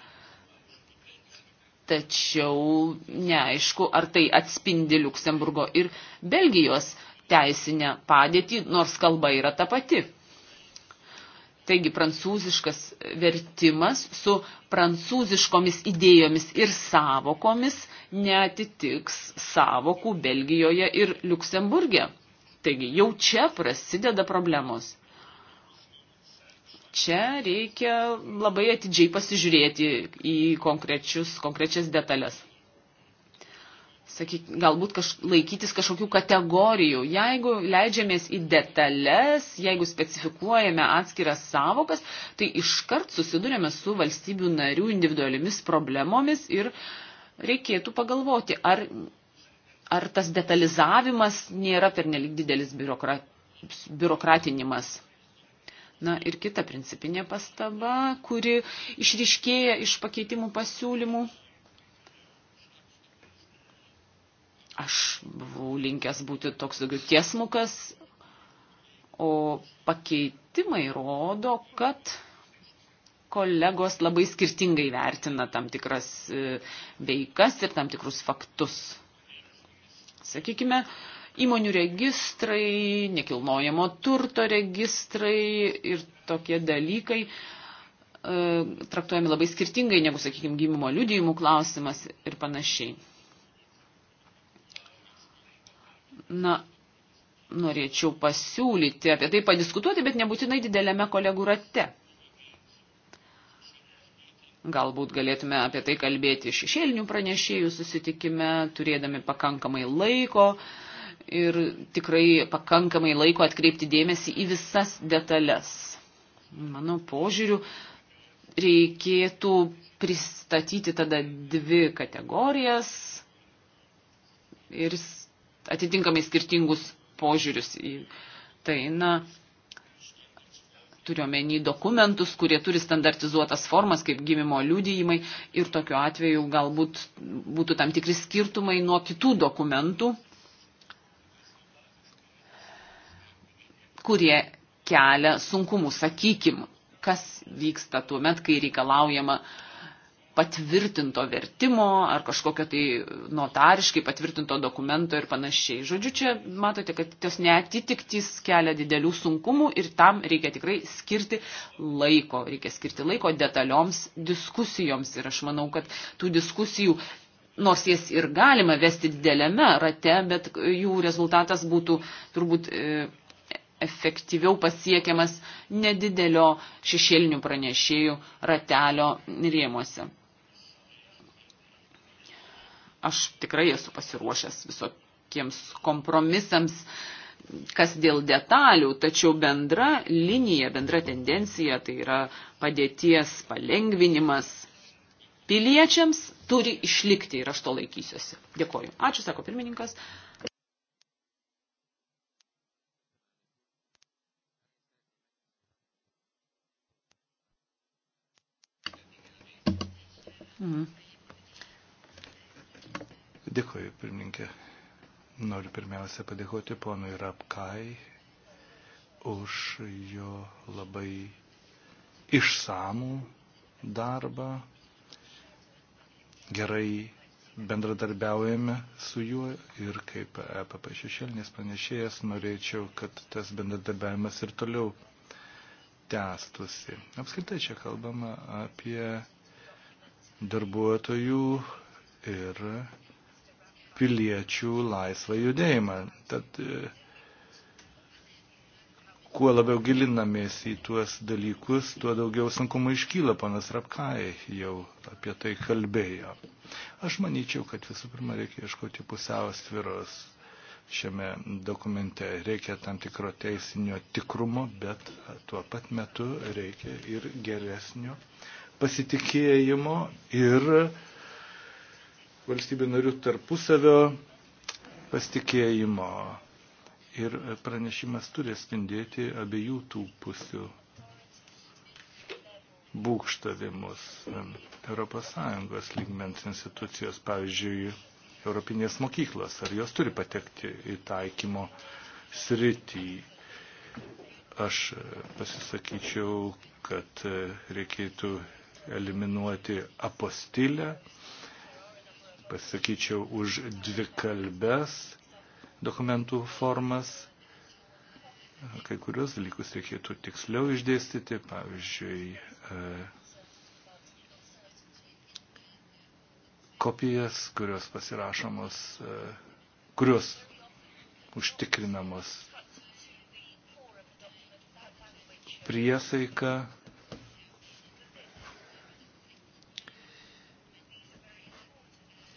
Tačiau neaišku, ar tai atspindi Luksemburgo ir Belgijos teisinę padėtį, nors kalba yra ta pati. Taigi prancūziškas vertimas su prancūziškomis idėjomis ir savokomis netitiks savokų Belgijoje ir Luksemburgė. Taigi jau čia prasideda problemos. Čia reikia labai atidžiai pasižiūrėti į konkrečias detalės sakyk, galbūt kaž, laikytis kažkokių kategorijų. Jeigu leidžiamės į detalės, jeigu specifikuojame atskiras savokas, tai iškart susidurėme su valstybių narių individualiomis problemomis ir reikėtų pagalvoti, ar, ar tas detalizavimas nėra pernelik didelis biurokrat, biurokratinimas. Na ir kita principinė pastaba, kuri išriškėja iš pakeitimų pasiūlymų Aš buvau linkęs būti toks daugiau tiesmukas, o pakeitimai rodo, kad kolegos labai skirtingai vertina tam tikras e, veikas ir tam tikrus faktus. Sakykime, įmonių registrai, nekilnojamo turto registrai ir tokie dalykai e, traktuojami labai skirtingai negu, sakykime, gimimo liudijimų klausimas ir panašiai. Na, norėčiau pasiūlyti apie tai padiskutuoti, bet nebūtinai dideliame kolegų rate. Galbūt galėtume apie tai kalbėti šešėlinių pranešėjų susitikime, turėdami pakankamai laiko ir tikrai pakankamai laiko atkreipti dėmesį į visas detalės. Mano požiūriu, reikėtų pristatyti tada dvi kategorijas ir atitinkamai skirtingus požiūrius į tai. Na, turiuomenį dokumentus, kurie turi standartizuotas formas, kaip gimimo liudijimai ir tokiu atveju galbūt būtų tam tikri skirtumai nuo kitų dokumentų, kurie kelia sunkumų, sakykim, kas vyksta tuo met, kai reikalaujama uh, patvirtinto vertimo ar kažkokio tai notariškai patvirtinto dokumento ir panašiai. Žodžiu, čia matote, kad tos neatitiktys kelia didelių sunkumų ir tam reikia tikrai skirti laiko. Reikia skirti laiko detalioms diskusijoms ir aš manau, kad tų diskusijų nors jas ir galima vesti dideliame rate, bet jų rezultatas būtų turbūt e, efektyviau pasiekiamas nedidelio šešėlinių pranešėjų ratelio rėmuose. Aš tikrai esu pasiruošęs visokiems kompromisams, kas dėl detalių, tačiau bendra linija, bendra tendencija tai yra padėties palengvinimas piliečiams turi išlikti ir aš to laikysiuosi. Dėkoju. Ačiū, sako pirmininkas. Mm-hmm. Dėkuoju, pirmininkė. Noriu pirmiausia padėkoti ponui Rapkai už jo labai išsamų darbą. Gerai bendradarbiaujame su juo ir kaip EPP šešėlinės pranešėjas norėčiau, kad tas bendradarbiavimas ir toliau tęstusi. Apskritai čia kalbama apie darbuotojų ir piliečių laisvą judėjimą. Tad e, kuo labiau gilinamės į tuos dalykus, tuo daugiau sunkumų iškyla, panas Rapkai jau apie tai kalbėjo. Aš manyčiau, kad visų pirma reikia ieškoti pusiausviros šiame dokumente. Reikia tam tikro teisinio tikrumo, bet tuo pat metu reikia ir geresnio pasitikėjimo ir uh, valstybių narių tarpusavio pasitikėjimo. Ir pranešimas turi spindėti abiejų tų pusių būkštavimus. ES lygmens institucijos, pavyzdžiui, Europinės mokyklos, ar jos turi patekti į taikymo sritį. Aš pasisakyčiau, kad reikėtų eliminuoti apostilę pasisakyčiau už dvi kalbes dokumentų formas. Kai kurios dalykus reikėtų tiksliau išdėstyti, pavyzdžiui, e, kopijas, kurios pasirašomos, e, kurios užtikrinamos priesaika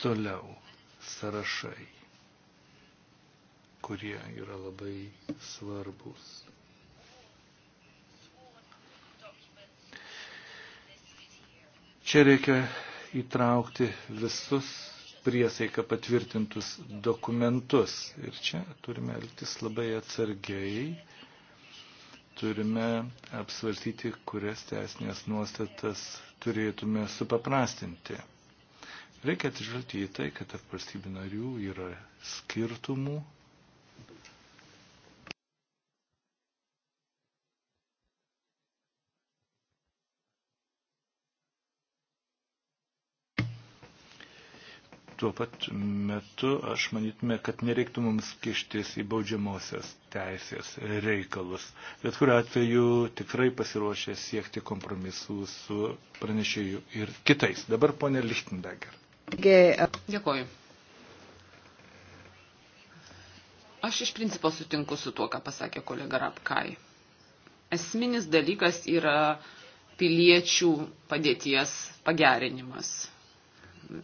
Toliau sąrašai, kurie yra labai svarbus. Čia reikia įtraukti visus priesaiką patvirtintus dokumentus. Ir čia turime elgtis labai atsargiai, turime apsvarstyti, kurias teisinės nuostatas turėtume supaprastinti. Reikia atsižvelgti į tai, kad tarp valstybių narių yra skirtumų. Tuo pat metu aš manytume, kad nereiktų mums kištis į baudžiamosios teisės reikalus. Bet kuriu atveju tikrai pasiruošę siekti kompromisų su pranešėju ir kitais. Dabar ponė Lichtenberger. Dėkoju. Aš iš principo sutinku su tuo, ką pasakė kolega Rapkai. Esminis dalykas yra piliečių padėties pagerinimas.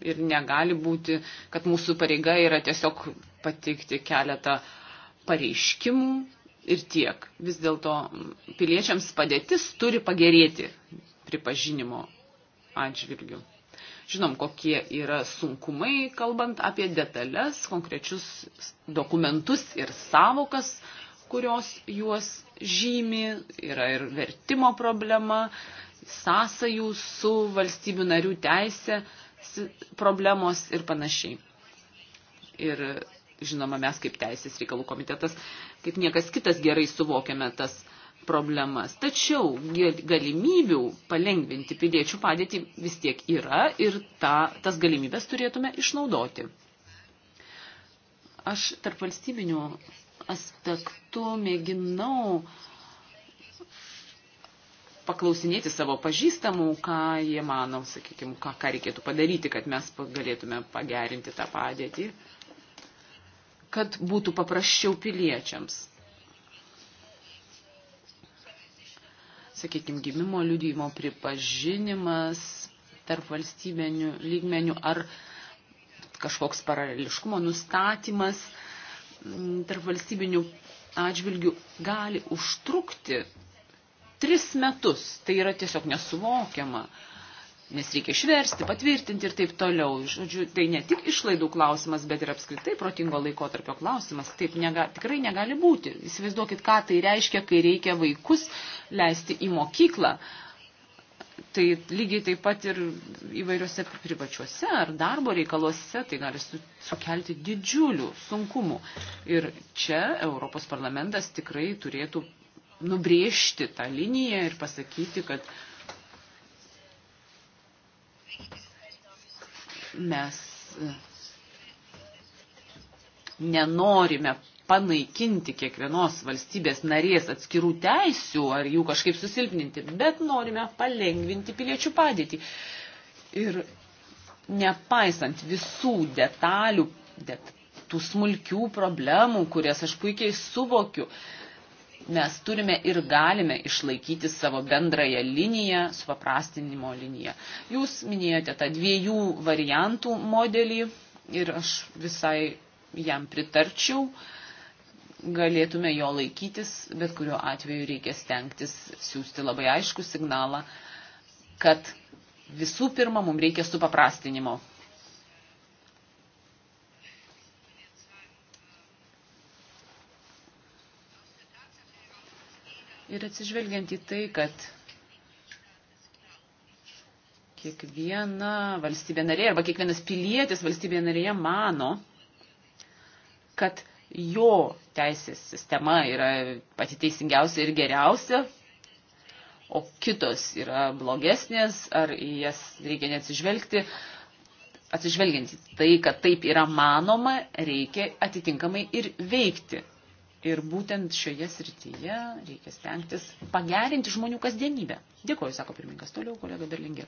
Ir negali būti, kad mūsų pareiga yra tiesiog patikti keletą pareiškimų ir tiek. Vis dėlto piliečiams padėtis turi pagerėti pripažinimo atžvilgiu. Žinom, kokie yra sunkumai, kalbant apie detalės, konkrečius dokumentus ir savokas, kurios juos žymi, yra ir vertimo problema, sąsajų su valstybių narių teisė problemos ir panašiai. Ir žinoma, mes kaip Teisės reikalų komitetas, kaip niekas kitas gerai suvokiame tas problemas. Tačiau galimybių palengvinti piliečių padėtį vis tiek yra ir ta, tas galimybės turėtume išnaudoti. Aš tarp valstybinių aspektų mėginau paklausinėti savo pažįstamų, ką jie mano, sakykime, ką, ką reikėtų padaryti, kad mes galėtume pagerinti tą padėtį, kad būtų paprasčiau piliečiams sakykime, gimimo liudyjimo pripažinimas tarp valstybinių lygmenių ar kažkoks paraleliškumo nustatymas mm, tarp valstybinių atžvilgių gali užtrukti tris metus. Tai yra tiesiog nesuvokiama. Uh, nes reikia išversti, patvirtinti ir taip toliau. Žodžiu, tai ne tik išlaidų klausimas, bet ir apskritai protingo laikotarpio klausimas. Taip nega, tikrai negali būti. Įsivaizduokit, ką tai reiškia, kai reikia vaikus leisti į mokyklą. Tai lygiai taip pat ir įvairiuose privačiuose ar darbo reikaluose tai gali su, sukelti didžiulių sunkumų. Ir čia Europos parlamentas tikrai turėtų nubrėžti tą liniją ir pasakyti, kad uh, Mes e, nenorime panaikinti kiekvienos valstybės narės atskirų teisių ar jų kažkaip susilpninti, bet norime palengvinti piliečių padėtį. Ir nepaisant visų detalių, det, tų smulkių problemų, kurias aš puikiai suvokiu, uh, mes turime ir galime išlaikyti savo bendrąją liniją, supaprastinimo liniją. Jūs minėjote tą dviejų variantų modelį ir aš visai jam pritarčiau. Galėtume jo laikytis, bet kuriuo atveju reikia stengtis siūsti labai aišku signalą, kad visų pirma mums reikia supaprastinimo Ir atsižvelgiant į tai, kad kiekviena valstybė narė arba kiekvienas pilietis valstybė narėje mano, kad jo teisės sistema yra pati teisingiausia ir geriausia, o kitos yra blogesnės, ar į jas reikia neatsižvelgti. Atsižvelgiant į tai, kad taip yra manoma, reikia atitinkamai ir veikti. Ir būtent šioje srityje reikia stengtis pagerinti žmonių kasdienybę. Dėkuoju, sako pirmininkas. Toliau kolega Berlinger.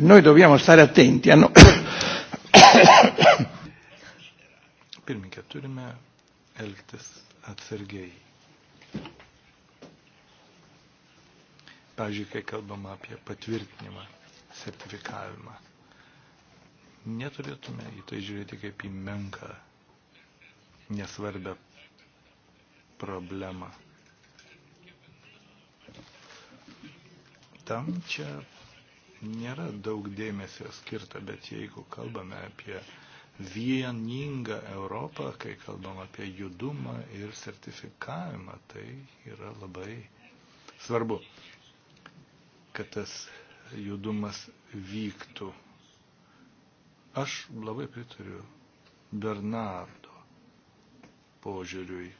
Noi dobbiamo stare attenti a no... Pirmininkė, turime elgtis atsargiai. Pavyzdžiui, kai kalbama apie patvirtinimą, sertifikavimą neturėtume į tai žiūrėti kaip į menką, nesvarbę problemą. Tam čia nėra daug dėmesio skirta, bet jeigu kalbame apie vieningą Europą, kai kalbam apie judumą ir sertifikavimą, tai yra labai svarbu, kad tas judumas vyktų Aš labai pritariu Bernardo požiūriui.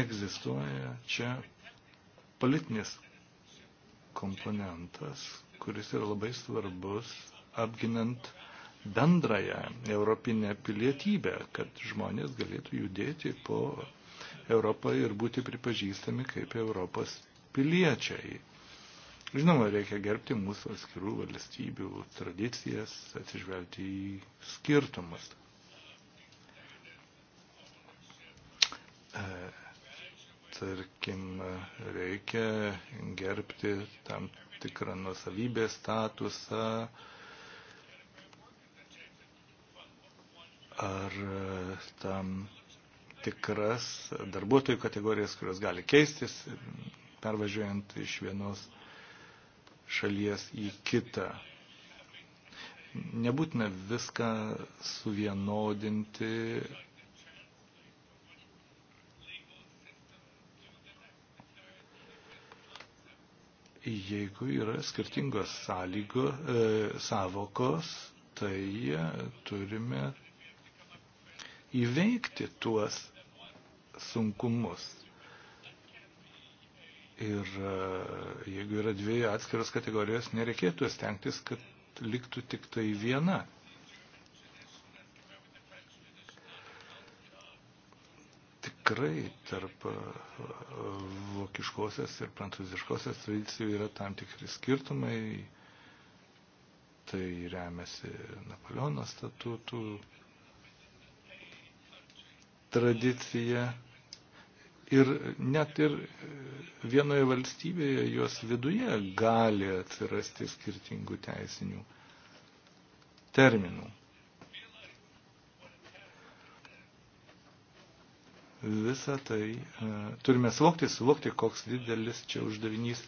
Egzistuoja čia politinis komponentas, kuris yra labai svarbus apginant bendrąją europinę pilietybę, kad žmonės galėtų judėti po Europą ir būti pripažįstami kaip Europos piliečiai. Žinoma, reikia gerbti mūsų atskirų valstybių tradicijas, atsižvelgti į skirtumus. E, tarkim, reikia gerbti tam tikrą nusavybės statusą ar tam tikras darbuotojų kategorijas, kurios gali keistis, pervažiuojant iš vienos šalies į kitą. Nebūtina viską suvienodinti. Jeigu yra skirtingos sąlygo, e, savokos, tai turime įveikti tuos sunkumus. Ir e, jeigu yra dvi atskiros kategorijos, nereikėtų stengtis, kad liktų tik tai viena. Tikrai tarp e, vokiškosios ir prancūziškosios tradicijų yra tam tikri skirtumai. Tai remiasi Napoleono statutų tradicija. Ir net ir e, vienoje valstybėje jos viduje gali atsirasti skirtingų teisinių terminų. Visą tai e, turime suvokti, suvokti, koks didelis čia uždavinys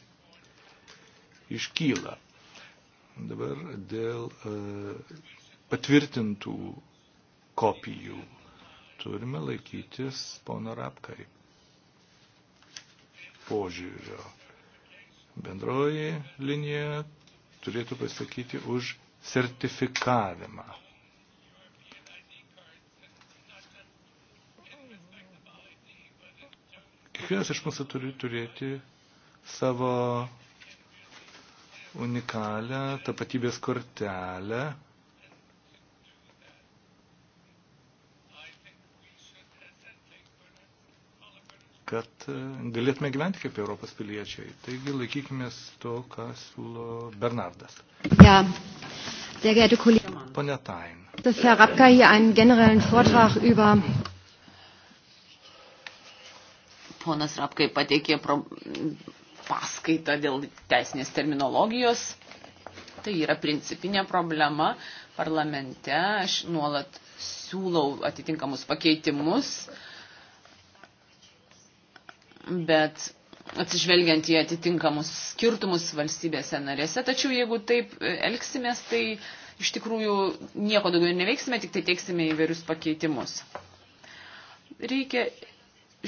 iškyla. Dabar dėl e, patvirtintų kopijų turime laikytis pono Rapkai požiūrio. Bendroji linija turėtų pasakyti už sertifikavimą. Kiekvienas iš mūsų turi turėti savo unikalią tapatybės kortelę, kad e, galėtume gyventi kaip Europos piliečiai. Taigi laikykime to, ką siūlo Bernardas. Ja. Sehr geehrte Kollegen, Von der Tain. dass Herr Rapka hier einen generellen Vortrag über ponas Rapkai pateikė pro, paskaitą dėl teisinės terminologijos. Tai yra principinė problema parlamente. Aš nuolat siūlau atitinkamus pakeitimus. Uh, bet atsižvelgiant į atitinkamus skirtumus valstybėse narėse. Tačiau jeigu taip e, elgsimės, tai iš tikrųjų nieko daugiau neveiksime, tik tai teiksime įvairius pakeitimus. Reikia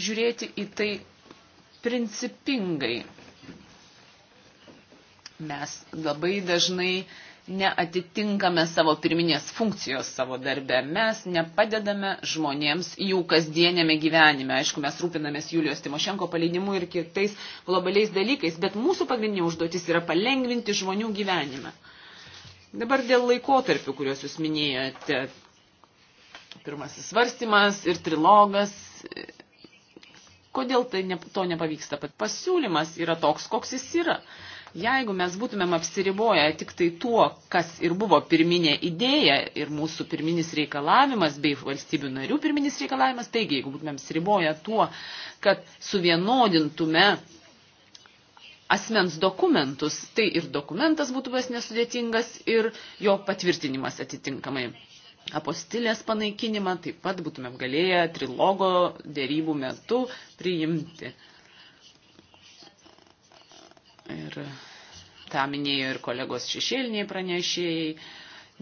žiūrėti į tai principingai. Mes labai dažnai uh, neatitinkame savo pirminės funkcijos savo darbe. Mes nepadedame žmonėms jų kasdienėme gyvenime. Aišku, mes rūpinamės Julijos Timošenko paleidimu ir kitais globaliais dalykais, bet mūsų pagrindinė užduotis yra palengvinti žmonių gyvenimą. Dabar dėl laikotarpių, kuriuos jūs minėjote. Pirmasis svarstymas ir trilogas. Kodėl tai ne, to nepavyksta? Pasiūlymas yra toks, koks jis yra. Jeigu mes būtumėm apsiriboję tik tai tuo, kas ir buvo pirminė idėja ir mūsų pirminis reikalavimas bei valstybių narių pirminis reikalavimas, taigi jeigu būtumėm apsiriboję tuo, kad suvienodintume asmens dokumentus, tai ir dokumentas būtų buvęs nesudėtingas ir jo patvirtinimas atitinkamai. Apostilės panaikinimą taip pat būtumėm galėję trilogo dėrybų metu priimti. Ir e, tą minėjo ir kolegos šešėliniai pranešėjai.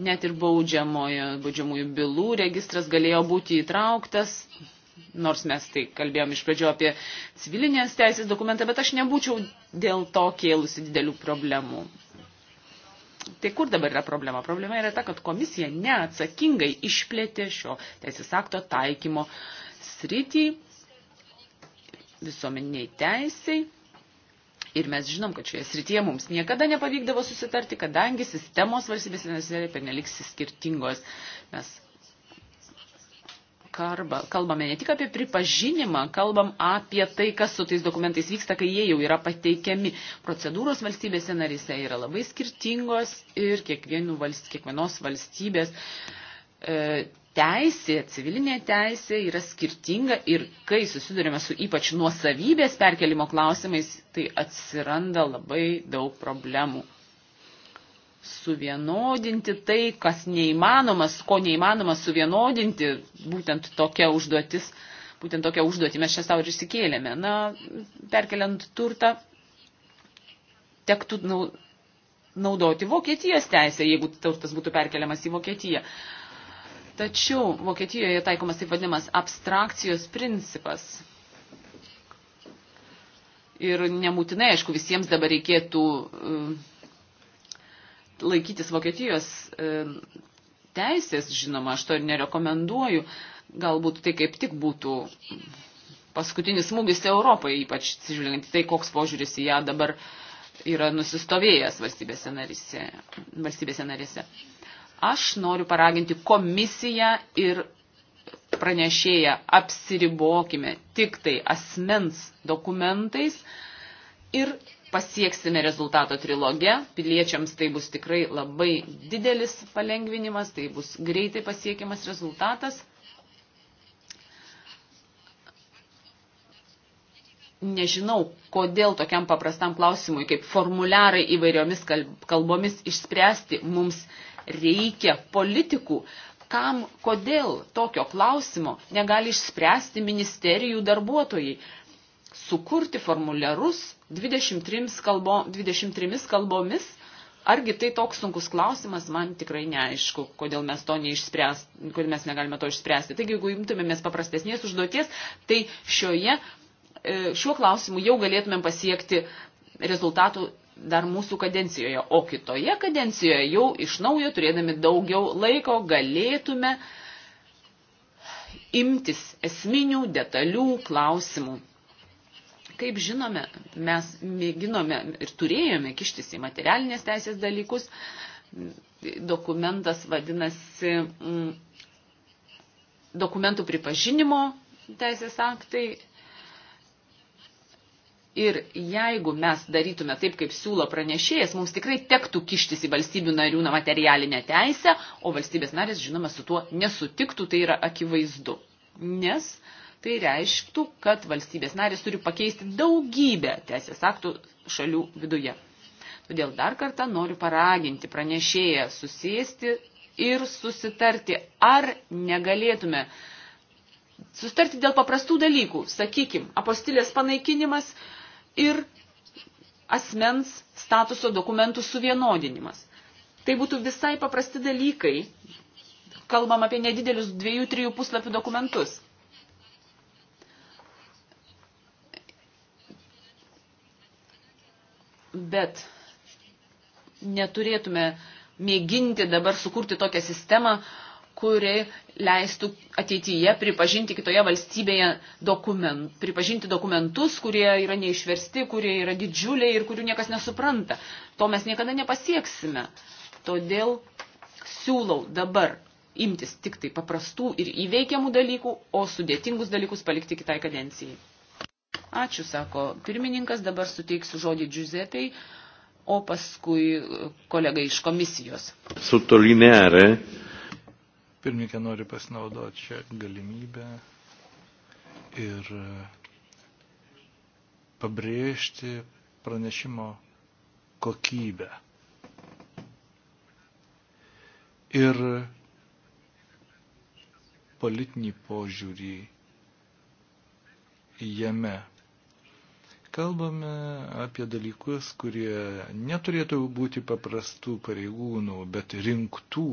Net ir baudžiamojo, baudžiamųjų bylų registras galėjo būti įtrauktas, nors mes tai kalbėjom iš pradžio apie civilinės teisės dokumentą, bet aš nebūčiau dėl to kėlusi didelių problemų. Tai kur dabar yra problema? Problema yra ta, kad komisija neatsakingai išplėtė šio teisės akto taikymo sritį visuomeniai teisiai Ir mes žinom, kad šioje srityje mums niekada nepavykdavo susitarti, kadangi sistemos valstybės nesėlė perneliks skirtingos. Mes karba, kalbame ne tik apie pripažinimą, kalbam apie tai, kas su tais dokumentais vyksta, kai jie jau yra pateikiami. Procedūros valstybėse narise yra labai skirtingos ir valst, kiekvienos valstybės e, teisė, civilinė teisė yra skirtinga ir kai susidurime su ypač nuosavybės perkelimo klausimais, tai atsiranda labai daug problemų. Suvienodinti tai, kas neįmanomas, ko neįmanoma suvienodinti, būtent tokia užduotis, būtent tokia užduotį mes čia savo ir išsikėlėme. Na, perkeliant turtą, tektų naudoti Vokietijos teisę, jeigu turtas būtų perkeliamas į Vokietiją. Uh, Tačiau Vokietijoje taikomas taip vadinamas abstrakcijos principas. Ir nebūtinai, aišku, visiems dabar reikėtų e, laikytis Vokietijos e, teisės, žinoma, aš to ir nerekomenduoju. Galbūt tai kaip tik būtų paskutinis smūgis Europai, ypač atsižvelgiant į tai, koks požiūris į ją dabar yra nusistovėjęs valstybėse narėse. Valstybėse narėse. Aš noriu paraginti komisiją ir pranešėją apsiribokime tik tai asmens dokumentais ir pasieksime rezultato trilogę. Piliečiams tai bus tikrai labai didelis palengvinimas, tai bus greitai pasiekiamas rezultatas. Nežinau, kodėl tokiam paprastam klausimui, kaip formuliarai įvairiomis kalbomis išspręsti, mums reikia politikų, kam, kodėl tokio klausimo negali išspręsti ministerijų darbuotojai. Sukurti formuliarus 23, kalbo, 23 kalbomis, argi tai toks sunkus klausimas, man tikrai neaišku, kodėl mes, to neišspręs, kodėl mes negalime to išspręsti. Taigi, jeigu imtumėmės paprastesnės užduoties, tai šioje, e, šiuo klausimu jau galėtumėm pasiekti rezultatų dar mūsų kadencijoje, o kitoje kadencijoje jau iš naujo, turėdami daugiau laiko, galėtume imtis esminių, detalių klausimų. Kaip žinome, mes mėginome ir turėjome kištis į materialinės teisės dalykus. Dokumentas vadinasi mm, dokumentų pripažinimo teisės aktai Ir jeigu mes darytume taip, kaip siūlo pranešėjas, mums tikrai tektų kištis į valstybių narių materialinę teisę, o valstybės narės, žinoma, su tuo nesutiktų, tai yra akivaizdu. Nes tai reišktų, kad valstybės narės turi pakeisti daugybę teisės aktų šalių viduje. Todėl dar kartą noriu paraginti pranešėją susėsti ir susitarti, ar negalėtume susitarti dėl paprastų dalykų, sakykim, apostilės panaikinimas, uh, ir asmens statuso dokumentų suvienodinimas. Tai būtų visai paprasti dalykai, kalbam apie nedidelius dviejų, trijų puslapių dokumentus. Bet neturėtume mėginti dabar sukurti tokią sistemą, uh, kuri leistų ateityje pripažinti kitoje valstybėje dokument, pripažinti dokumentus, kurie yra neišversti, kurie yra didžiuliai ir kurių niekas nesupranta. To mes niekada nepasieksime. Todėl siūlau dabar imtis tik tai paprastų ir įveikiamų dalykų, o sudėtingus dalykus palikti kitai kadencijai. Ačiū, sako pirmininkas, dabar suteiksiu žodį Giuseppei, o paskui kolegai iš komisijos. Sottolineare Pirmininkė nori pasinaudoti šią galimybę ir e, pabrėžti pranešimo kokybę. Ir politinį požiūrį jame. Kalbame apie dalykus, kurie neturėtų būti paprastų pareigūnų, bet rinktų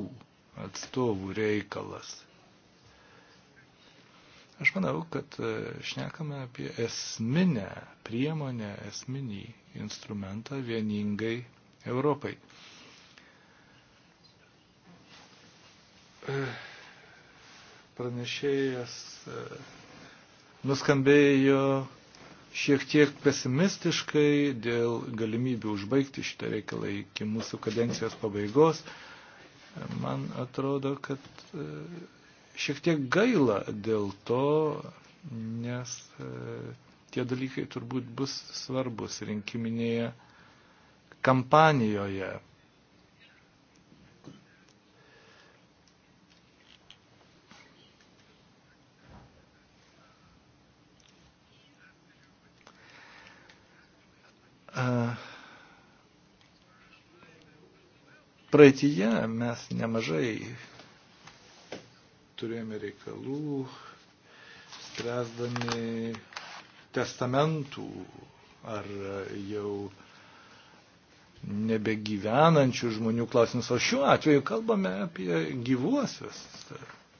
atstovų reikalas. Aš manau, kad e, šnekame apie esminę priemonę, esminį instrumentą vieningai Europai. E, pranešėjas e, nuskambėjo šiek tiek pesimistiškai dėl galimybių užbaigti šitą reikalą iki mūsų kadencijos pabaigos man atrodo, kad e, šiek tiek gaila dėl to, nes e, tie dalykai turbūt bus svarbus rinkiminėje kampanijoje. Uh, Praeitie mes nemažai turėjome reikalų, spręsdami testamentų ar jau nebegyvenančių žmonių klausimus. O šiuo atveju kalbame apie gyvuosius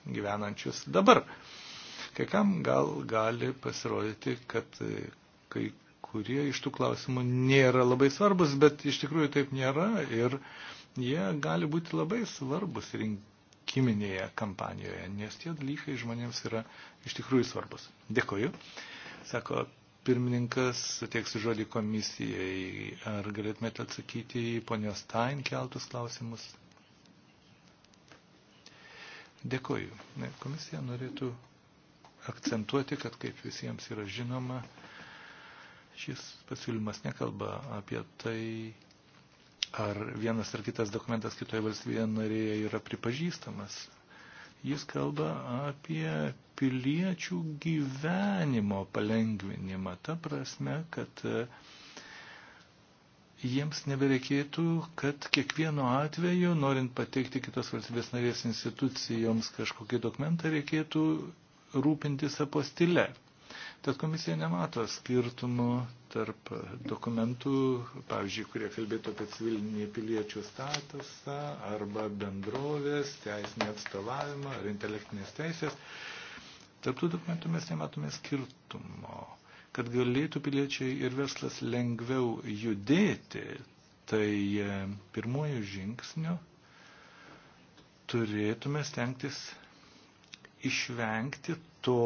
gyvenančius dabar. Kai kam gal gali pasirodyti, kad kai kurie iš tų klausimų nėra labai svarbus, bet iš tikrųjų taip nėra ir Jie gali būti labai svarbus rinkiminėje kampanijoje, nes tie dalykai žmonėms yra iš tikrųjų svarbus. Dėkoju. Sako pirmininkas, suteiksiu žodį komisijai. Ar galėtumėte atsakyti į ponios Tain keltus klausimus? Dėkoju. Komisija norėtų akcentuoti, kad kaip visiems yra žinoma, šis pasiūlymas nekalba apie tai, ar vienas ar kitas dokumentas kitoje valstybėje narėje yra pripažįstamas. Jis kalba apie piliečių gyvenimo palengvinimą, ta prasme, kad e, jiems nebereikėtų, kad kiekvieno atveju, norint pateikti kitos valstybės narės institucijoms kažkokį dokumentą, reikėtų rūpintis apostile. Tad komisija nemato skirtumų tarp dokumentų, pavyzdžiui, kurie kalbėtų apie civilinį piliečių statusą arba bendrovės, teisinį atstovavimą ar intelektinės teisės. Tarptų dokumentų mes nematome skirtumo. Kad galėtų piliečiai ir verslas lengviau judėti, tai e, pirmojų žingsnių turėtume stengtis išvengti to,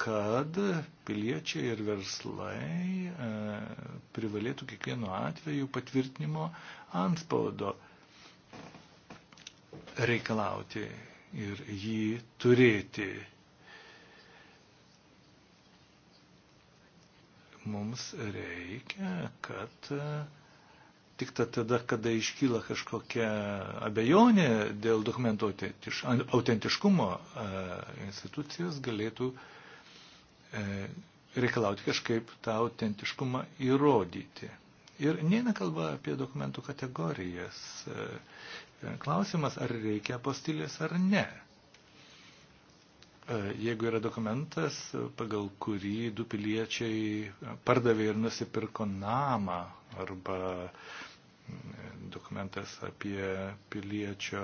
kad piliečiai ir verslai e, privalėtų kiekvienu atveju patvirtinimo antspaudo reikalauti ir jį turėti. Mums reikia, kad e, tik tada, kada iškyla kažkokia abejonė dėl dokumento autentiškumo, e, institucijos galėtų uh, E, reikalauti kažkaip tą autentiškumą įrodyti. Ir neina kalba apie dokumentų kategorijas. E, e, klausimas, ar reikia apostilės ar ne. Jeigu yra dokumentas, pagal kurį du piliečiai pardavė ir nusipirko namą, arba dokumentas apie piliečio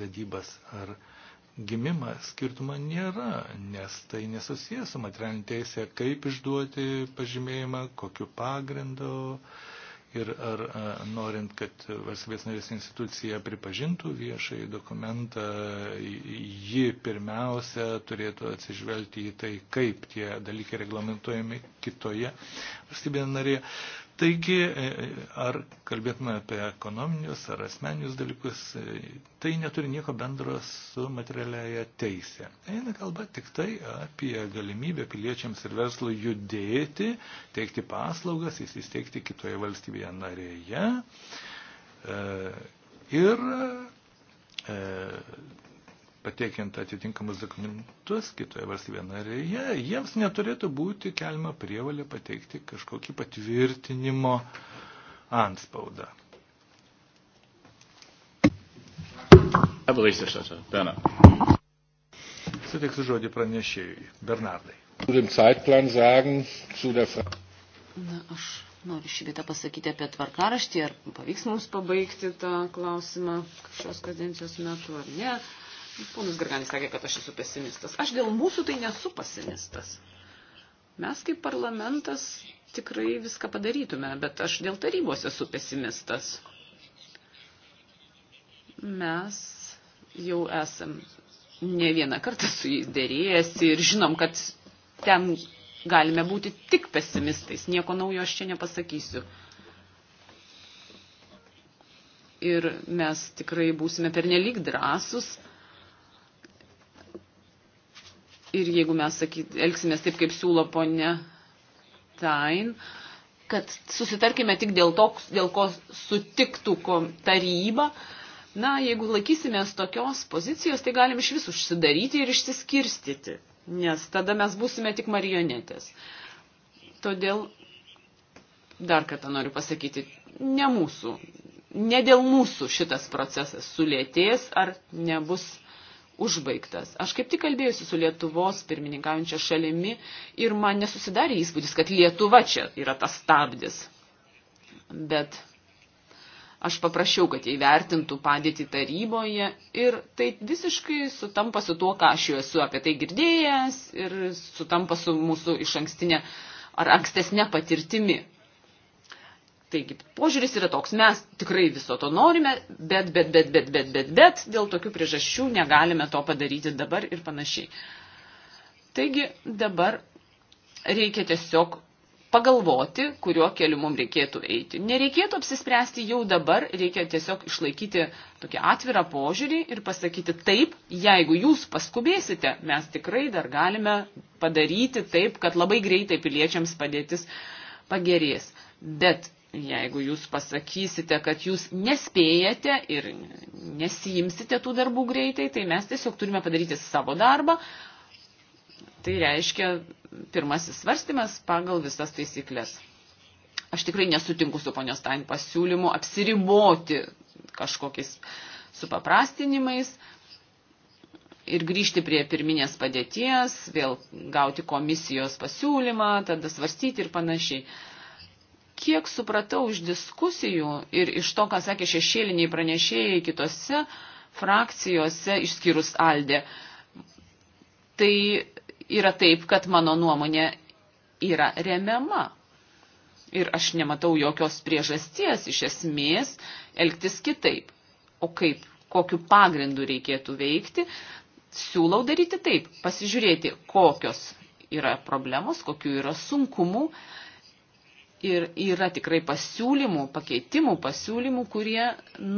vedybas ar uh, gimimą skirtumą nėra, nes tai nesusijęs su materialinė teisė, kaip išduoti pažymėjimą, kokiu pagrindu ir ar a, norint, kad valstybės narės institucija pripažintų viešai dokumentą, ji pirmiausia turėtų atsižvelgti į tai, kaip tie dalykai reglamentojami kitoje valstybėje narėje. Taigi, e, e, ar kalbėtume apie ekonominius ar asmeninius dalykus, e, tai neturi nieko bendro su materialiaja teisė. Eina kalba tik tai apie galimybę piliečiams ir verslui judėti, teikti paslaugas, įsisteigti kitoje valstybėje narėje ir pateikiant atitinkamus dokumentus kitoje valstybėje narėje, jiems neturėtų būti kelima prievalė pateikti kažkokį patvirtinimo antspaudą. Suteiksiu žodį pranešėjui. Bernardai. Na, aš noriu šį bitą pasakyti apie tvarkaraštį, ar pavyks mums pabaigti tą klausimą šios kadencijos metu ar ne. Ponas Garganis sakė, kad aš esu pesimistas. Aš dėl mūsų tai nesu pesimistas. Mes kaip parlamentas tikrai viską padarytume, bet aš dėl tarybos esu pesimistas. Mes jau esam ne vieną kartą su jais dėrėjęsi ir žinom, kad ten galime būti tik pesimistais. Nieko naujo aš čia nepasakysiu ir mes tikrai būsime pernelyg drąsus, ir jeigu mes sakyt, elgsimės taip, kaip siūlo ponė Tain, kad susitarkime tik dėl to, dėl ko sutiktų taryba, na, jeigu laikysimės tokios pozicijos, tai galim iš vis užsidaryti ir išsiskirstyti, nes tada mes būsime tik marionetės. Todėl dar kartą noriu pasakyti, ne mūsų, ne dėl mūsų šitas procesas sulėtės ar nebus užbaigtas. Aš kaip tik kalbėjusi su Lietuvos pirmininkaujančia šalimi ir man nesusidarė įspūdis, kad Lietuva čia yra tas stabdis. Bet aš paprašiau, kad jie įvertintų padėtį taryboje ir tai visiškai sutampa su tuo, ką aš jau esu apie tai girdėjęs ir sutampa su mūsų iš ankstinė ar ankstesnė patirtimi. Taigi, požiūris yra toks, mes tikrai viso to norime, bet, bet, bet, bet, bet, bet, bet, dėl tokių priežasčių negalime to padaryti dabar ir panašiai. Taigi, dabar reikia tiesiog pagalvoti, kuriuo keliu mums reikėtų eiti. Nereikėtų apsispręsti jau dabar, reikia tiesiog išlaikyti tokį atvirą požiūrį ir pasakyti taip, jeigu jūs paskubėsite, mes tikrai dar galime padaryti taip, kad labai greitai piliečiams padėtis pagerės. Bet jeigu jūs pasakysite, kad jūs nespėjate ir nesijimsite tų darbų greitai, tai mes tiesiog turime padaryti savo darbą. Tai reiškia pirmasis svarstymas pagal visas taisyklės. Aš tikrai nesutinku su ponios Tain pasiūlymu apsiriboti kažkokiais supaprastinimais ir grįžti prie pirminės padėties, vėl gauti komisijos pasiūlymą, tada svarstyti ir panašiai. Uh, kiek supratau iš diskusijų ir iš to, ką sakė šešėliniai pranešėjai kitose frakcijose, išskyrus Aldė, tai yra taip, kad mano nuomonė yra remiama. Ir aš nematau jokios priežasties iš esmės elgtis kitaip. O kaip, kokiu pagrindu reikėtų veikti, siūlau daryti taip, pasižiūrėti, kokios yra problemos, kokiu yra sunkumu Ir yra tikrai pasiūlymų, pakeitimų, pasiūlymų, kurie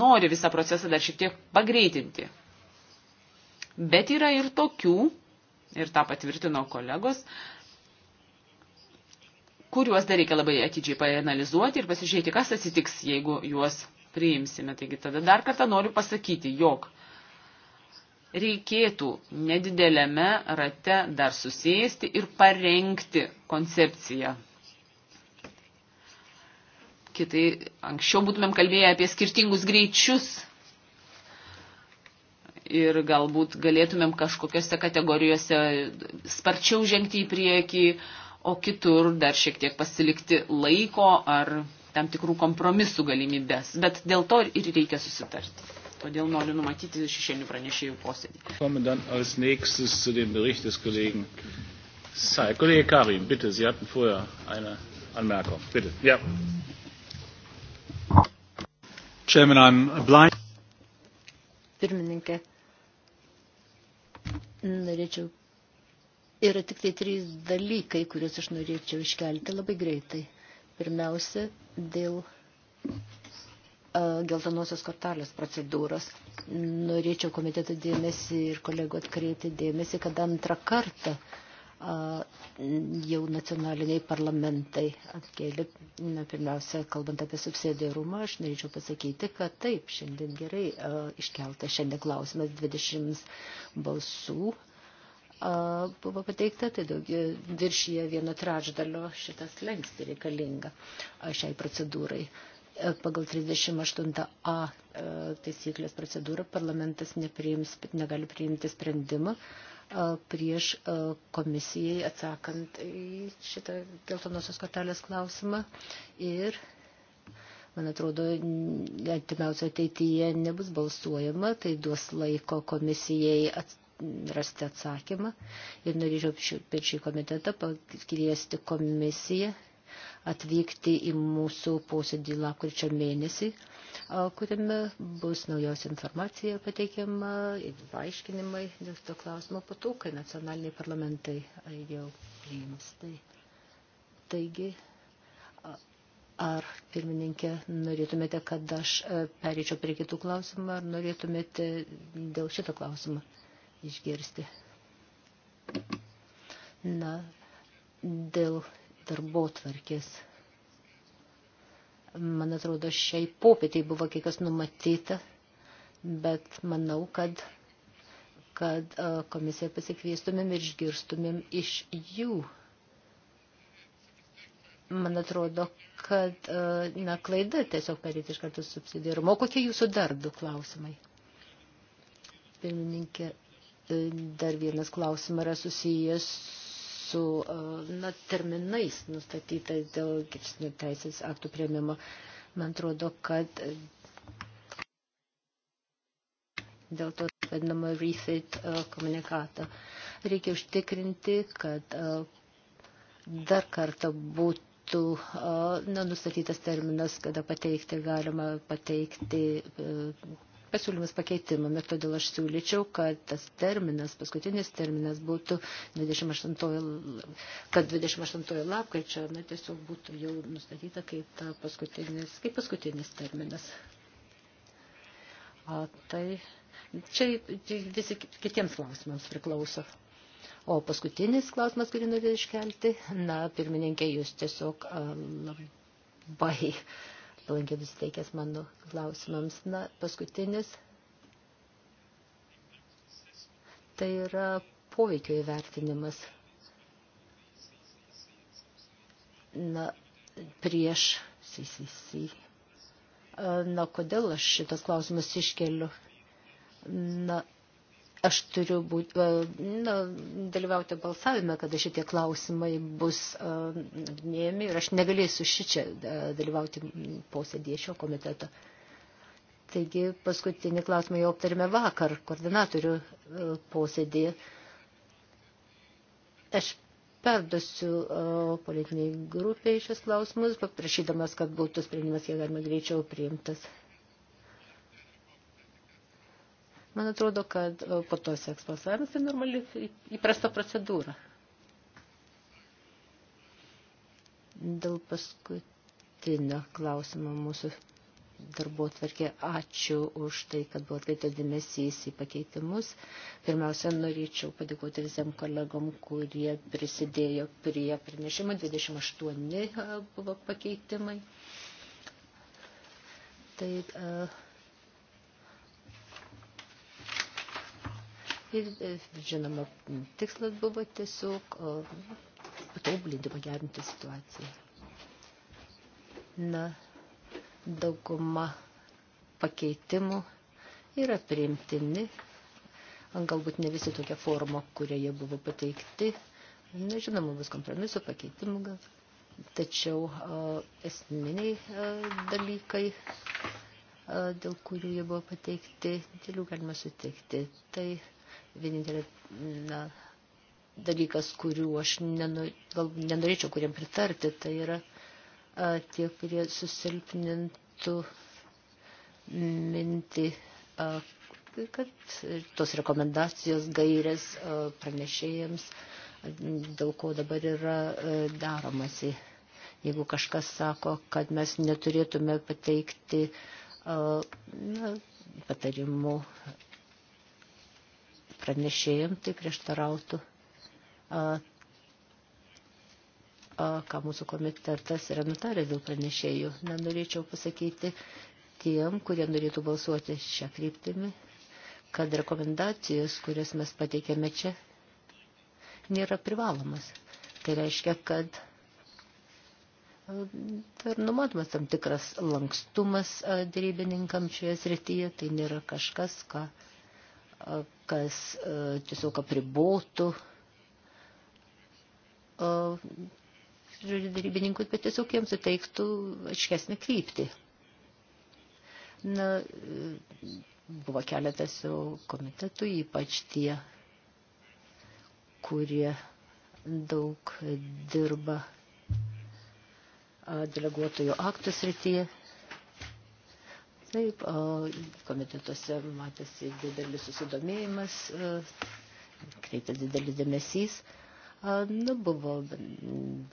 nori visą procesą dar šiek tiek pagreitinti. Bet yra ir tokių, ir tą patvirtino kolegos, kuriuos dar reikia labai atidžiai paanalizuoti ir pasižiūrėti, kas atsitiks, jeigu juos priimsime. Taigi tada dar kartą noriu pasakyti, jog reikėtų nedidelėme rate dar susėsti ir parengti koncepciją kitai anksčiau būtumėm kalbėję apie skirtingus greičius ir galbūt galėtumėm kažkokiose kategorijose sparčiau žengti į priekį, o kitur dar šiek tiek pasilikti laiko ar tam tikrų kompromisų galimybės. Bet dėl to ir reikia susitarti. Todėl noriu numatyti šešėlių pranešėjų posėdį. Kollege Karim, bitte, Sie hatten vorher eine Anmerkung. Bitte. Ja. Chairman, I'm blind. Pirmininkė, norėčiau. Yra tik tai trys dalykai, kuriuos aš norėčiau iškelti labai greitai. Pirmiausia, dėl geltonosios kortelės procedūros. Norėčiau komiteto dėmesį ir kolego atkreipti dėmesį, kad antrą kartą uh, jau nacionaliniai parlamentai atkėlė. Na, pirmiausia, kalbant apie subsidiarumą, aš norėčiau pasakyti, kad taip, šiandien gerai iškelta šiandien klausimas 20 balsų buvo pateikta, tai daugiau viršyje vieno trečdalio šitas lengsti reikalinga šiai procedūrai e, pagal 38a e, taisyklės procedūrą parlamentas nepriims, negali priimti sprendimą E, prieš e, komisijai atsakant į šitą geltonosios kortelės klausimą. Ir, man atrodo, artimiausio ateityje nebus balsuojama, tai duos laiko komisijai atsakyti rasti atsakymą ir norėčiau per šį komitetą pakviesti komisiją atvykti į mūsų posėdį lapkričio mėnesį, kuriame bus naujos informacija pateikiama, paaiškinimai dėl to klausimo po to, kai nacionaliniai parlamentai jau priims. Tai, taigi, Ar pirmininkė norėtumėte, kad aš perėčiau prie kitų klausimų, ar norėtumėte dėl šito klausimą išgirsti? Na, dėl darbo tvarkės. Man atrodo, šiai popietiai buvo kai kas numatyta, bet manau, kad, kad komisiją pasikviestumėm ir išgirstumėm iš jų. Man atrodo, kad na, klaida tiesiog perėti iš karto subsidiarumo. O kokie jūsų dar du klausimai? Pirmininkė, e, dar vienas klausimas yra susijęs su e, na, terminais nustatytais dėl geresnių teisės aktų prieimimo. Man atrodo, kad e, dėl to vadinamo refit e, komunikato reikia užtikrinti, kad dar kartą būtų būtų na, nustatytas terminas, kada pateikti galima pateikti pasiūlymus pakeitimam. Ir todėl aš siūlyčiau, kad tas terminas, paskutinis terminas būtų 28, kad 28 lapkričio, na, tiesiog būtų jau nustatyta kaip, ta paskutinis, kaip paskutinis terminas. O tai čia visi kitiems klausimams priklauso. O paskutinis klausimas, kurį noriu iškelti, na, pirmininkė, jūs tiesiog labai palankiai nusiteikęs mano klausimams. Na, paskutinis tai yra poveikio įvertinimas. Na, prieš CCC. Na, kodėl aš šitas klausimas iškeliu? Na, Aš turiu būti, e, na, dalyvauti balsavime, kada šitie klausimai bus nagrinėjami e, ir aš negalėsiu šičia e, dalyvauti posėdėje šio komiteto. Taigi paskutinį klausimą jau aptarėme vakar koordinatorių posėdėje. Aš perduosiu politiniai grupiai šis klausimus, paprašydamas, kad būtų sprendimas, kiek galima greičiau priimtas. Man atrodo, kad e, po to seks balsavimas tai normali įprasta procedūra. Dėl paskutinio klausimo mūsų darbo tvarkė. Ačiū už tai, kad buvo atkreiptas dėmesys į pakeitimus. Pirmiausia, norėčiau padėkoti visiems kolegom, kurie prisidėjo prie pranešimo. 28 e, buvo pakeitimai. Tai uh, Ir, žinoma, tikslas buvo tiesiog patobulinti, pagerinti situaciją. Na, dauguma pakeitimų yra priimtini, galbūt ne visi tokia forma, kuria jie buvo pateikti. Nežinoma, bus kompromisų, pakeitimų gal. Tačiau a, esminiai a, dalykai, a, dėl kurių jie buvo pateikti, dėl jų galima sutikti. Tai vienintelė na, dalykas, kurių aš nenu, gal, nenorėčiau kuriam pritarti, tai yra a, tie, kurie susilpnintų mintį, a, kad tos rekomendacijos gairės a, pranešėjams, a, dėl ko dabar yra a, daromasi. Jeigu kažkas sako, kad mes neturėtume pateikti a, na, patarimų pranešėjim tai prieštarautų, ką mūsų komitetas yra nutaręs dėl pranešėjų. Nenorėčiau pasakyti tiem, kurie norėtų balsuoti šią kryptimį, kad rekomendacijos, kurias mes pateikėme čia, nėra privalomas. Tai reiškia, kad dar numatomas tam tikras lankstumas dėrybininkam šioje srityje, tai nėra kažkas, ką. Ka kas e, tiesiog apribotų e, darybininkui, bet tiesiog jiems suteiktų aiškesnį kryptį. Na, e, buvo keletas jau komitetų, ypač tie, kurie daug dirba deleguotojų aktų srityje. Taip, komitetuose matėsi didelis susidomėjimas, e, kreiptas didelis dėmesys. Nu, buvo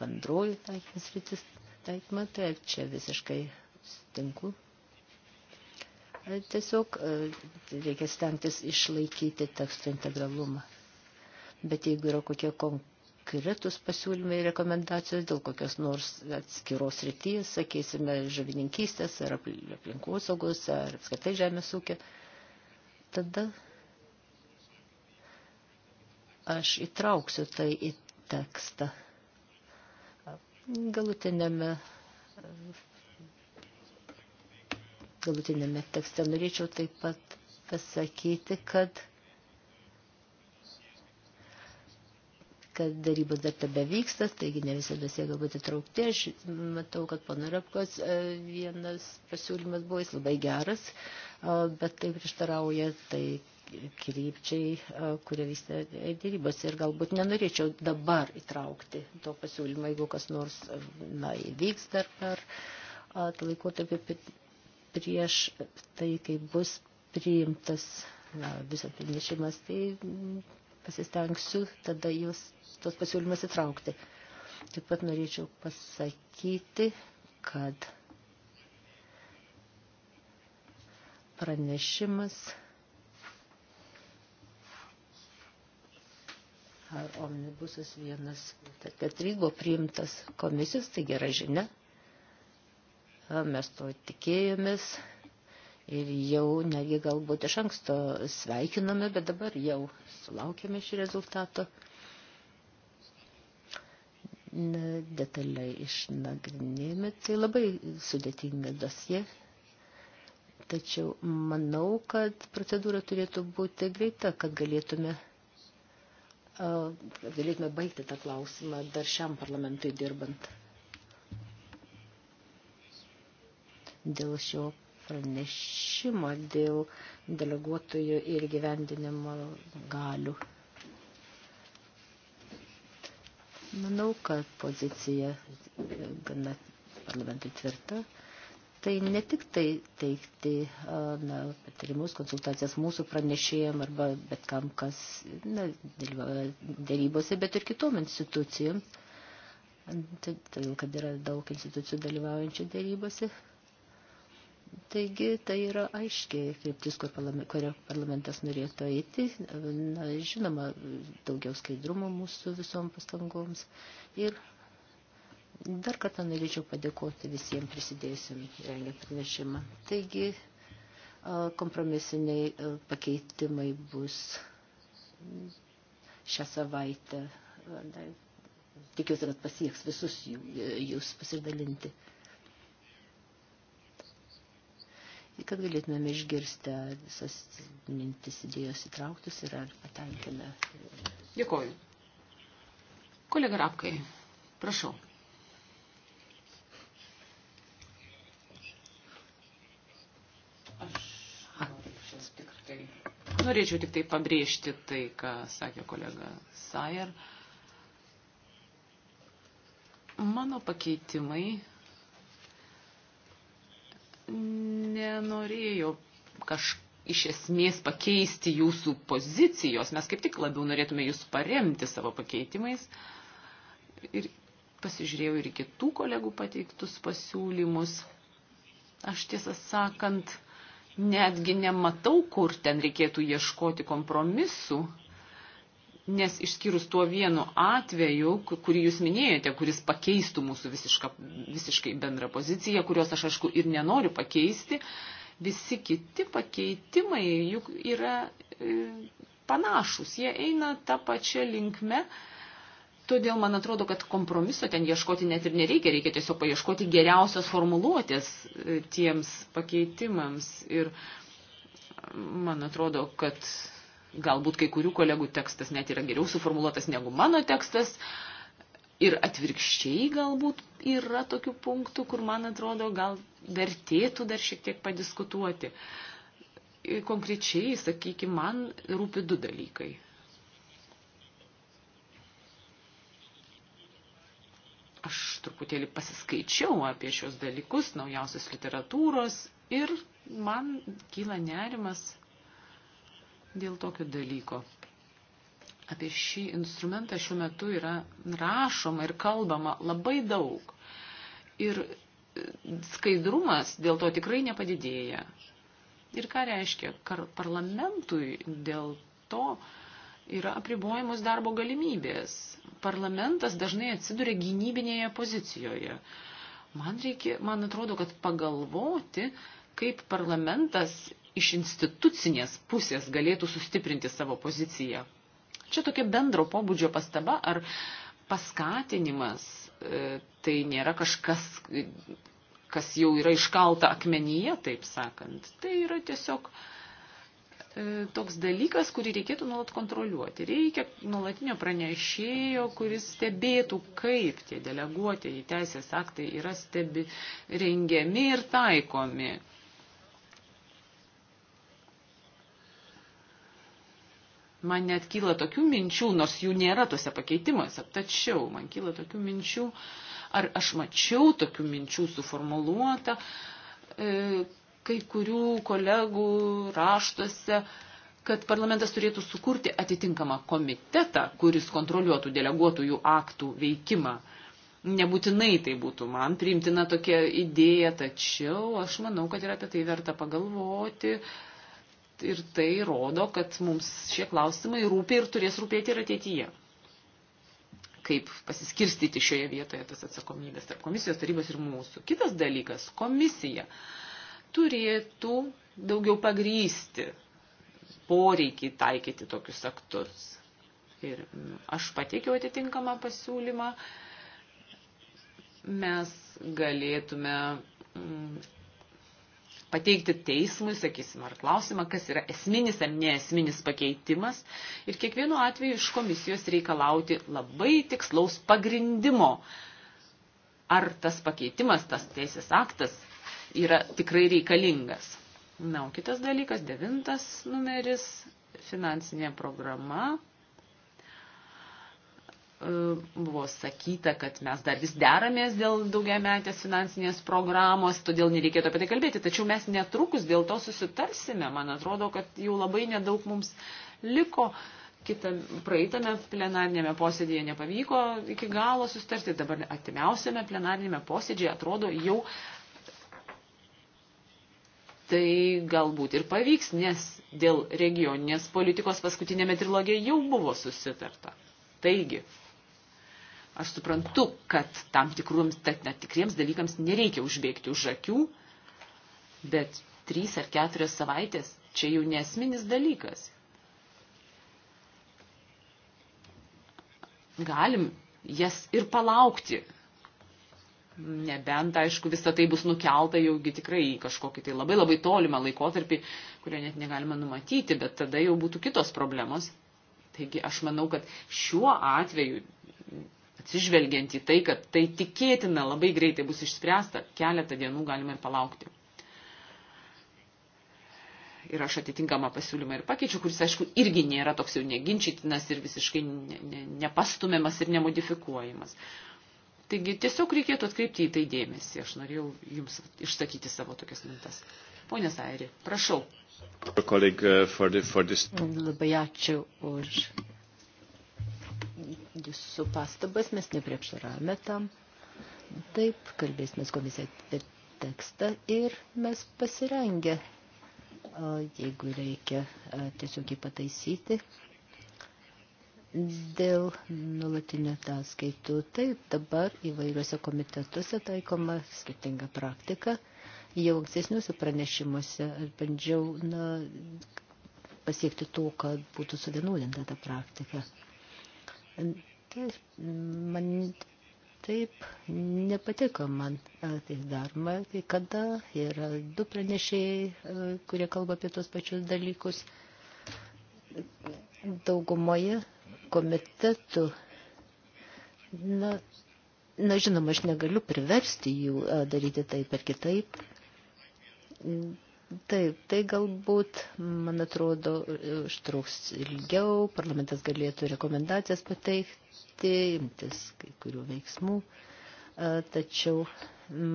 bendroji taikymas rytis taikymą, tai čia visiškai sutinku. Tiesiog e, reikia stengtis išlaikyti teksto integralumą. Bet jeigu yra kokie konkretūs konkretus pasiūlymai ir rekomendacijos dėl kokios nors atskiros ryties, sakysime, žavininkystės ar aplinkosaugos ar apskaitai žemės ūkio, tada aš įtrauksiu tai į tekstą. Galutinėme galutinėme tekste norėčiau taip pat pasakyti, kad kad darybos dar tebe vyksta, taigi ne visi dosie galbūt įtraukti. Aš matau, kad pono Repkos e, vienas pasiūlymas buvo, jis labai geras, bet tai prieštarauja tai krypčiai, e, kurie vyksta darybos. Ir galbūt nenorėčiau dabar įtraukti to pasiūlymą, jeigu kas nors e, na, įvyks dar per tą laikotarpį prieš tai, kai bus priimtas na, visas pranešimas, tai pasistengsiu tada jūs tos pasiūlymus įtraukti. Taip pat norėčiau pasakyti, kad pranešimas ar omnibusas vienas, kad trys buvo priimtas komisijos, tai gera žinia. Mes to tikėjomės ir jau netgi galbūt iš anksto sveikinome, bet dabar jau sulaukėme šį rezultato. Detaliai išnagrinėjome, tai labai sudėtinga dosie, tačiau manau, kad procedūra turėtų būti greita, kad galėtume, kad galėtume baigti tą klausimą dar šiam parlamentui dirbant. Dėl šio pranešimo dėl deleguotojų ir gyvendinimo galių. Manau, kad pozicija e, gana parlamentui tvirta. Tai ne tik tai teikti e, na, patarimus, konsultacijas mūsų pranešėjom arba bet kam, kas na, dalyvauja dėrybose, bet ir kitom institucijom. Todėl, kad yra daug institucijų dalyvaujančių dėrybose. Taigi tai yra aiškiai kryptis, kur kurio parlamentas norėtų eiti. Na, žinoma, daugiau skaidrumo mūsų visom pastangoms. Ir dar kartą norėčiau padėkoti visiems prisidėjusim rengiant pranešimą. Taigi kompromisiniai pakeitimai bus šią savaitę. Tikiuosi, kad pasieks visus jūs pasidalinti. kad galėtumėme išgirsti visas mintis idėjos įtrauktus ir ar patenkina. Dėkoju. Kolega Rapkai, prašau. Aš tik tai. Norėčiau tik tai pabrėžti tai, ką sakė kolega Sayer. Mano pakeitimai nenorėjo kažką iš esmės pakeisti jūsų pozicijos. Mes kaip tik labiau norėtume jūs paremti savo pakeitimais. Ir pasižiūrėjau ir kitų kolegų pateiktus pasiūlymus. Aš tiesą sakant, netgi nematau, kur ten reikėtų ieškoti kompromisų. Nes išskyrus tuo vienu atveju, kurį jūs minėjote, kuris pakeistų mūsų visiška, visiškai bendrą poziciją, kurios aš aišku ir nenoriu pakeisti, visi kiti pakeitimai juk yra e, panašus, jie eina tą pačią linkmę. Todėl man atrodo, kad kompromiso ten ieškoti net ir nereikia, reikia tiesiog paieškoti geriausios formuluotės e, tiems pakeitimams. Ir man atrodo, kad Galbūt kai kurių kolegų tekstas net yra geriau suformuoluotas negu mano tekstas. Ir atvirkščiai galbūt yra tokių punktų, kur, man atrodo, gal vertėtų dar šiek tiek padiskutuoti. Konkrečiai, sakykime, man rūpi du dalykai. Aš truputėlį pasiskaičiau apie šios dalykus, naujausios literatūros ir man kyla nerimas dėl tokio dalyko. Apie šį instrumentą šiuo metu yra rašoma ir kalbama labai daug. Ir e, skaidrumas dėl to tikrai nepadidėja. Ir ką reiškia? Kar parlamentui dėl to yra apribojamos darbo galimybės. Parlamentas dažnai atsiduria gynybinėje pozicijoje. Man, reikia, man atrodo, kad pagalvoti, kaip parlamentas iš institucinės pusės galėtų sustiprinti savo poziciją. Čia tokia bendro pobūdžio pastaba ar paskatinimas, e, tai nėra kažkas, kas jau yra iškalta akmenyje, taip sakant. Tai yra tiesiog e, toks dalykas, kurį reikėtų nuolat kontroliuoti. Reikia nuolatinio pranešėjo, kuris stebėtų, kaip tie deleguotieji teisės aktai yra stebi, rengiami ir taikomi. man net kyla tokių minčių, nors jų nėra tuose pakeitimuose, tačiau man kyla tokių minčių, ar aš mačiau tokių minčių suformuluota e, kai kurių kolegų raštuose, kad parlamentas turėtų sukurti atitinkamą komitetą, kuris kontroliuotų deleguotųjų aktų veikimą. Nebūtinai tai būtų man priimtina tokia idėja, tačiau aš manau, kad ir apie tai verta pagalvoti. E, ir tai rodo, kad mums šie klausimai rūpia ir turės rūpėti ir ateityje. Kaip pasiskirstyti šioje vietoje tas atsakomybės tarp komisijos tarybos ir mūsų. Kitas dalykas - komisija turėtų daugiau pagrysti poreikį taikyti tokius aktus. Ir aš pateikiau atitinkamą pasiūlymą. Mes galėtume mm, pateikti teismui, sakysim, ar klausimą, kas yra esminis ar neesminis pakeitimas ir kiekvienu atveju iš komisijos reikalauti labai tikslaus pagrindimo, ar tas pakeitimas, tas teisės aktas yra tikrai reikalingas. Na, o kitas dalykas, devintas numeris, finansinė programa E, buvo sakyta, kad mes dar vis deramės dėl daugiametės finansinės programos, todėl nereikėtų apie tai kalbėti. Tačiau mes netrukus dėl to susitarsime. Man atrodo, kad jau labai nedaug mums liko. Kitam, praeitame plenarnėme posėdėje nepavyko iki galo sustarti, dabar atimiausiame plenarnėme posėdėje atrodo jau tai galbūt ir pavyks, nes dėl regioninės politikos paskutinėme trilogėje jau buvo susitarta. Taigi, Aš suprantu, kad tam tikrums, tikriems dalykams nereikia užbėgti už akių, bet trys ar keturias savaitės čia jau nesminis dalykas. Galim jas ir palaukti. Nebent, aišku, visa tai bus nukelta jaugi tikrai į kažkokį tai labai labai tolimą laikotarpį, kurio net negalima numatyti, bet tada jau būtų kitos problemos. Taigi aš manau, kad šiuo atveju atsižvelgiant į tai, kad tai tikėtina labai greitai bus išspręsta, keletą dienų galima ir palaukti. Ir aš atitinkamą pasiūlymą ir pakeičiu, kuris, aišku, irgi nėra toks jau neginčytinas ir visiškai ne, ne, nepastumiamas ir nemodifikuojamas. Taigi tiesiog reikėtų atkreipti į tai dėmesį. Aš norėjau Jums išsakyti savo tokias mintas. Pone Sairi, prašau. Uh, for the, for this... Labai ačiū už jūsų pastabas, mes nepriepšaravome tam. Taip, kalbėsime komisiją apie tekstą ir mes pasirengę, jeigu reikia tiesiog jį pataisyti. Dėl nulatinio ataskaitų, taip dabar įvairiuose komitetuose taikoma skirtinga praktika. Jau ankstesniuose pranešimuose bandžiau na, pasiekti to, kad būtų suvienodinta ta praktika Tai man taip nepatiko man e, tai daroma, tai kada yra du pranešėjai, e, kurie kalba apie tos pačius dalykus. Daugumoje komitetų, na, na žinoma, aš negaliu priversti jų e, daryti taip ar kitaip. Taip, tai galbūt, man atrodo, užtruks ilgiau, parlamentas galėtų rekomendacijas pateikti, imtis kai kurių veiksmų, tačiau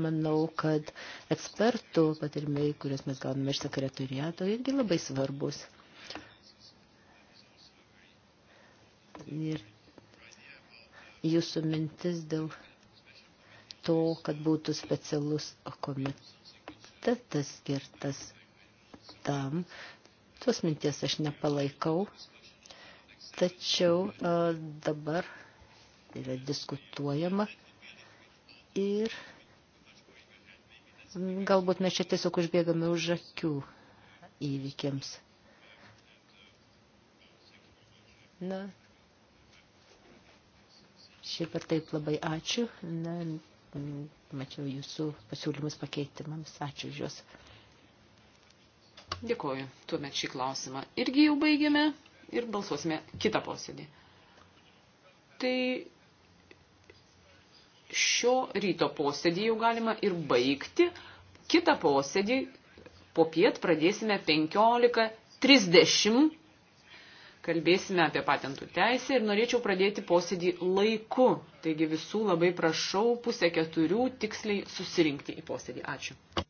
manau, kad ekspertų patirmiai, kurias mes gauname iš sekretoriato, irgi labai svarbus. Ir jūsų mintis dėl to, kad būtų specialus komitetas komitetas skirtas tam. Tuos minties aš nepalaikau, tačiau a, e, dabar yra diskutuojama ir galbūt mes čia tiesiog užbėgame už akių įvykiams. Na, šiaip ar taip labai ačiū. Na, Mm, mačiau jūsų pasiūlymus pakeitimams. Ačiū už juos. Dėkoju. Tuomet šį klausimą irgi jau baigėme ir balsuosime kitą posėdį. Tai šio ryto posėdį jau galima ir baigti. Kitą posėdį po piet pradėsime 15.30 kalbėsime apie patentų teisę ir norėčiau pradėti posėdį laiku. Taigi visų labai prašau pusę keturių tiksliai susirinkti į posėdį. Ačiū.